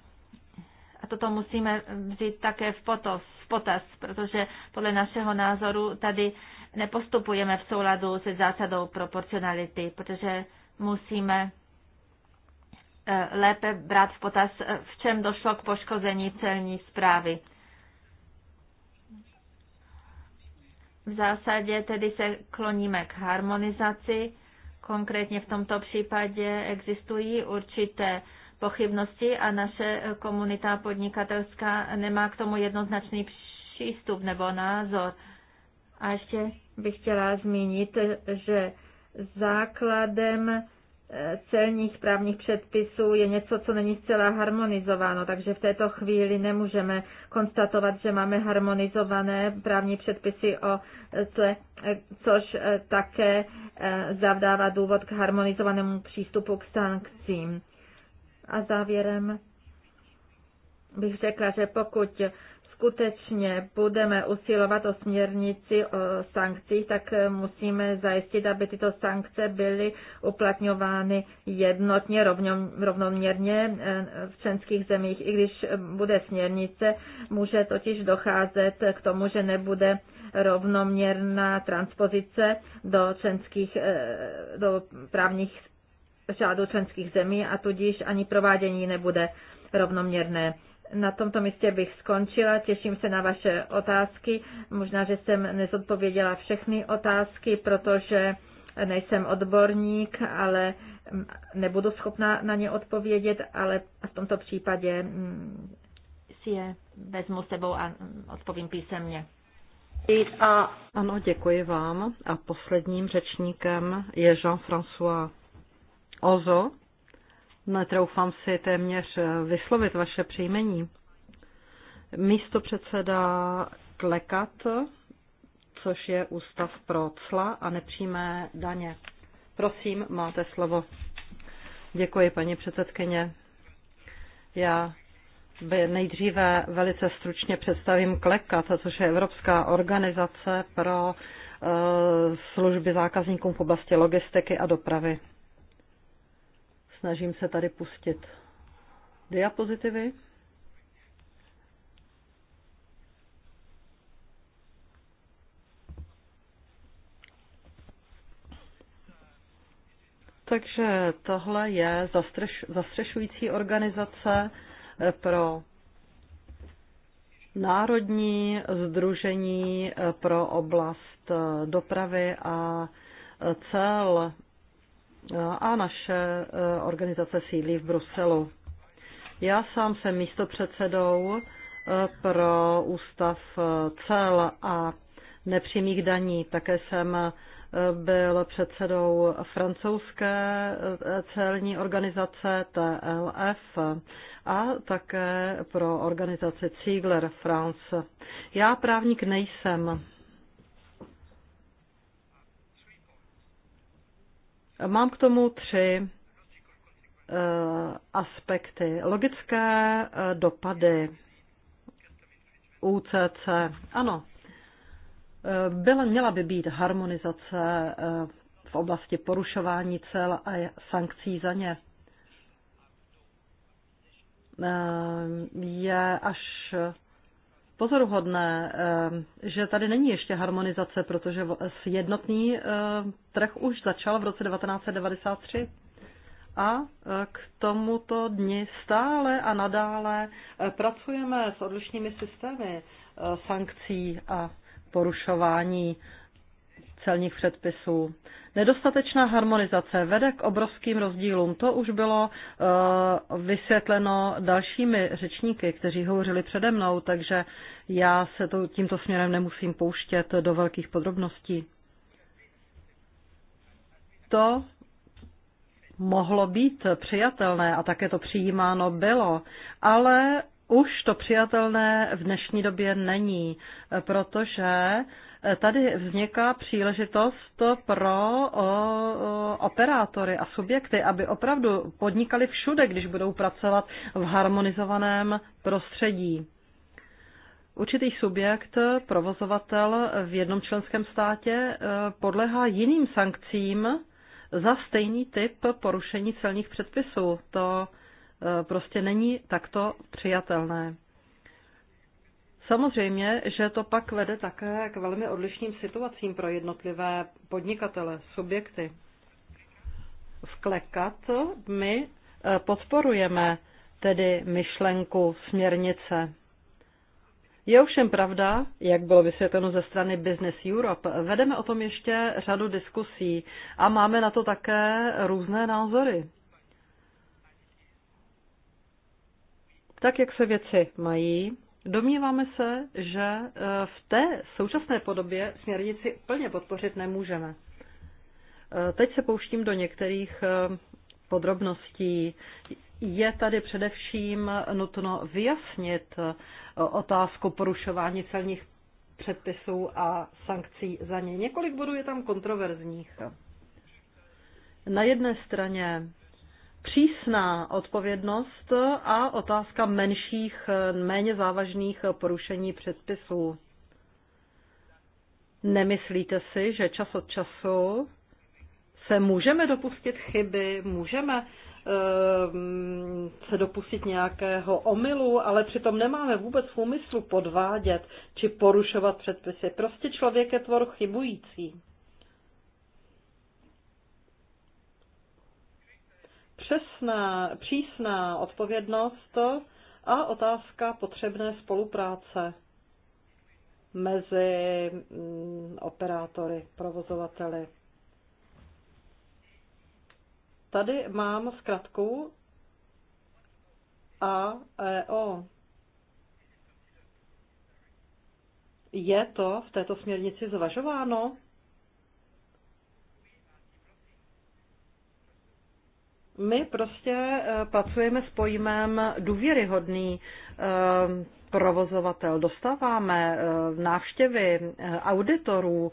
A toto musíme vzít také v potaz, v potaz protože podle našeho názoru tady nepostupujeme v souladu se zásadou proporcionality, protože musíme lépe brát v potaz, v čem došlo k poškození celní zprávy. V zásadě tedy se kloníme k harmonizaci. Konkrétně v tomto případě existují určité pochybnosti a naše komunita podnikatelská nemá k tomu jednoznačný přístup nebo názor. A ještě bych chtěla zmínit, že základem celních právních předpisů je něco, co není zcela harmonizováno, takže v této chvíli nemůžeme konstatovat, že máme harmonizované právní předpisy o tle, což také eh, zavdává důvod k harmonizovanému přístupu k sankcím. A závěrem bych řekla, že pokud skutečně budeme usilovat o směrnici o sankcích, tak eh, musíme zajistit, aby tyto sankce byly uplatňovány jednotně, rovnoměrně eh, v členských zemích. I když eh, bude směrnice, může totiž docházet k tomu, že nebude rovnoměrná transpozice do členských, do právních řádů členských zemí a tudíž ani provádění nebude rovnoměrné na tomto místě bych skončila. Těším se na vaše otázky. Možná, že jsem nezodpověděla všechny otázky, protože nejsem odborník, ale mm, nebudu schopna na ně odpovědět, ale v tomto případě mm, si je vezmu sebou a mm, odpovím písemně. A... Ano, děkuji vám. A posledním řečníkem je Jean-François Ozo, netroufám si téměř eh, vyslovit vaše příjmení. Místo předseda Klekat, což je Ústav pro cla a nepřímé daně. Prosím, máte slovo. Děkuji, paní předsedkyně. Já by nejdříve velice stručně představím Klekat, což je Evropská organizace pro eh, služby zákazníkům v oblasti logistiky a dopravy. Snažím se tady pustit diapozitivy. Takže tohle je zastřeš, zastřešující organizace eh, pro Národní združení eh, pro oblast eh, dopravy a cel a naše eh, organizace sídlí v Bruselu. Já sám jsem místopředsedou eh, pro ústav eh, cel a nepřímých daní. Také jsem byl předsedou francouzské celní organizace TLF a také pro organizaci Ziegler France. Já právník nejsem, Mám k tomu tři eh, aspekty. Logické eh, dopady UCC. Ano, eh, byla, měla by být harmonizace v oblasti porušování cel a sankcí za ně. Je až pozoruhodné, ehm, že tady není ještě harmonizace, protože jednotný ehm, trh už začal v roce 1993 a e, k tomuto dni stále a nadále e, pracujeme s odlišnými systémy e, sankcí a porušování celních předpisů. Nedostatečná harmonizace vede k obrovským rozdílům. To už bylo uh, vysvětleno dalšími řečníky, kteří hovořili přede mnou, takže já se to, tímto směrem nemusím pouštět do velkých podrobností. To mohlo být přijatelné a také to přijímáno bylo, ale už to přijatelné v dnešní době není, protože Tady vzniká příležitost pro operátory a subjekty, aby opravdu podnikali všude, když budou pracovat v harmonizovaném prostředí. Určitý subjekt, provozovatel v jednom členském státě e, podlehá jiným sankcím za stejný typ porušení celních předpisů. To e, prostě není takto přijatelné. Samozřejmě, že to pak vede také k velmi odlišným situacím pro jednotlivé podnikatele, subjekty. V Klekat my e, podporujeme tedy myšlenku směrnice. Je ovšem pravda, jak bylo vysvětleno ze strany Business Europe, vedeme o tom ještě řadu diskusí a máme na to také různé názory. Tak, jak se věci mají, Domníváme se, že e, v té současné podobě směrnici plně podpořit nemůžeme. E, teď se pouštím do některých e, podrobností. Je tady především nutno vyjasnit otázku porušování celních předpisů a sankcí za ně. Několik bodů je tam kontroverzních. Na jedné straně přísná odpovědnost a otázka menších, méně závažných porušení předpisů. Nemyslíte si, že čas od času se můžeme dopustit chyby, můžeme eh, se dopustit nějakého omylu, ale přitom nemáme vůbec v úmyslu podvádět či porušovat předpisy. Prostě člověk je tvor chybující. přesná, přísná odpovědnost a otázka potřebné spolupráce mezi mm, operátory, provozovateli. Tady mám zkratku AEO. Je to v této směrnici zvažováno? My prostě eh, pracujeme s pojmem důvěryhodný eh, provozovatel. Dostáváme eh, návštěvy auditorů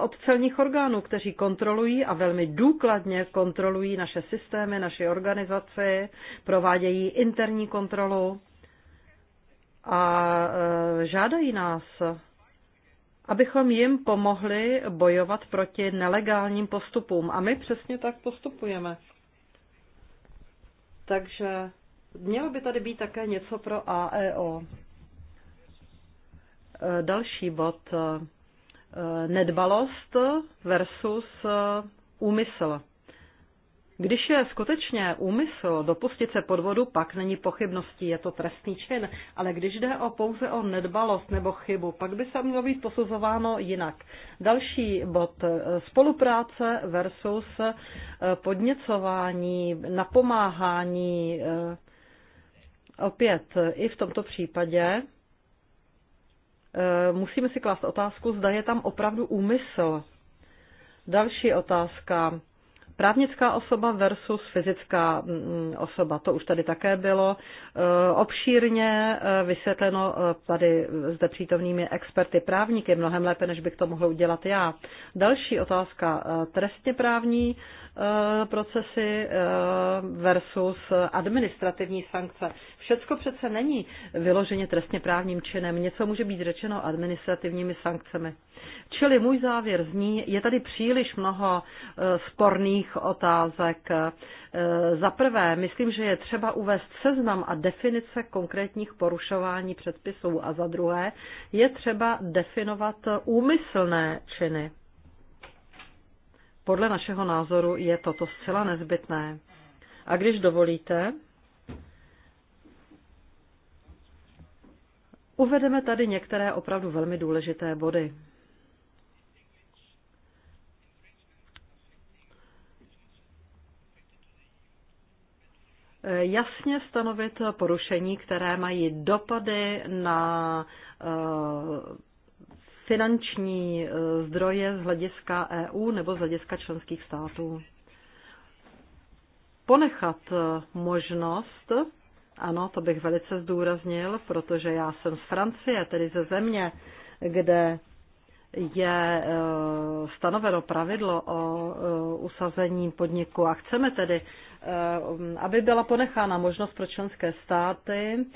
od celních orgánů, kteří kontrolují a velmi důkladně kontrolují naše systémy, naše organizaci, provádějí interní kontrolu a žádají nás, abychom jim pomohli bojovat proti nelegálním postupům. A my přesně tak postupujeme. Takže mělo by tady být také něco pro AEO. E, další bod. E, nedbalost versus e, úmysl. Když je skutečně úmysl dopustit se podvodu, pak není pochybností, je to trestný čin, ale když jde o pouze o nedbalost nebo chybu, pak by se mělo být posuzováno jinak. Další bod e, spolupráce versus e, podněcování, napomáhání. E, opět i v tomto případě musíme si klást otázku, zda je tam opravdu úmysl. Další otázka Právnická osoba versus fyzická mm, osoba, to už tady také bylo eh, obšírně eh, vysvětleno eh, tady zde přítomnými experty právníky, mnohem lépe, než bych to mohl udělat já. Další otázka, trestně právní Eh, procesy eh, versus administrativní sankce. Všecko přece není vyloženě trestně právním činem. Něco může být řečeno administrativními sankcemi. Čili můj závěr zní, je tady příliš mnoho eh, sporných otázek. Za prvé, myslím, že je třeba uvést seznam a definice konkrétních porušování předpisů a za druhé je třeba definovat úmyslné činy. Podle našeho názoru je toto zcela nezbytné. A když dovolíte, uvedeme tady některé opravdu velmi důležité body. jasně stanovit porušení, které mají dopady na eh, finanční eh, zdroje z hlediska EU nebo z hlediska členských států. Ponechat eh, možnost, ano, to bych velice zdůraznil, protože já jsem z Francie, tedy ze země, kde je eh, stanoveno pravidlo o eh, usazení podniku a chceme tedy, eh, aby byla ponechána možnost pro členské státy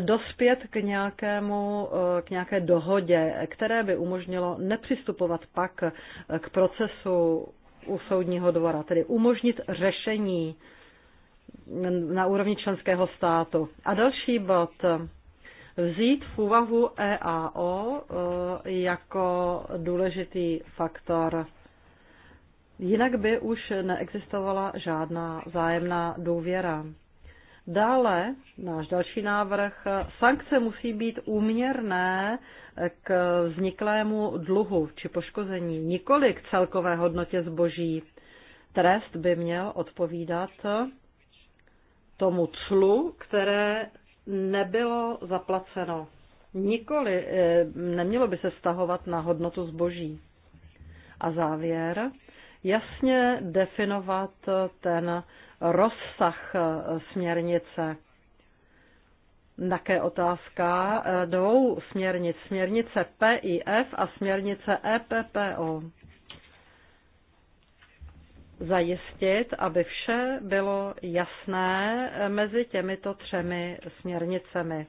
dospět k, nějakému, k nějaké dohodě, které by umožnilo nepřistupovat pak k procesu u soudního dvora, tedy umožnit řešení na úrovni členského státu. A další bod vzít v úvahu EAO eh, jako důležitý faktor. Jinak by už neexistovala žádná zájemná důvěra. Dále, náš další návrh, sankce musí být úměrné k vzniklému dluhu či poškození, nikoli k celkové hodnotě zboží. Trest by měl odpovídat tomu clu, které nebylo zaplaceno. Nikoli eh, nemělo by se stahovat na hodnotu zboží. A závěr, jasně definovat ten rozsah eh, směrnice. Také otázka eh, dvou směrnic, směrnice PIF a směrnice EPPO zajistit, aby vše bylo jasné mezi těmito třemi směrnicemi.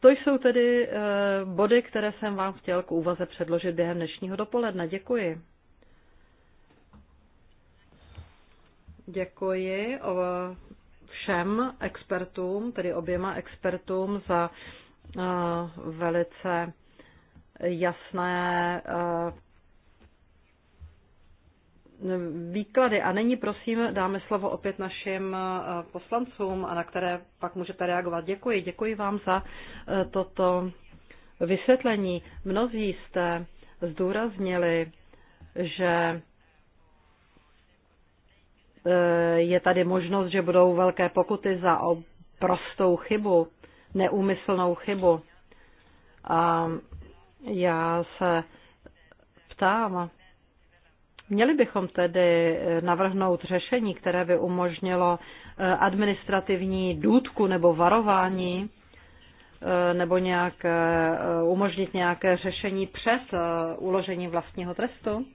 To jsou tedy eh, body, které jsem vám chtěl k úvaze předložit během dnešního dopoledne. Děkuji. Děkuji eh, všem expertům, tedy oběma expertům za eh, velice jasné výklady. A nyní prosím dáme slovo opět našim eh, poslancům, a na které pak můžete reagovat. Děkuji, děkuji vám za eh, toto vysvětlení. Mnozí jste zdůraznili, že eh, je tady možnost, že budou velké pokuty za prostou chybu, neúmyslnou chybu. A já se ptám, Měli bychom tedy eh, navrhnout řešení, které by umožnilo eh, administrativní důdku nebo varování eh, nebo nějak umožnit nějaké řešení přes uložení vlastního trestu.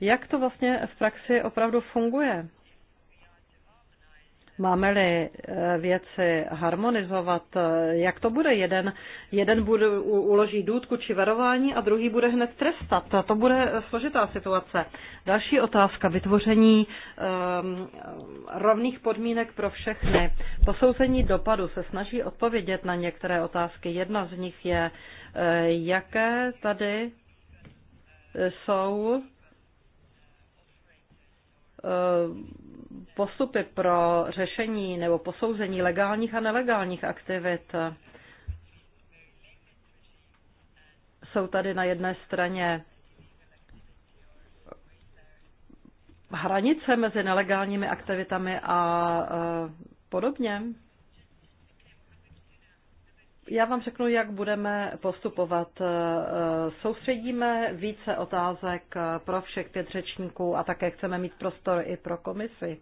Jak to vlastně v praxi opravdu funguje? Máme-li eh, věci harmonizovat, eh, jak to bude? Jeden, jeden bude, uloží důdku či varování a druhý bude hned trestat. To bude složitá situace. Další otázka. Vytvoření um, rovných podmínek pro všechny. Posouzení dopadu se snaží odpovědět na některé otázky. Jedna z nich je, eh, jaké tady jsou um, postupy pro řešení nebo posouzení legálních a nelegálních aktivit. Jsou tady na jedné straně hranice mezi nelegálními aktivitami a e, podobně. Já vám řeknu, jak budeme postupovat. Eh, soustředíme více otázek eh, pro všech pět řečníků a také chceme mít prostor i pro komisi.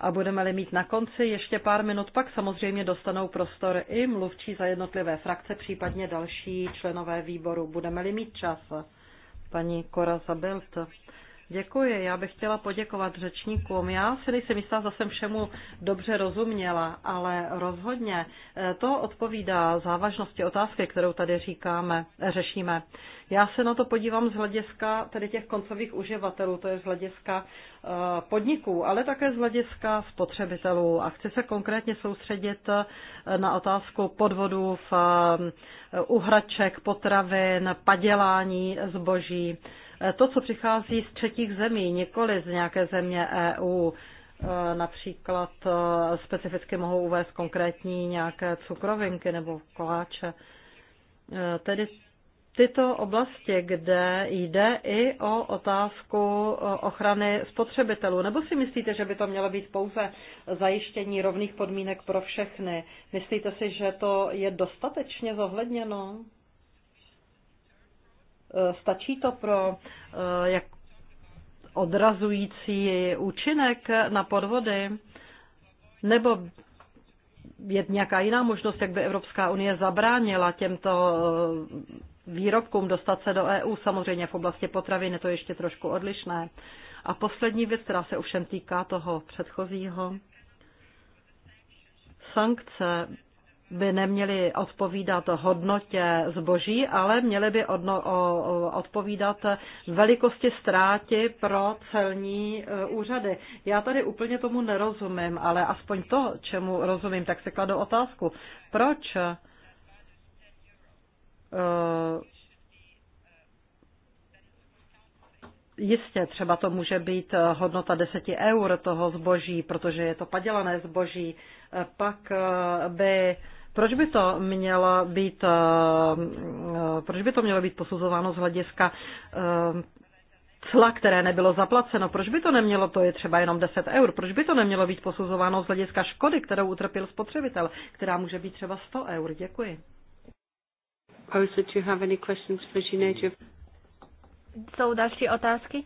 A budeme-li mít na konci ještě pár minut, pak samozřejmě dostanou prostor i mluvčí za jednotlivé frakce, případně další členové výboru. Budeme-li mít čas, paní Kora Zabilt. Děkuji, já bych chtěla poděkovat řečníkům. Já si nejsem jistá, že jsem všemu dobře rozuměla, ale rozhodně eh, to odpovídá závažnosti otázky, kterou tady říkáme, eh, řešíme. Já se na to podívám z hlediska tedy těch koncových uživatelů, to je z hlediska eh, podniků, ale také z hlediska spotřebitelů. A chci se konkrétně soustředit na otázku podvodů v uhraček, potravin, padělání zboží to, co přichází z třetích zemí, nikoli z nějaké země EU. E, například e, specificky mohou uvést konkrétní nějaké cukrovinky nebo koláče. E, tedy tyto oblasti, kde jde i o otázku ochrany spotřebitelů? Nebo si myslíte, že by to mělo být pouze zajištění rovných podmínek pro všechny? Myslíte si, že to je dostatečně zohledněno? Eh, stačí to pro eh, jak odrazující účinek na podvody? Nebo je nějaká jiná možnost, jak by Evropská unie zabránila těmto eh, výrobkům dostat se do EU? Samozřejmě v oblasti potravin je to ještě trošku odlišné. A poslední věc, která se ovšem týká toho předchozího, sankce by neměly odpovídat hodnotě zboží, ale měly by odno, odpovídat velikosti ztráti pro celní e, úřady. Já tady úplně tomu nerozumím, ale aspoň to, čemu rozumím, tak se kladu otázku. Proč e, Jistě, třeba to může být e, hodnota 10 eur toho zboží, protože je to padělané zboží. Pak by proč by to mělo být, eh, eh, proč by to mělo být posuzováno z hlediska eh, cla, které nebylo zaplaceno, proč by to nemělo, to je třeba jenom 10 eur, proč by to nemělo být posuzováno z hlediska škody, kterou utrpěl spotřebitel, která může být třeba 100 eur? Děkuji. Rosa, do you have any questions for Jsou další otázky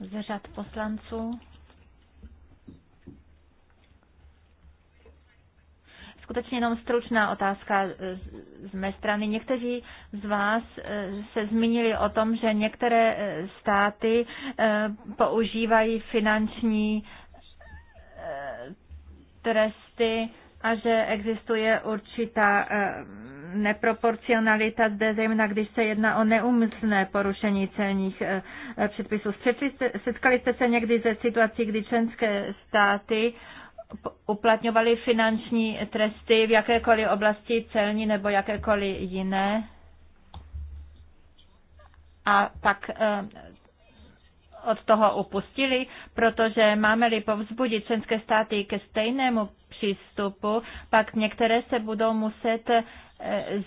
z řad poslanců? Skutečně jenom stručná otázka e, z mé strany. Někteří z vás e, se zmínili o tom, že některé e, státy používají finanční tresty a že existuje určitá neproporcionalita zde, zejména když se jedná o neumyslné porušení celních předpisů. Setkali jste se někdy ze situací, kdy členské státy uplatňovali finanční tresty v jakékoliv oblasti celní nebo jakékoliv jiné. A pak eh, od toho upustili, protože máme-li povzbudit členské státy ke stejnému přístupu, pak některé se budou muset eh,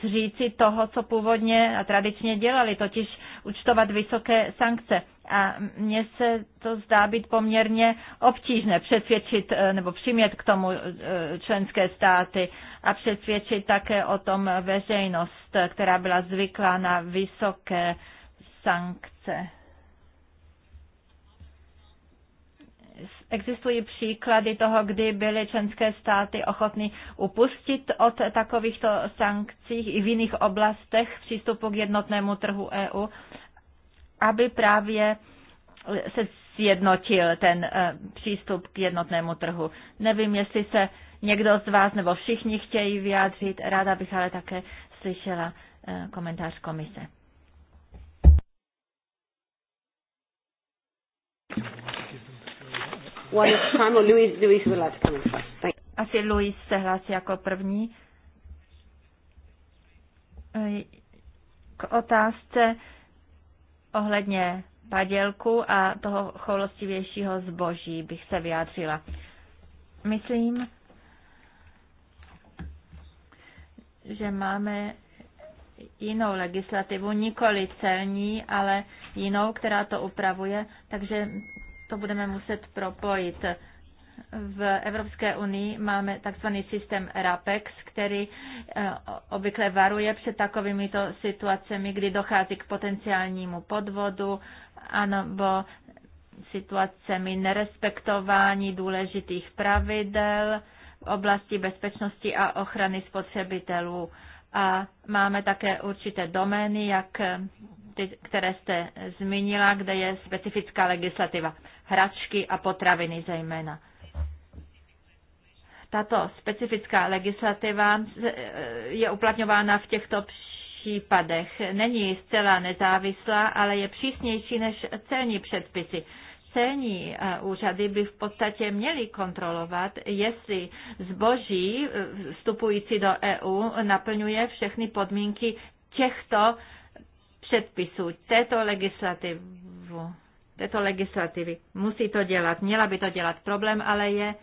zříci toho, co původně a tradičně dělali, totiž účtovat vysoké sankce. A mně se to zdá být poměrně obtížné přesvědčit eh, nebo přimět k tomu eh, členské státy a přesvědčit také o tom veřejnost, která byla zvyklá na vysoké sankce. Existují příklady toho, kdy byly členské státy ochotny upustit od takovýchto sankcí i v jiných oblastech přístupu k jednotnému trhu EU aby právě se sjednotil ten eh, přístup k jednotnému trhu. Nevím, jestli se někdo z vás nebo všichni chtějí vyjádřit, ráda bych ale také slyšela eh, komentář komise. Asi Luis se hlásí jako první. Eh, k otázce ohledně padělku a toho choulostivějšího zboží bych se vyjádřila. Myslím, že máme jinou legislativu, nikoli celní, ale jinou, která to upravuje, takže to budeme muset propojit v Evropské unii máme takzvaný systém RAPEX, který eh, obvykle varuje před takovýmito situacemi, kdy dochází k potenciálnímu podvodu anebo situacemi nerespektování důležitých pravidel v oblasti bezpečnosti a ochrany spotřebitelů. A máme také určité domény, jak eh, ty, které jste zmínila, kde je specifická legislativa. Hračky a potraviny zejména. Tato specifická legislativa je uplatňována v těchto případech. Není zcela nezávislá, ale je přísnější než celní předpisy celní eh, úřady by v podstatě měly kontrolovat, jestli zboží eh, vstupující do EU naplňuje všechny podmínky těchto předpisů, této legislativy. této legislativy. Musí to dělat, měla by to dělat. Problém ale je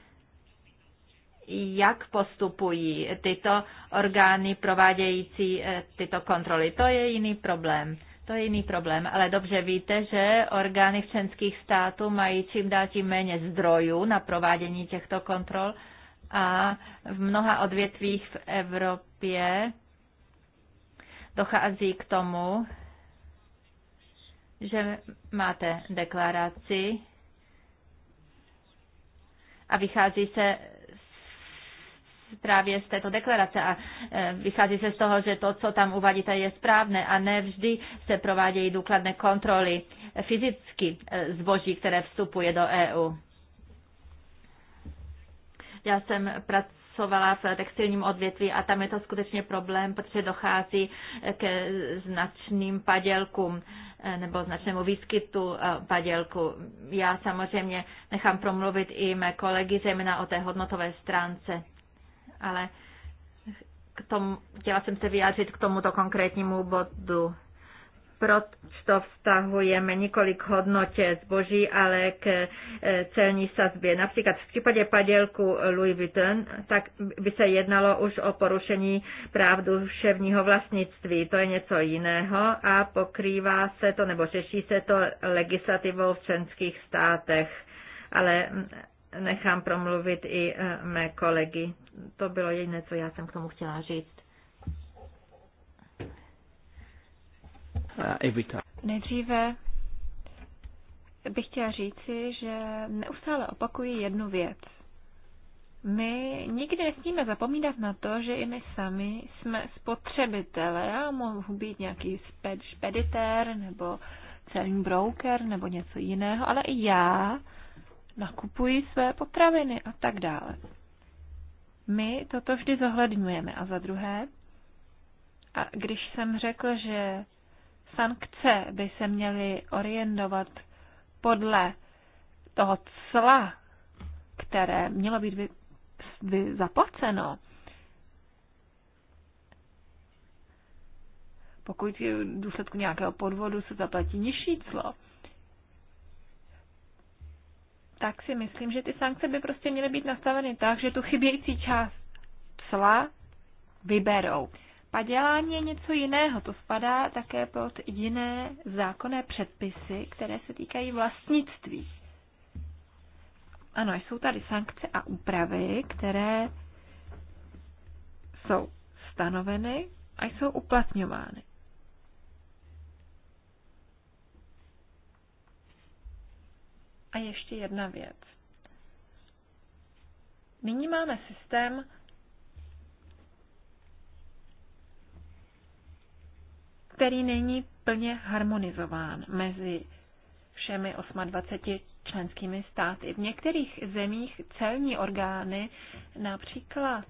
jak postupují tyto orgány provádějící eh, tyto kontroly. To je jiný problém. To je jiný problém, ale dobře víte, že orgány v členských států mají čím dál tím méně zdrojů na provádění těchto kontrol a v mnoha odvětvích v Evropě dochází k tomu, že máte deklaraci a vychází se právě z této deklarace a e, vychází se z toho, že to, co tam uvádíte, je správné a ne vždy se provádějí důkladné kontroly fyzicky e, zboží, které vstupuje do EU. Já jsem pracovala pracovala v textilním odvětví a tam je to skutečně problém, protože dochází e, k značným padělkům nebo značnému výskytu padělku. Já samozřejmě nechám promluvit i mé kolegy, zejména o té hodnotové stránce ale k tomu, chtěla jsem se vyjádřit k tomuto konkrétnímu bodu. Proč to vztahujeme nikoli k hodnotě zboží, ale k e, celní sazbě. Například v případě padělku Louis Vuitton, tak by se jednalo už o porušení práv duševního vlastnictví. To je něco jiného a pokrývá se to nebo řeší se to legislativou v členských státech. Ale nechám promluvit i eh, mé kolegy. To bylo jediné, co já jsem k tomu chtěla říct. Eh, Nejdříve bych chtěla říci, že neustále opakuji jednu věc. My nikdy nesmíme zapomínat na to, že i my sami jsme spotřebitele. Já mohu být nějaký speditér nebo celní broker nebo něco jiného, ale i já nakupují své potraviny a tak dále. My toto vždy zohledňujeme. A za druhé, a když jsem řekl, že sankce by se měly orientovat podle toho cla, které mělo být vy, vy zaplaceno, pokud v důsledku nějakého podvodu se zaplatí nižší clo, tak si myslím, že ty sankce by prostě měly být nastaveny tak, že tu chybějící část cla vyberou. Padělání je něco jiného, to spadá také pod jiné zákonné předpisy, které se týkají vlastnictví. Ano, jsou tady sankce a úpravy, které jsou stanoveny a jsou uplatňovány. A ještě jedna věc. Nyní máme systém, který není plně harmonizován mezi všemi 28 členskými státy. V některých zemích celní orgány například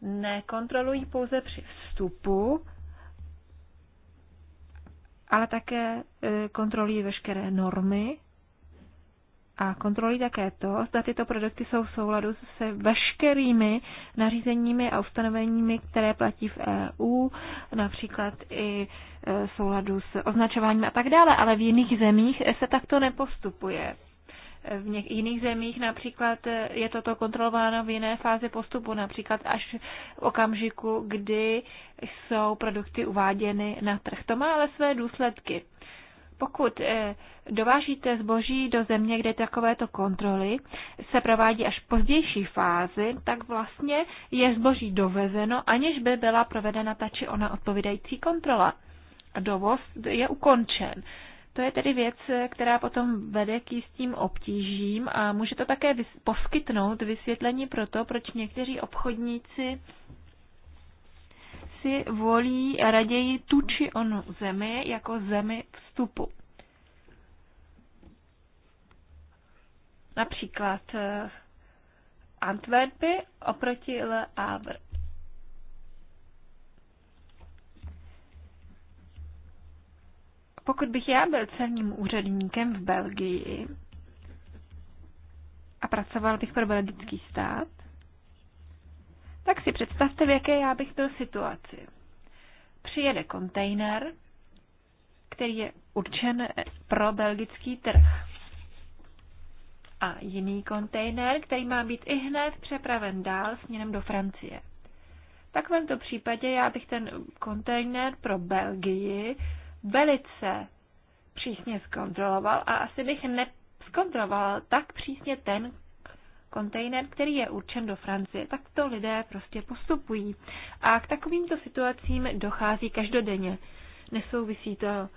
nekontrolují pouze při vstupu, ale také eh, kontrolují veškeré normy a kontrolují také to, zda tyto produkty jsou v souladu se veškerými nařízeními a ustanoveními, které platí v EU, například i e, v souladu s označováním a tak dále, ale v jiných zemích se takto nepostupuje. V něk- jiných zemích například e, je toto kontrolováno v jiné fázi postupu, například až v okamžiku, kdy jsou produkty uváděny na trh. To má ale své důsledky. Pokud eh, dovážíte zboží do země, kde takovéto kontroly se provádí až v pozdější fázi, tak vlastně je zboží dovezeno, aniž by byla provedena ta či ona odpovídající kontrola. A dovoz je ukončen. To je tedy věc, eh, která potom vede k jistým obtížím a může to také poskytnout vysvětlení pro to, proč někteří obchodníci si volí raději tu či onu zemi jako zemi vstupu. Například eh, Antwerpy oproti Le Havre. Pokud bych já byl celním úředníkem v Belgii a pracoval bych pro belgický stát, tak si představte, v jaké já bych byl situaci. Přijede kontejner, který je určen pro belgický trh. A jiný kontejner, který má být i hned přepraven dál směrem do Francie. V takovémto případě já bych ten kontejner pro Belgii velice přísně zkontroloval a asi bych nezkontroloval tak přísně ten kontejner, který je určen do Francie. Tak to lidé prostě postupují. A k takovýmto situacím dochází každodenně. Nesouvisí to eh,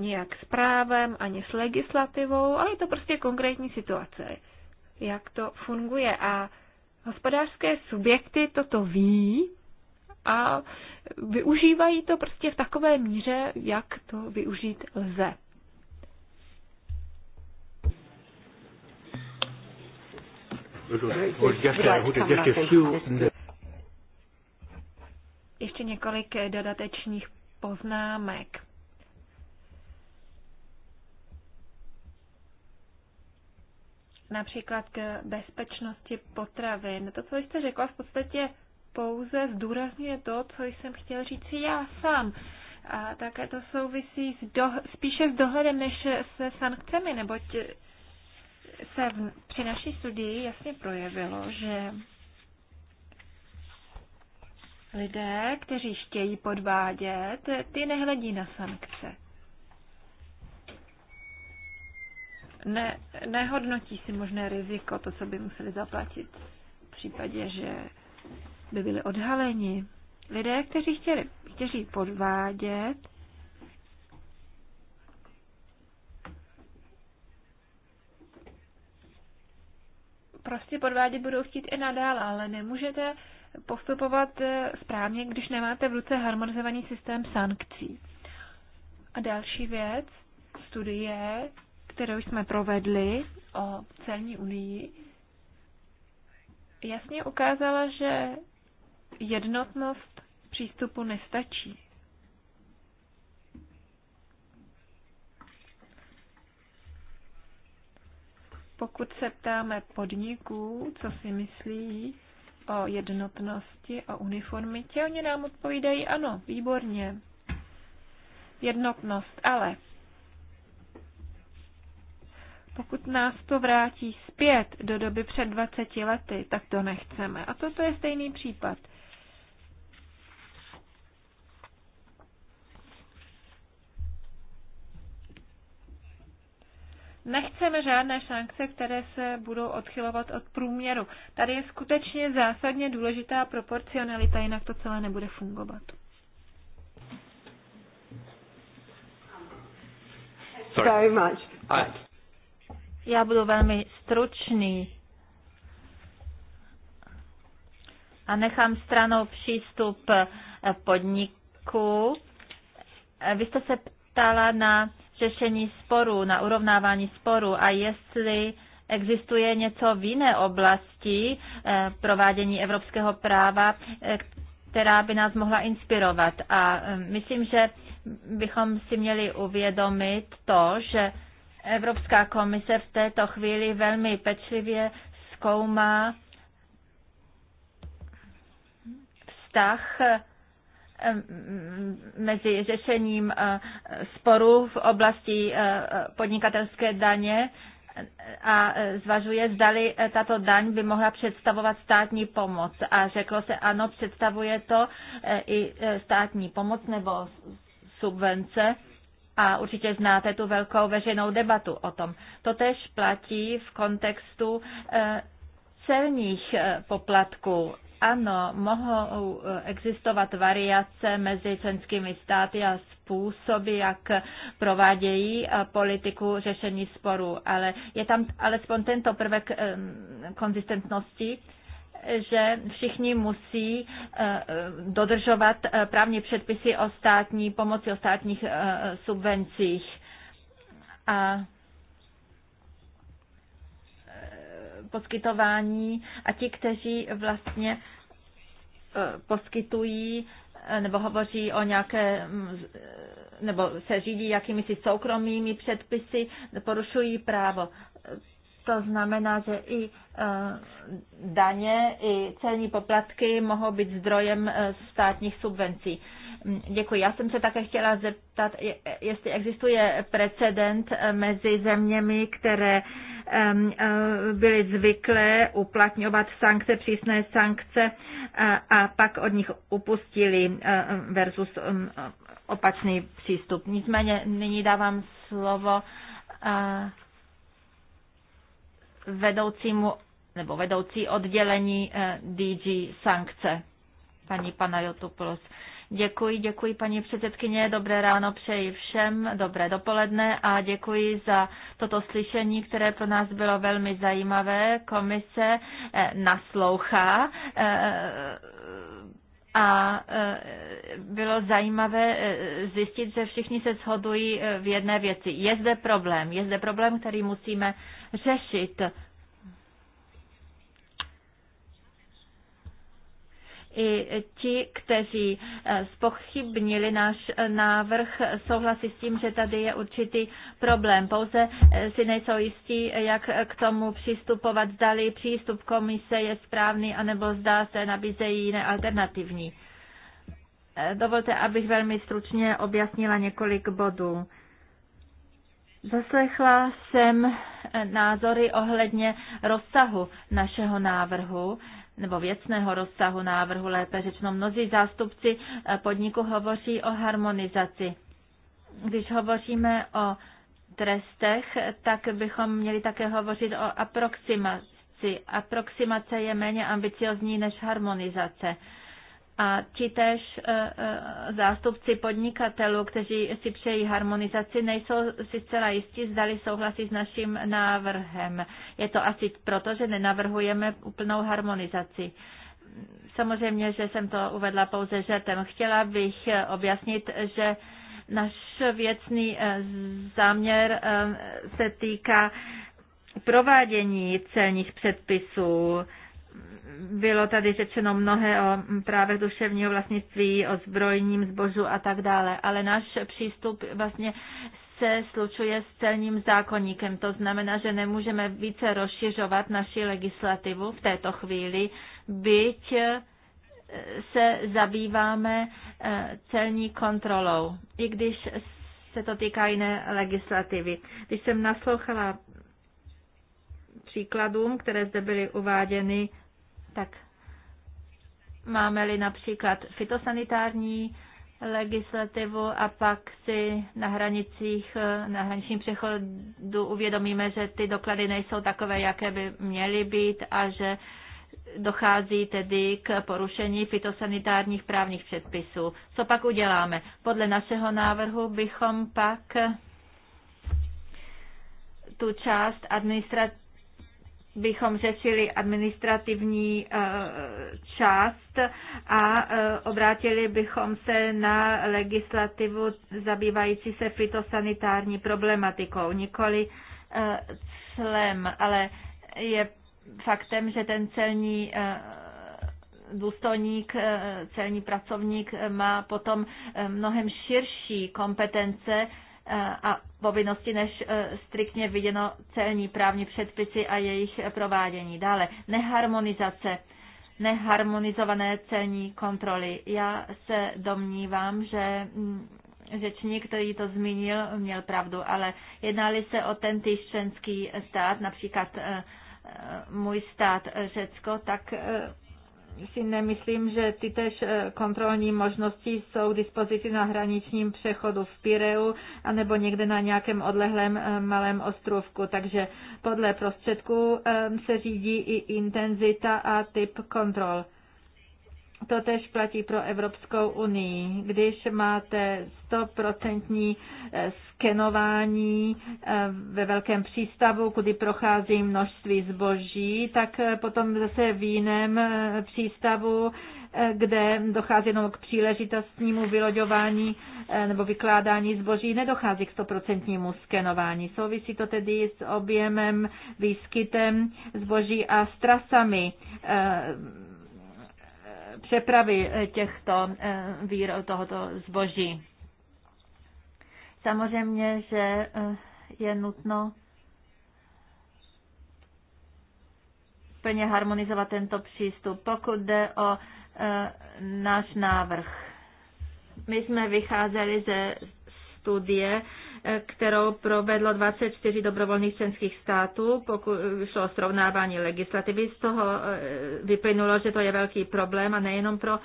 nějak s právem ani s legislativou, ale je to prostě konkrétní situace, jak to funguje. A hospodářské subjekty toto ví a využívají to prostě v takové míře, jak to využít lze. Ještě několik dodatečných poznámek. Například k bezpečnosti potravin. To, co jste řekla, v podstatě pouze zdůrazňuje to, co jsem chtěl říct já sám. A také to souvisí s do, spíše s dohledem než se sankcemi, neboť se v, při naší studii jasně projevilo, že lidé, kteří chtějí podvádět, ty nehledí na sankce. Ne, nehodnotí si možné riziko, to, co by museli zaplatit v případě, že by byli odhaleni. Lidé, kteří chtěli, kteří podvádět, prostě podvádět budou chtít i nadále, ale nemůžete postupovat eh, správně, když nemáte v ruce harmonizovaný systém sankcí. A další věc, studie, kterou jsme provedli o celní unii, jasně ukázala, že jednotnost přístupu nestačí. Pokud se ptáme podniků, co si myslí o jednotnosti, o uniformitě, oni nám odpovídají ano, výborně. Jednotnost, ale pokud nás to vrátí zpět do doby před 20 lety, tak to nechceme. A toto je stejný případ – Nechceme žádné sankce, které se budou odchylovat od průměru. Tady je skutečně zásadně důležitá proporcionalita, jinak to celé nebude fungovat. Sorry. Very Já budu velmi stručný a nechám stranou přístup podniku. Vy jste se ptala na řešení sporů, na urovnávání sporů a jestli existuje něco v jiné oblasti eh, provádění evropského práva, eh, která by nás mohla inspirovat. A eh, myslím, že bychom si měli uvědomit to, že Evropská komise v této chvíli velmi pečlivě zkoumá vztah mezi řešením eh, sporů v oblasti eh, podnikatelské daně a eh, zvažuje, zdali tato daň by mohla představovat státní pomoc. A řeklo se, ano, představuje to i státní pomoc nebo subvence. A určitě znáte tu velkou veřejnou debatu o tom. Totež platí v kontextu celních poplatků ano, mohou eh, existovat variace mezi členskými státy a způsoby, jak provádějí eh, politiku řešení sporu, ale je tam alespoň tento prvek eh, konzistentnosti, že všichni musí dodržovat právní předpisy o státní pomoci, o státních subvencích. A poskytování a ti, kteří vlastně eh, poskytují eh, nebo hovoří o nějaké, mm, eh, nebo se řídí jakými si soukromými předpisy, porušují právo. To znamená, že i daně, i celní poplatky mohou být zdrojem státních subvencí. Mm, děkuji. Já jsem se také chtěla zeptat, jestli existuje precedent mezi zeměmi, které Eh, byli zvyklé uplatňovat sankce, přísné sankce eh, a pak od nich upustili eh, versus opačný přístup. Nicméně nyní dávám slovo vedoucímu nebo vedoucí oddělení DG sankce, paní Panajotopolos. Pana Děkuji, děkuji paní předsedkyně, dobré ráno přeji všem, dobré dopoledne a děkuji za toto slyšení, které pro nás bylo velmi zajímavé. Komise eh, naslouchá eh, a eh, bylo zajímavé zjistit, že všichni se shodují v jedné věci. Je zde problém, je zde problém, který musíme řešit i ti, kteří eh, spochybnili náš eh, návrh, souhlasí s tím, že tady je určitý problém. Pouze eh, si nejsou jistí, jak k tomu přistupovat, zdali přístup komise je správný, anebo zdá se nabízejí jiné alternativní. Dovolte, abych velmi stručně objasnila několik bodů. Zaslechla jsem názory ohledně rozsahu našeho návrhu nebo věcného rozsahu návrhu, lépe řečeno, mnozí zástupci eh, podniku hovoří o harmonizaci. Když hovoříme o trestech, tak bychom měli také hovořit o aproximaci. Aproximace je méně ambiciozní než harmonizace a ti tež eh, eh, zástupci podnikatelů, kteří si přejí harmonizaci, nejsou si zcela jistí, zdali souhlasí s naším návrhem. Je to asi proto, že nenavrhujeme úplnou harmonizaci. Samozřejmě, že jsem to uvedla pouze žertem. Chtěla bych eh, objasnit, že náš věcný záměr se týká provádění celních předpisů bylo tady řečeno mnohé o právech duševního vlastnictví, o zbrojním zbožu a tak dále, ale náš přístup vlastně se slučuje s celním zákonníkem. To znamená, že nemůžeme více rozšiřovat naši legislativu v této chvíli, byť eh, se zabýváme eh, celní kontrolou, i když se to týká jiné legislativy. Když jsem naslouchala příkladům, které zde byly uváděny tak máme-li například fitosanitární legislativu a pak si na hranicích, na hraničním přechodu uvědomíme, že ty doklady nejsou takové, jaké by měly být a že dochází tedy k porušení fitosanitárních právních předpisů. Co pak uděláme? Podle našeho návrhu bychom pak tu část administrativní bychom řešili administrativní eh, část a eh, obrátili bychom se na legislativu zabývající se fitosanitární problematikou, nikoli eh, clem, ale je faktem, že ten celní důstojník, celní pracovník má potom mnohem širší kompetence Eh, a povinnosti než eh, striktně viděno celní právní předpisy a jejich provádění. Dále neharmonizace, neharmonizované celní kontroly. Já se domnívám, že mm, řečník, který to zmínil, měl pravdu, ale jednali se o ten členský stát, například eh, můj stát Řecko, tak si nemyslím, že ty tež eh, kontrolní možnosti jsou k dispozici na hraničním přechodu v Pireu anebo někde na nějakém odlehlém eh, malém ostrovku. Takže podle prostředků eh, se řídí i intenzita a typ kontrol. To tež platí pro Evropskou unii. Když máte stoprocentní eh, skenování eh, ve velkém přístavu, kudy prochází množství zboží, tak eh, potom zase v jiném přístavu, kde dochází jenom k příležitostnímu vyloďování nebo vykládání zboží, nedochází k stoprocentnímu skenování. Souvisí to tedy s objemem, výskytem zboží a s trasami přepravy eh, těchto eh, vír, tohoto zboží. Samozřejmě, že eh, je nutno plně harmonizovat tento přístup. Pokud jde o náš návrh, my jsme vycházeli ze studie kterou provedlo 24 dobrovolných členských států, pokud šlo o srovnávání legislativy. Z toho e, vyplynulo, že to je velký problém a nejenom pro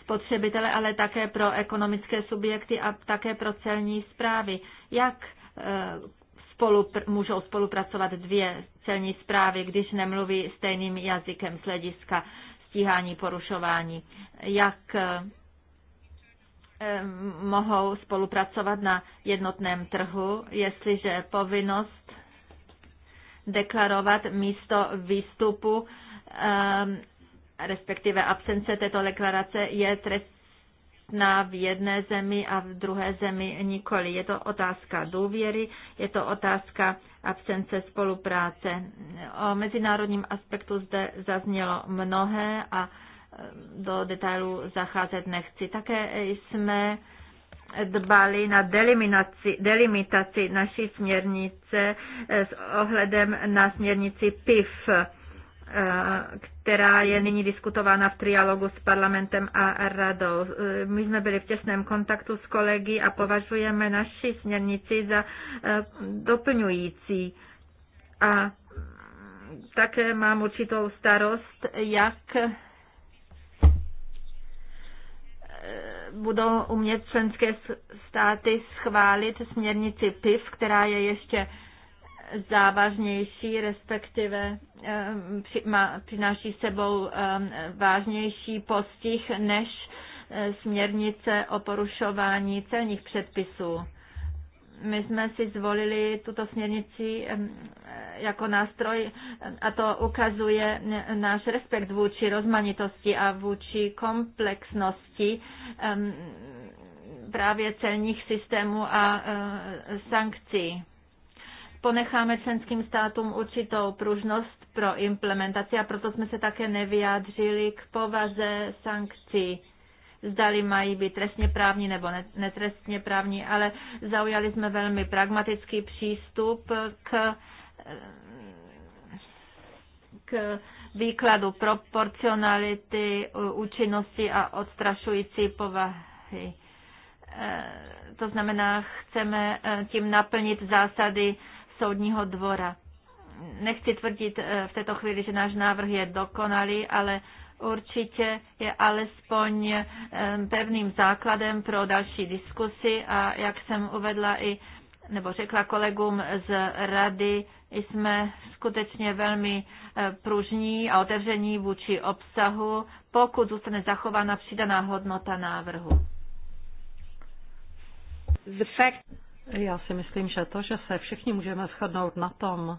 spotřebitele, ale také pro ekonomické subjekty a také pro celní zprávy. Jak e, spolu, můžou spolupracovat dvě celní zprávy, když nemluví stejným jazykem z hlediska stíhání porušování? Jak e, Eh, mohou spolupracovat na jednotném trhu, jestliže povinnost deklarovat místo výstupu, eh, respektive absence této deklarace je trestná v jedné zemi a v druhé zemi nikoli. Je to otázka důvěry, je to otázka absence spolupráce. O mezinárodním aspektu zde zaznělo mnohé a do detailu zacházet nechci. Také jsme dbali na delimitaci, delimitaci naší směrnice eh, s ohledem na směrnici PIF, eh, která je nyní diskutována v trialogu s parlamentem a radou. Eh, my jsme byli v těsném kontaktu s kolegy a považujeme naši směrnici za doplňující. A také mám určitou starost, jak budou umět členské státy schválit směrnici PIV, která je ještě závažnější, respektive eh, přináší sebou eh, vážnější postih než eh, směrnice o porušování celních předpisů my jsme si zvolili tuto směrnici jako nástroj a to ukazuje náš respekt vůči rozmanitosti a vůči komplexnosti právě celních systémů a e, sankcí. Ponecháme členským státům určitou pružnost pro implementaci a proto jsme se také nevyjádřili k povaze sankcí zdali mají být trestně právní nebo netrestně právní, ale zaujali jsme velmi pragmatický přístup k k výkladu proporcionality, účinnosti a odstrašující povahy. E, to znamená, chceme e, tím naplnit zásady soudního dvora. Nechci tvrdit e, v této chvíli, že náš návrh je dokonalý, ale určitě je alespoň eh, pevným základem pro další diskusy a jak jsem uvedla i nebo řekla kolegům z rady, jsme skutečně velmi eh, pružní a otevření vůči obsahu, pokud zůstane zachována přidaná hodnota návrhu. Já si myslím, že to, že se všichni můžeme shodnout na tom,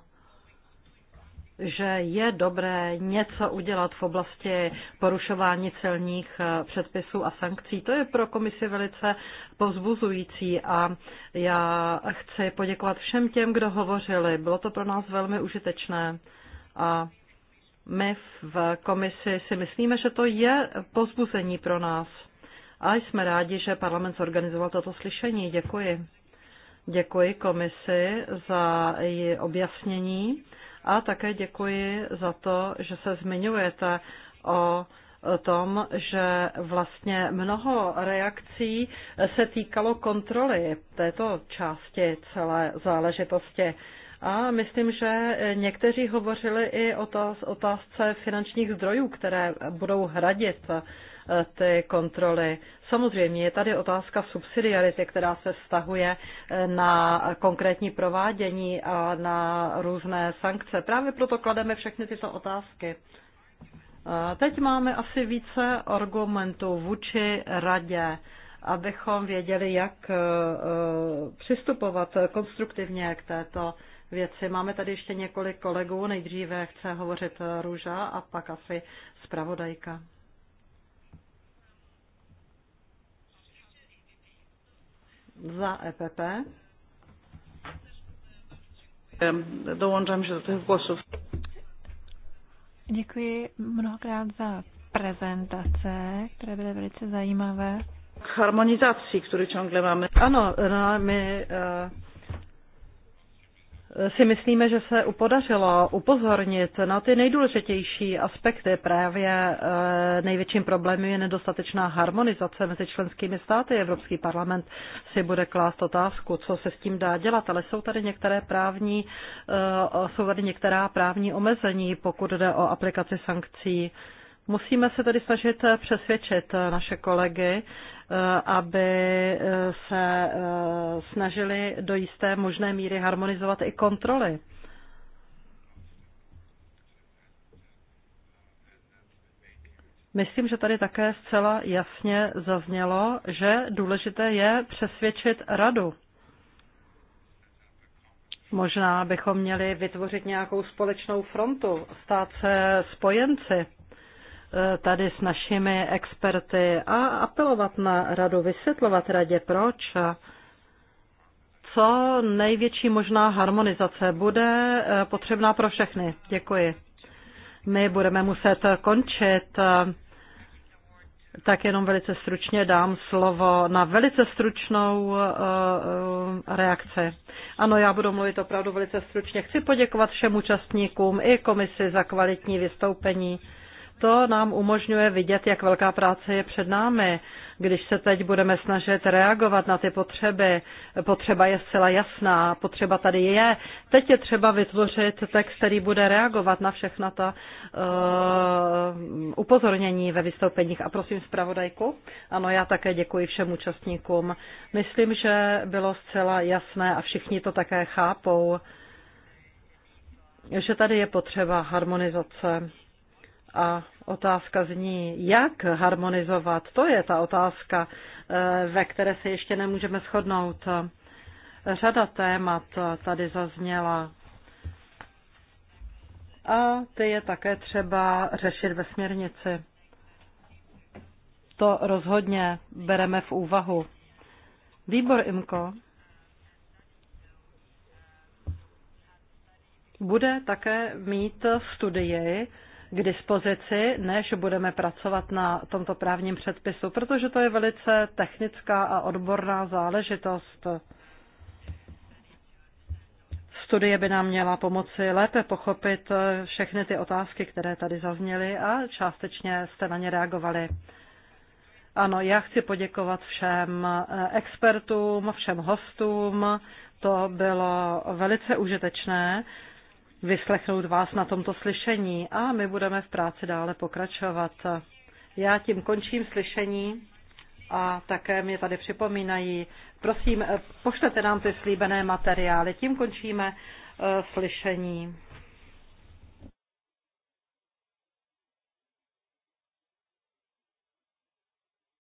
že je dobré něco udělat v oblasti porušování celních eh, předpisů a sankcí. To je pro komisi velice povzbuzující a já chci poděkovat všem těm, kdo hovořili. Bylo to pro nás velmi užitečné a my v komisi si myslíme, že to je povzbuzení pro nás. A jsme rádi, že parlament zorganizoval toto slyšení. Děkuji. Děkuji komisi za její objasnění a také děkuji za to, že se zmiňujete o tom, že vlastně mnoho reakcí se týkalo kontroly této části celé záležitosti. A myslím, že někteří hovořili i o otázce finančních zdrojů, které budou hradit Eh, ty kontroly. Samozřejmě je tady otázka subsidiarity, která se vztahuje eh, na konkrétní provádění a na různé sankce. Právě proto klademe všechny tyto otázky. Eh, teď máme asi více argumentů vůči radě, abychom věděli, jak přistupovat konstruktivně k této věci. Máme tady ještě několik kolegů. Nejdříve chce hovořit Růža a pak asi zpravodajka. za EPP. Dołączam się do tych głosów. Děkuji mnohokrát za prezentace, které byly velice zajímavé. K harmonizaci, kterou ciągle máme. Ano, no, my uh, si myslíme, že se upodařilo upozornit na ty nejdůležitější aspekty. Právě eh, největším problémem je nedostatečná harmonizace mezi členskými státy. Evropský parlament si bude klást otázku, co se s tím dá dělat, ale jsou tady některé právní, eh, jsou tady některá právní omezení, pokud jde o aplikaci sankcí. Musíme se tedy snažit eh, přesvědčit naše kolegy, Eh, aby eh, se eh, snažili do jisté možné míry harmonizovat i kontroly. Myslím, že tady také zcela jasně zaznělo, že důležité je přesvědčit radu. Možná bychom měli vytvořit nějakou společnou frontu, stát se spojenci tady s našimi experty a apelovat na radu, vysvětlovat radě, proč co největší možná harmonizace bude eh, potřebná pro všechny. Děkuji. My budeme muset končit. Tak jenom velice stručně dám slovo na velice stručnou eh, eh, reakci. Ano, já budu mluvit opravdu velice stručně. Chci poděkovat všem účastníkům i komisi za kvalitní vystoupení. To nám umožňuje vidět, jak velká práce je před námi. Když se teď budeme snažit reagovat na ty potřeby, potřeba je zcela jasná, potřeba tady je. Teď je třeba vytvořit text, který bude reagovat na všechna ta uh, upozornění ve vystoupeních. A prosím zpravodajku. Ano, já také děkuji všem účastníkům. Myslím, že bylo zcela jasné a všichni to také chápou, že tady je potřeba harmonizace a otázka zní, jak harmonizovat. To je ta otázka, eh, ve které se ještě nemůžeme shodnout. Řada témat tady zazněla. A ty je také třeba řešit ve směrnici. To rozhodně bereme v úvahu. Výbor IMKO bude také mít studii k dispozici, než budeme pracovat na tomto právním předpisu, protože to je velice technická a odborná záležitost. Studie by nám měla pomoci lépe pochopit všechny ty otázky, které tady zazněly a částečně jste na ně reagovali. Ano, já chci poděkovat všem expertům, všem hostům. To bylo velice užitečné vyslechnout vás na tomto slyšení a my budeme v práci dále pokračovat. Já tím končím slyšení a také mě tady připomínají, prosím, pošlete nám ty slíbené materiály. Tím končíme eh, slyšení.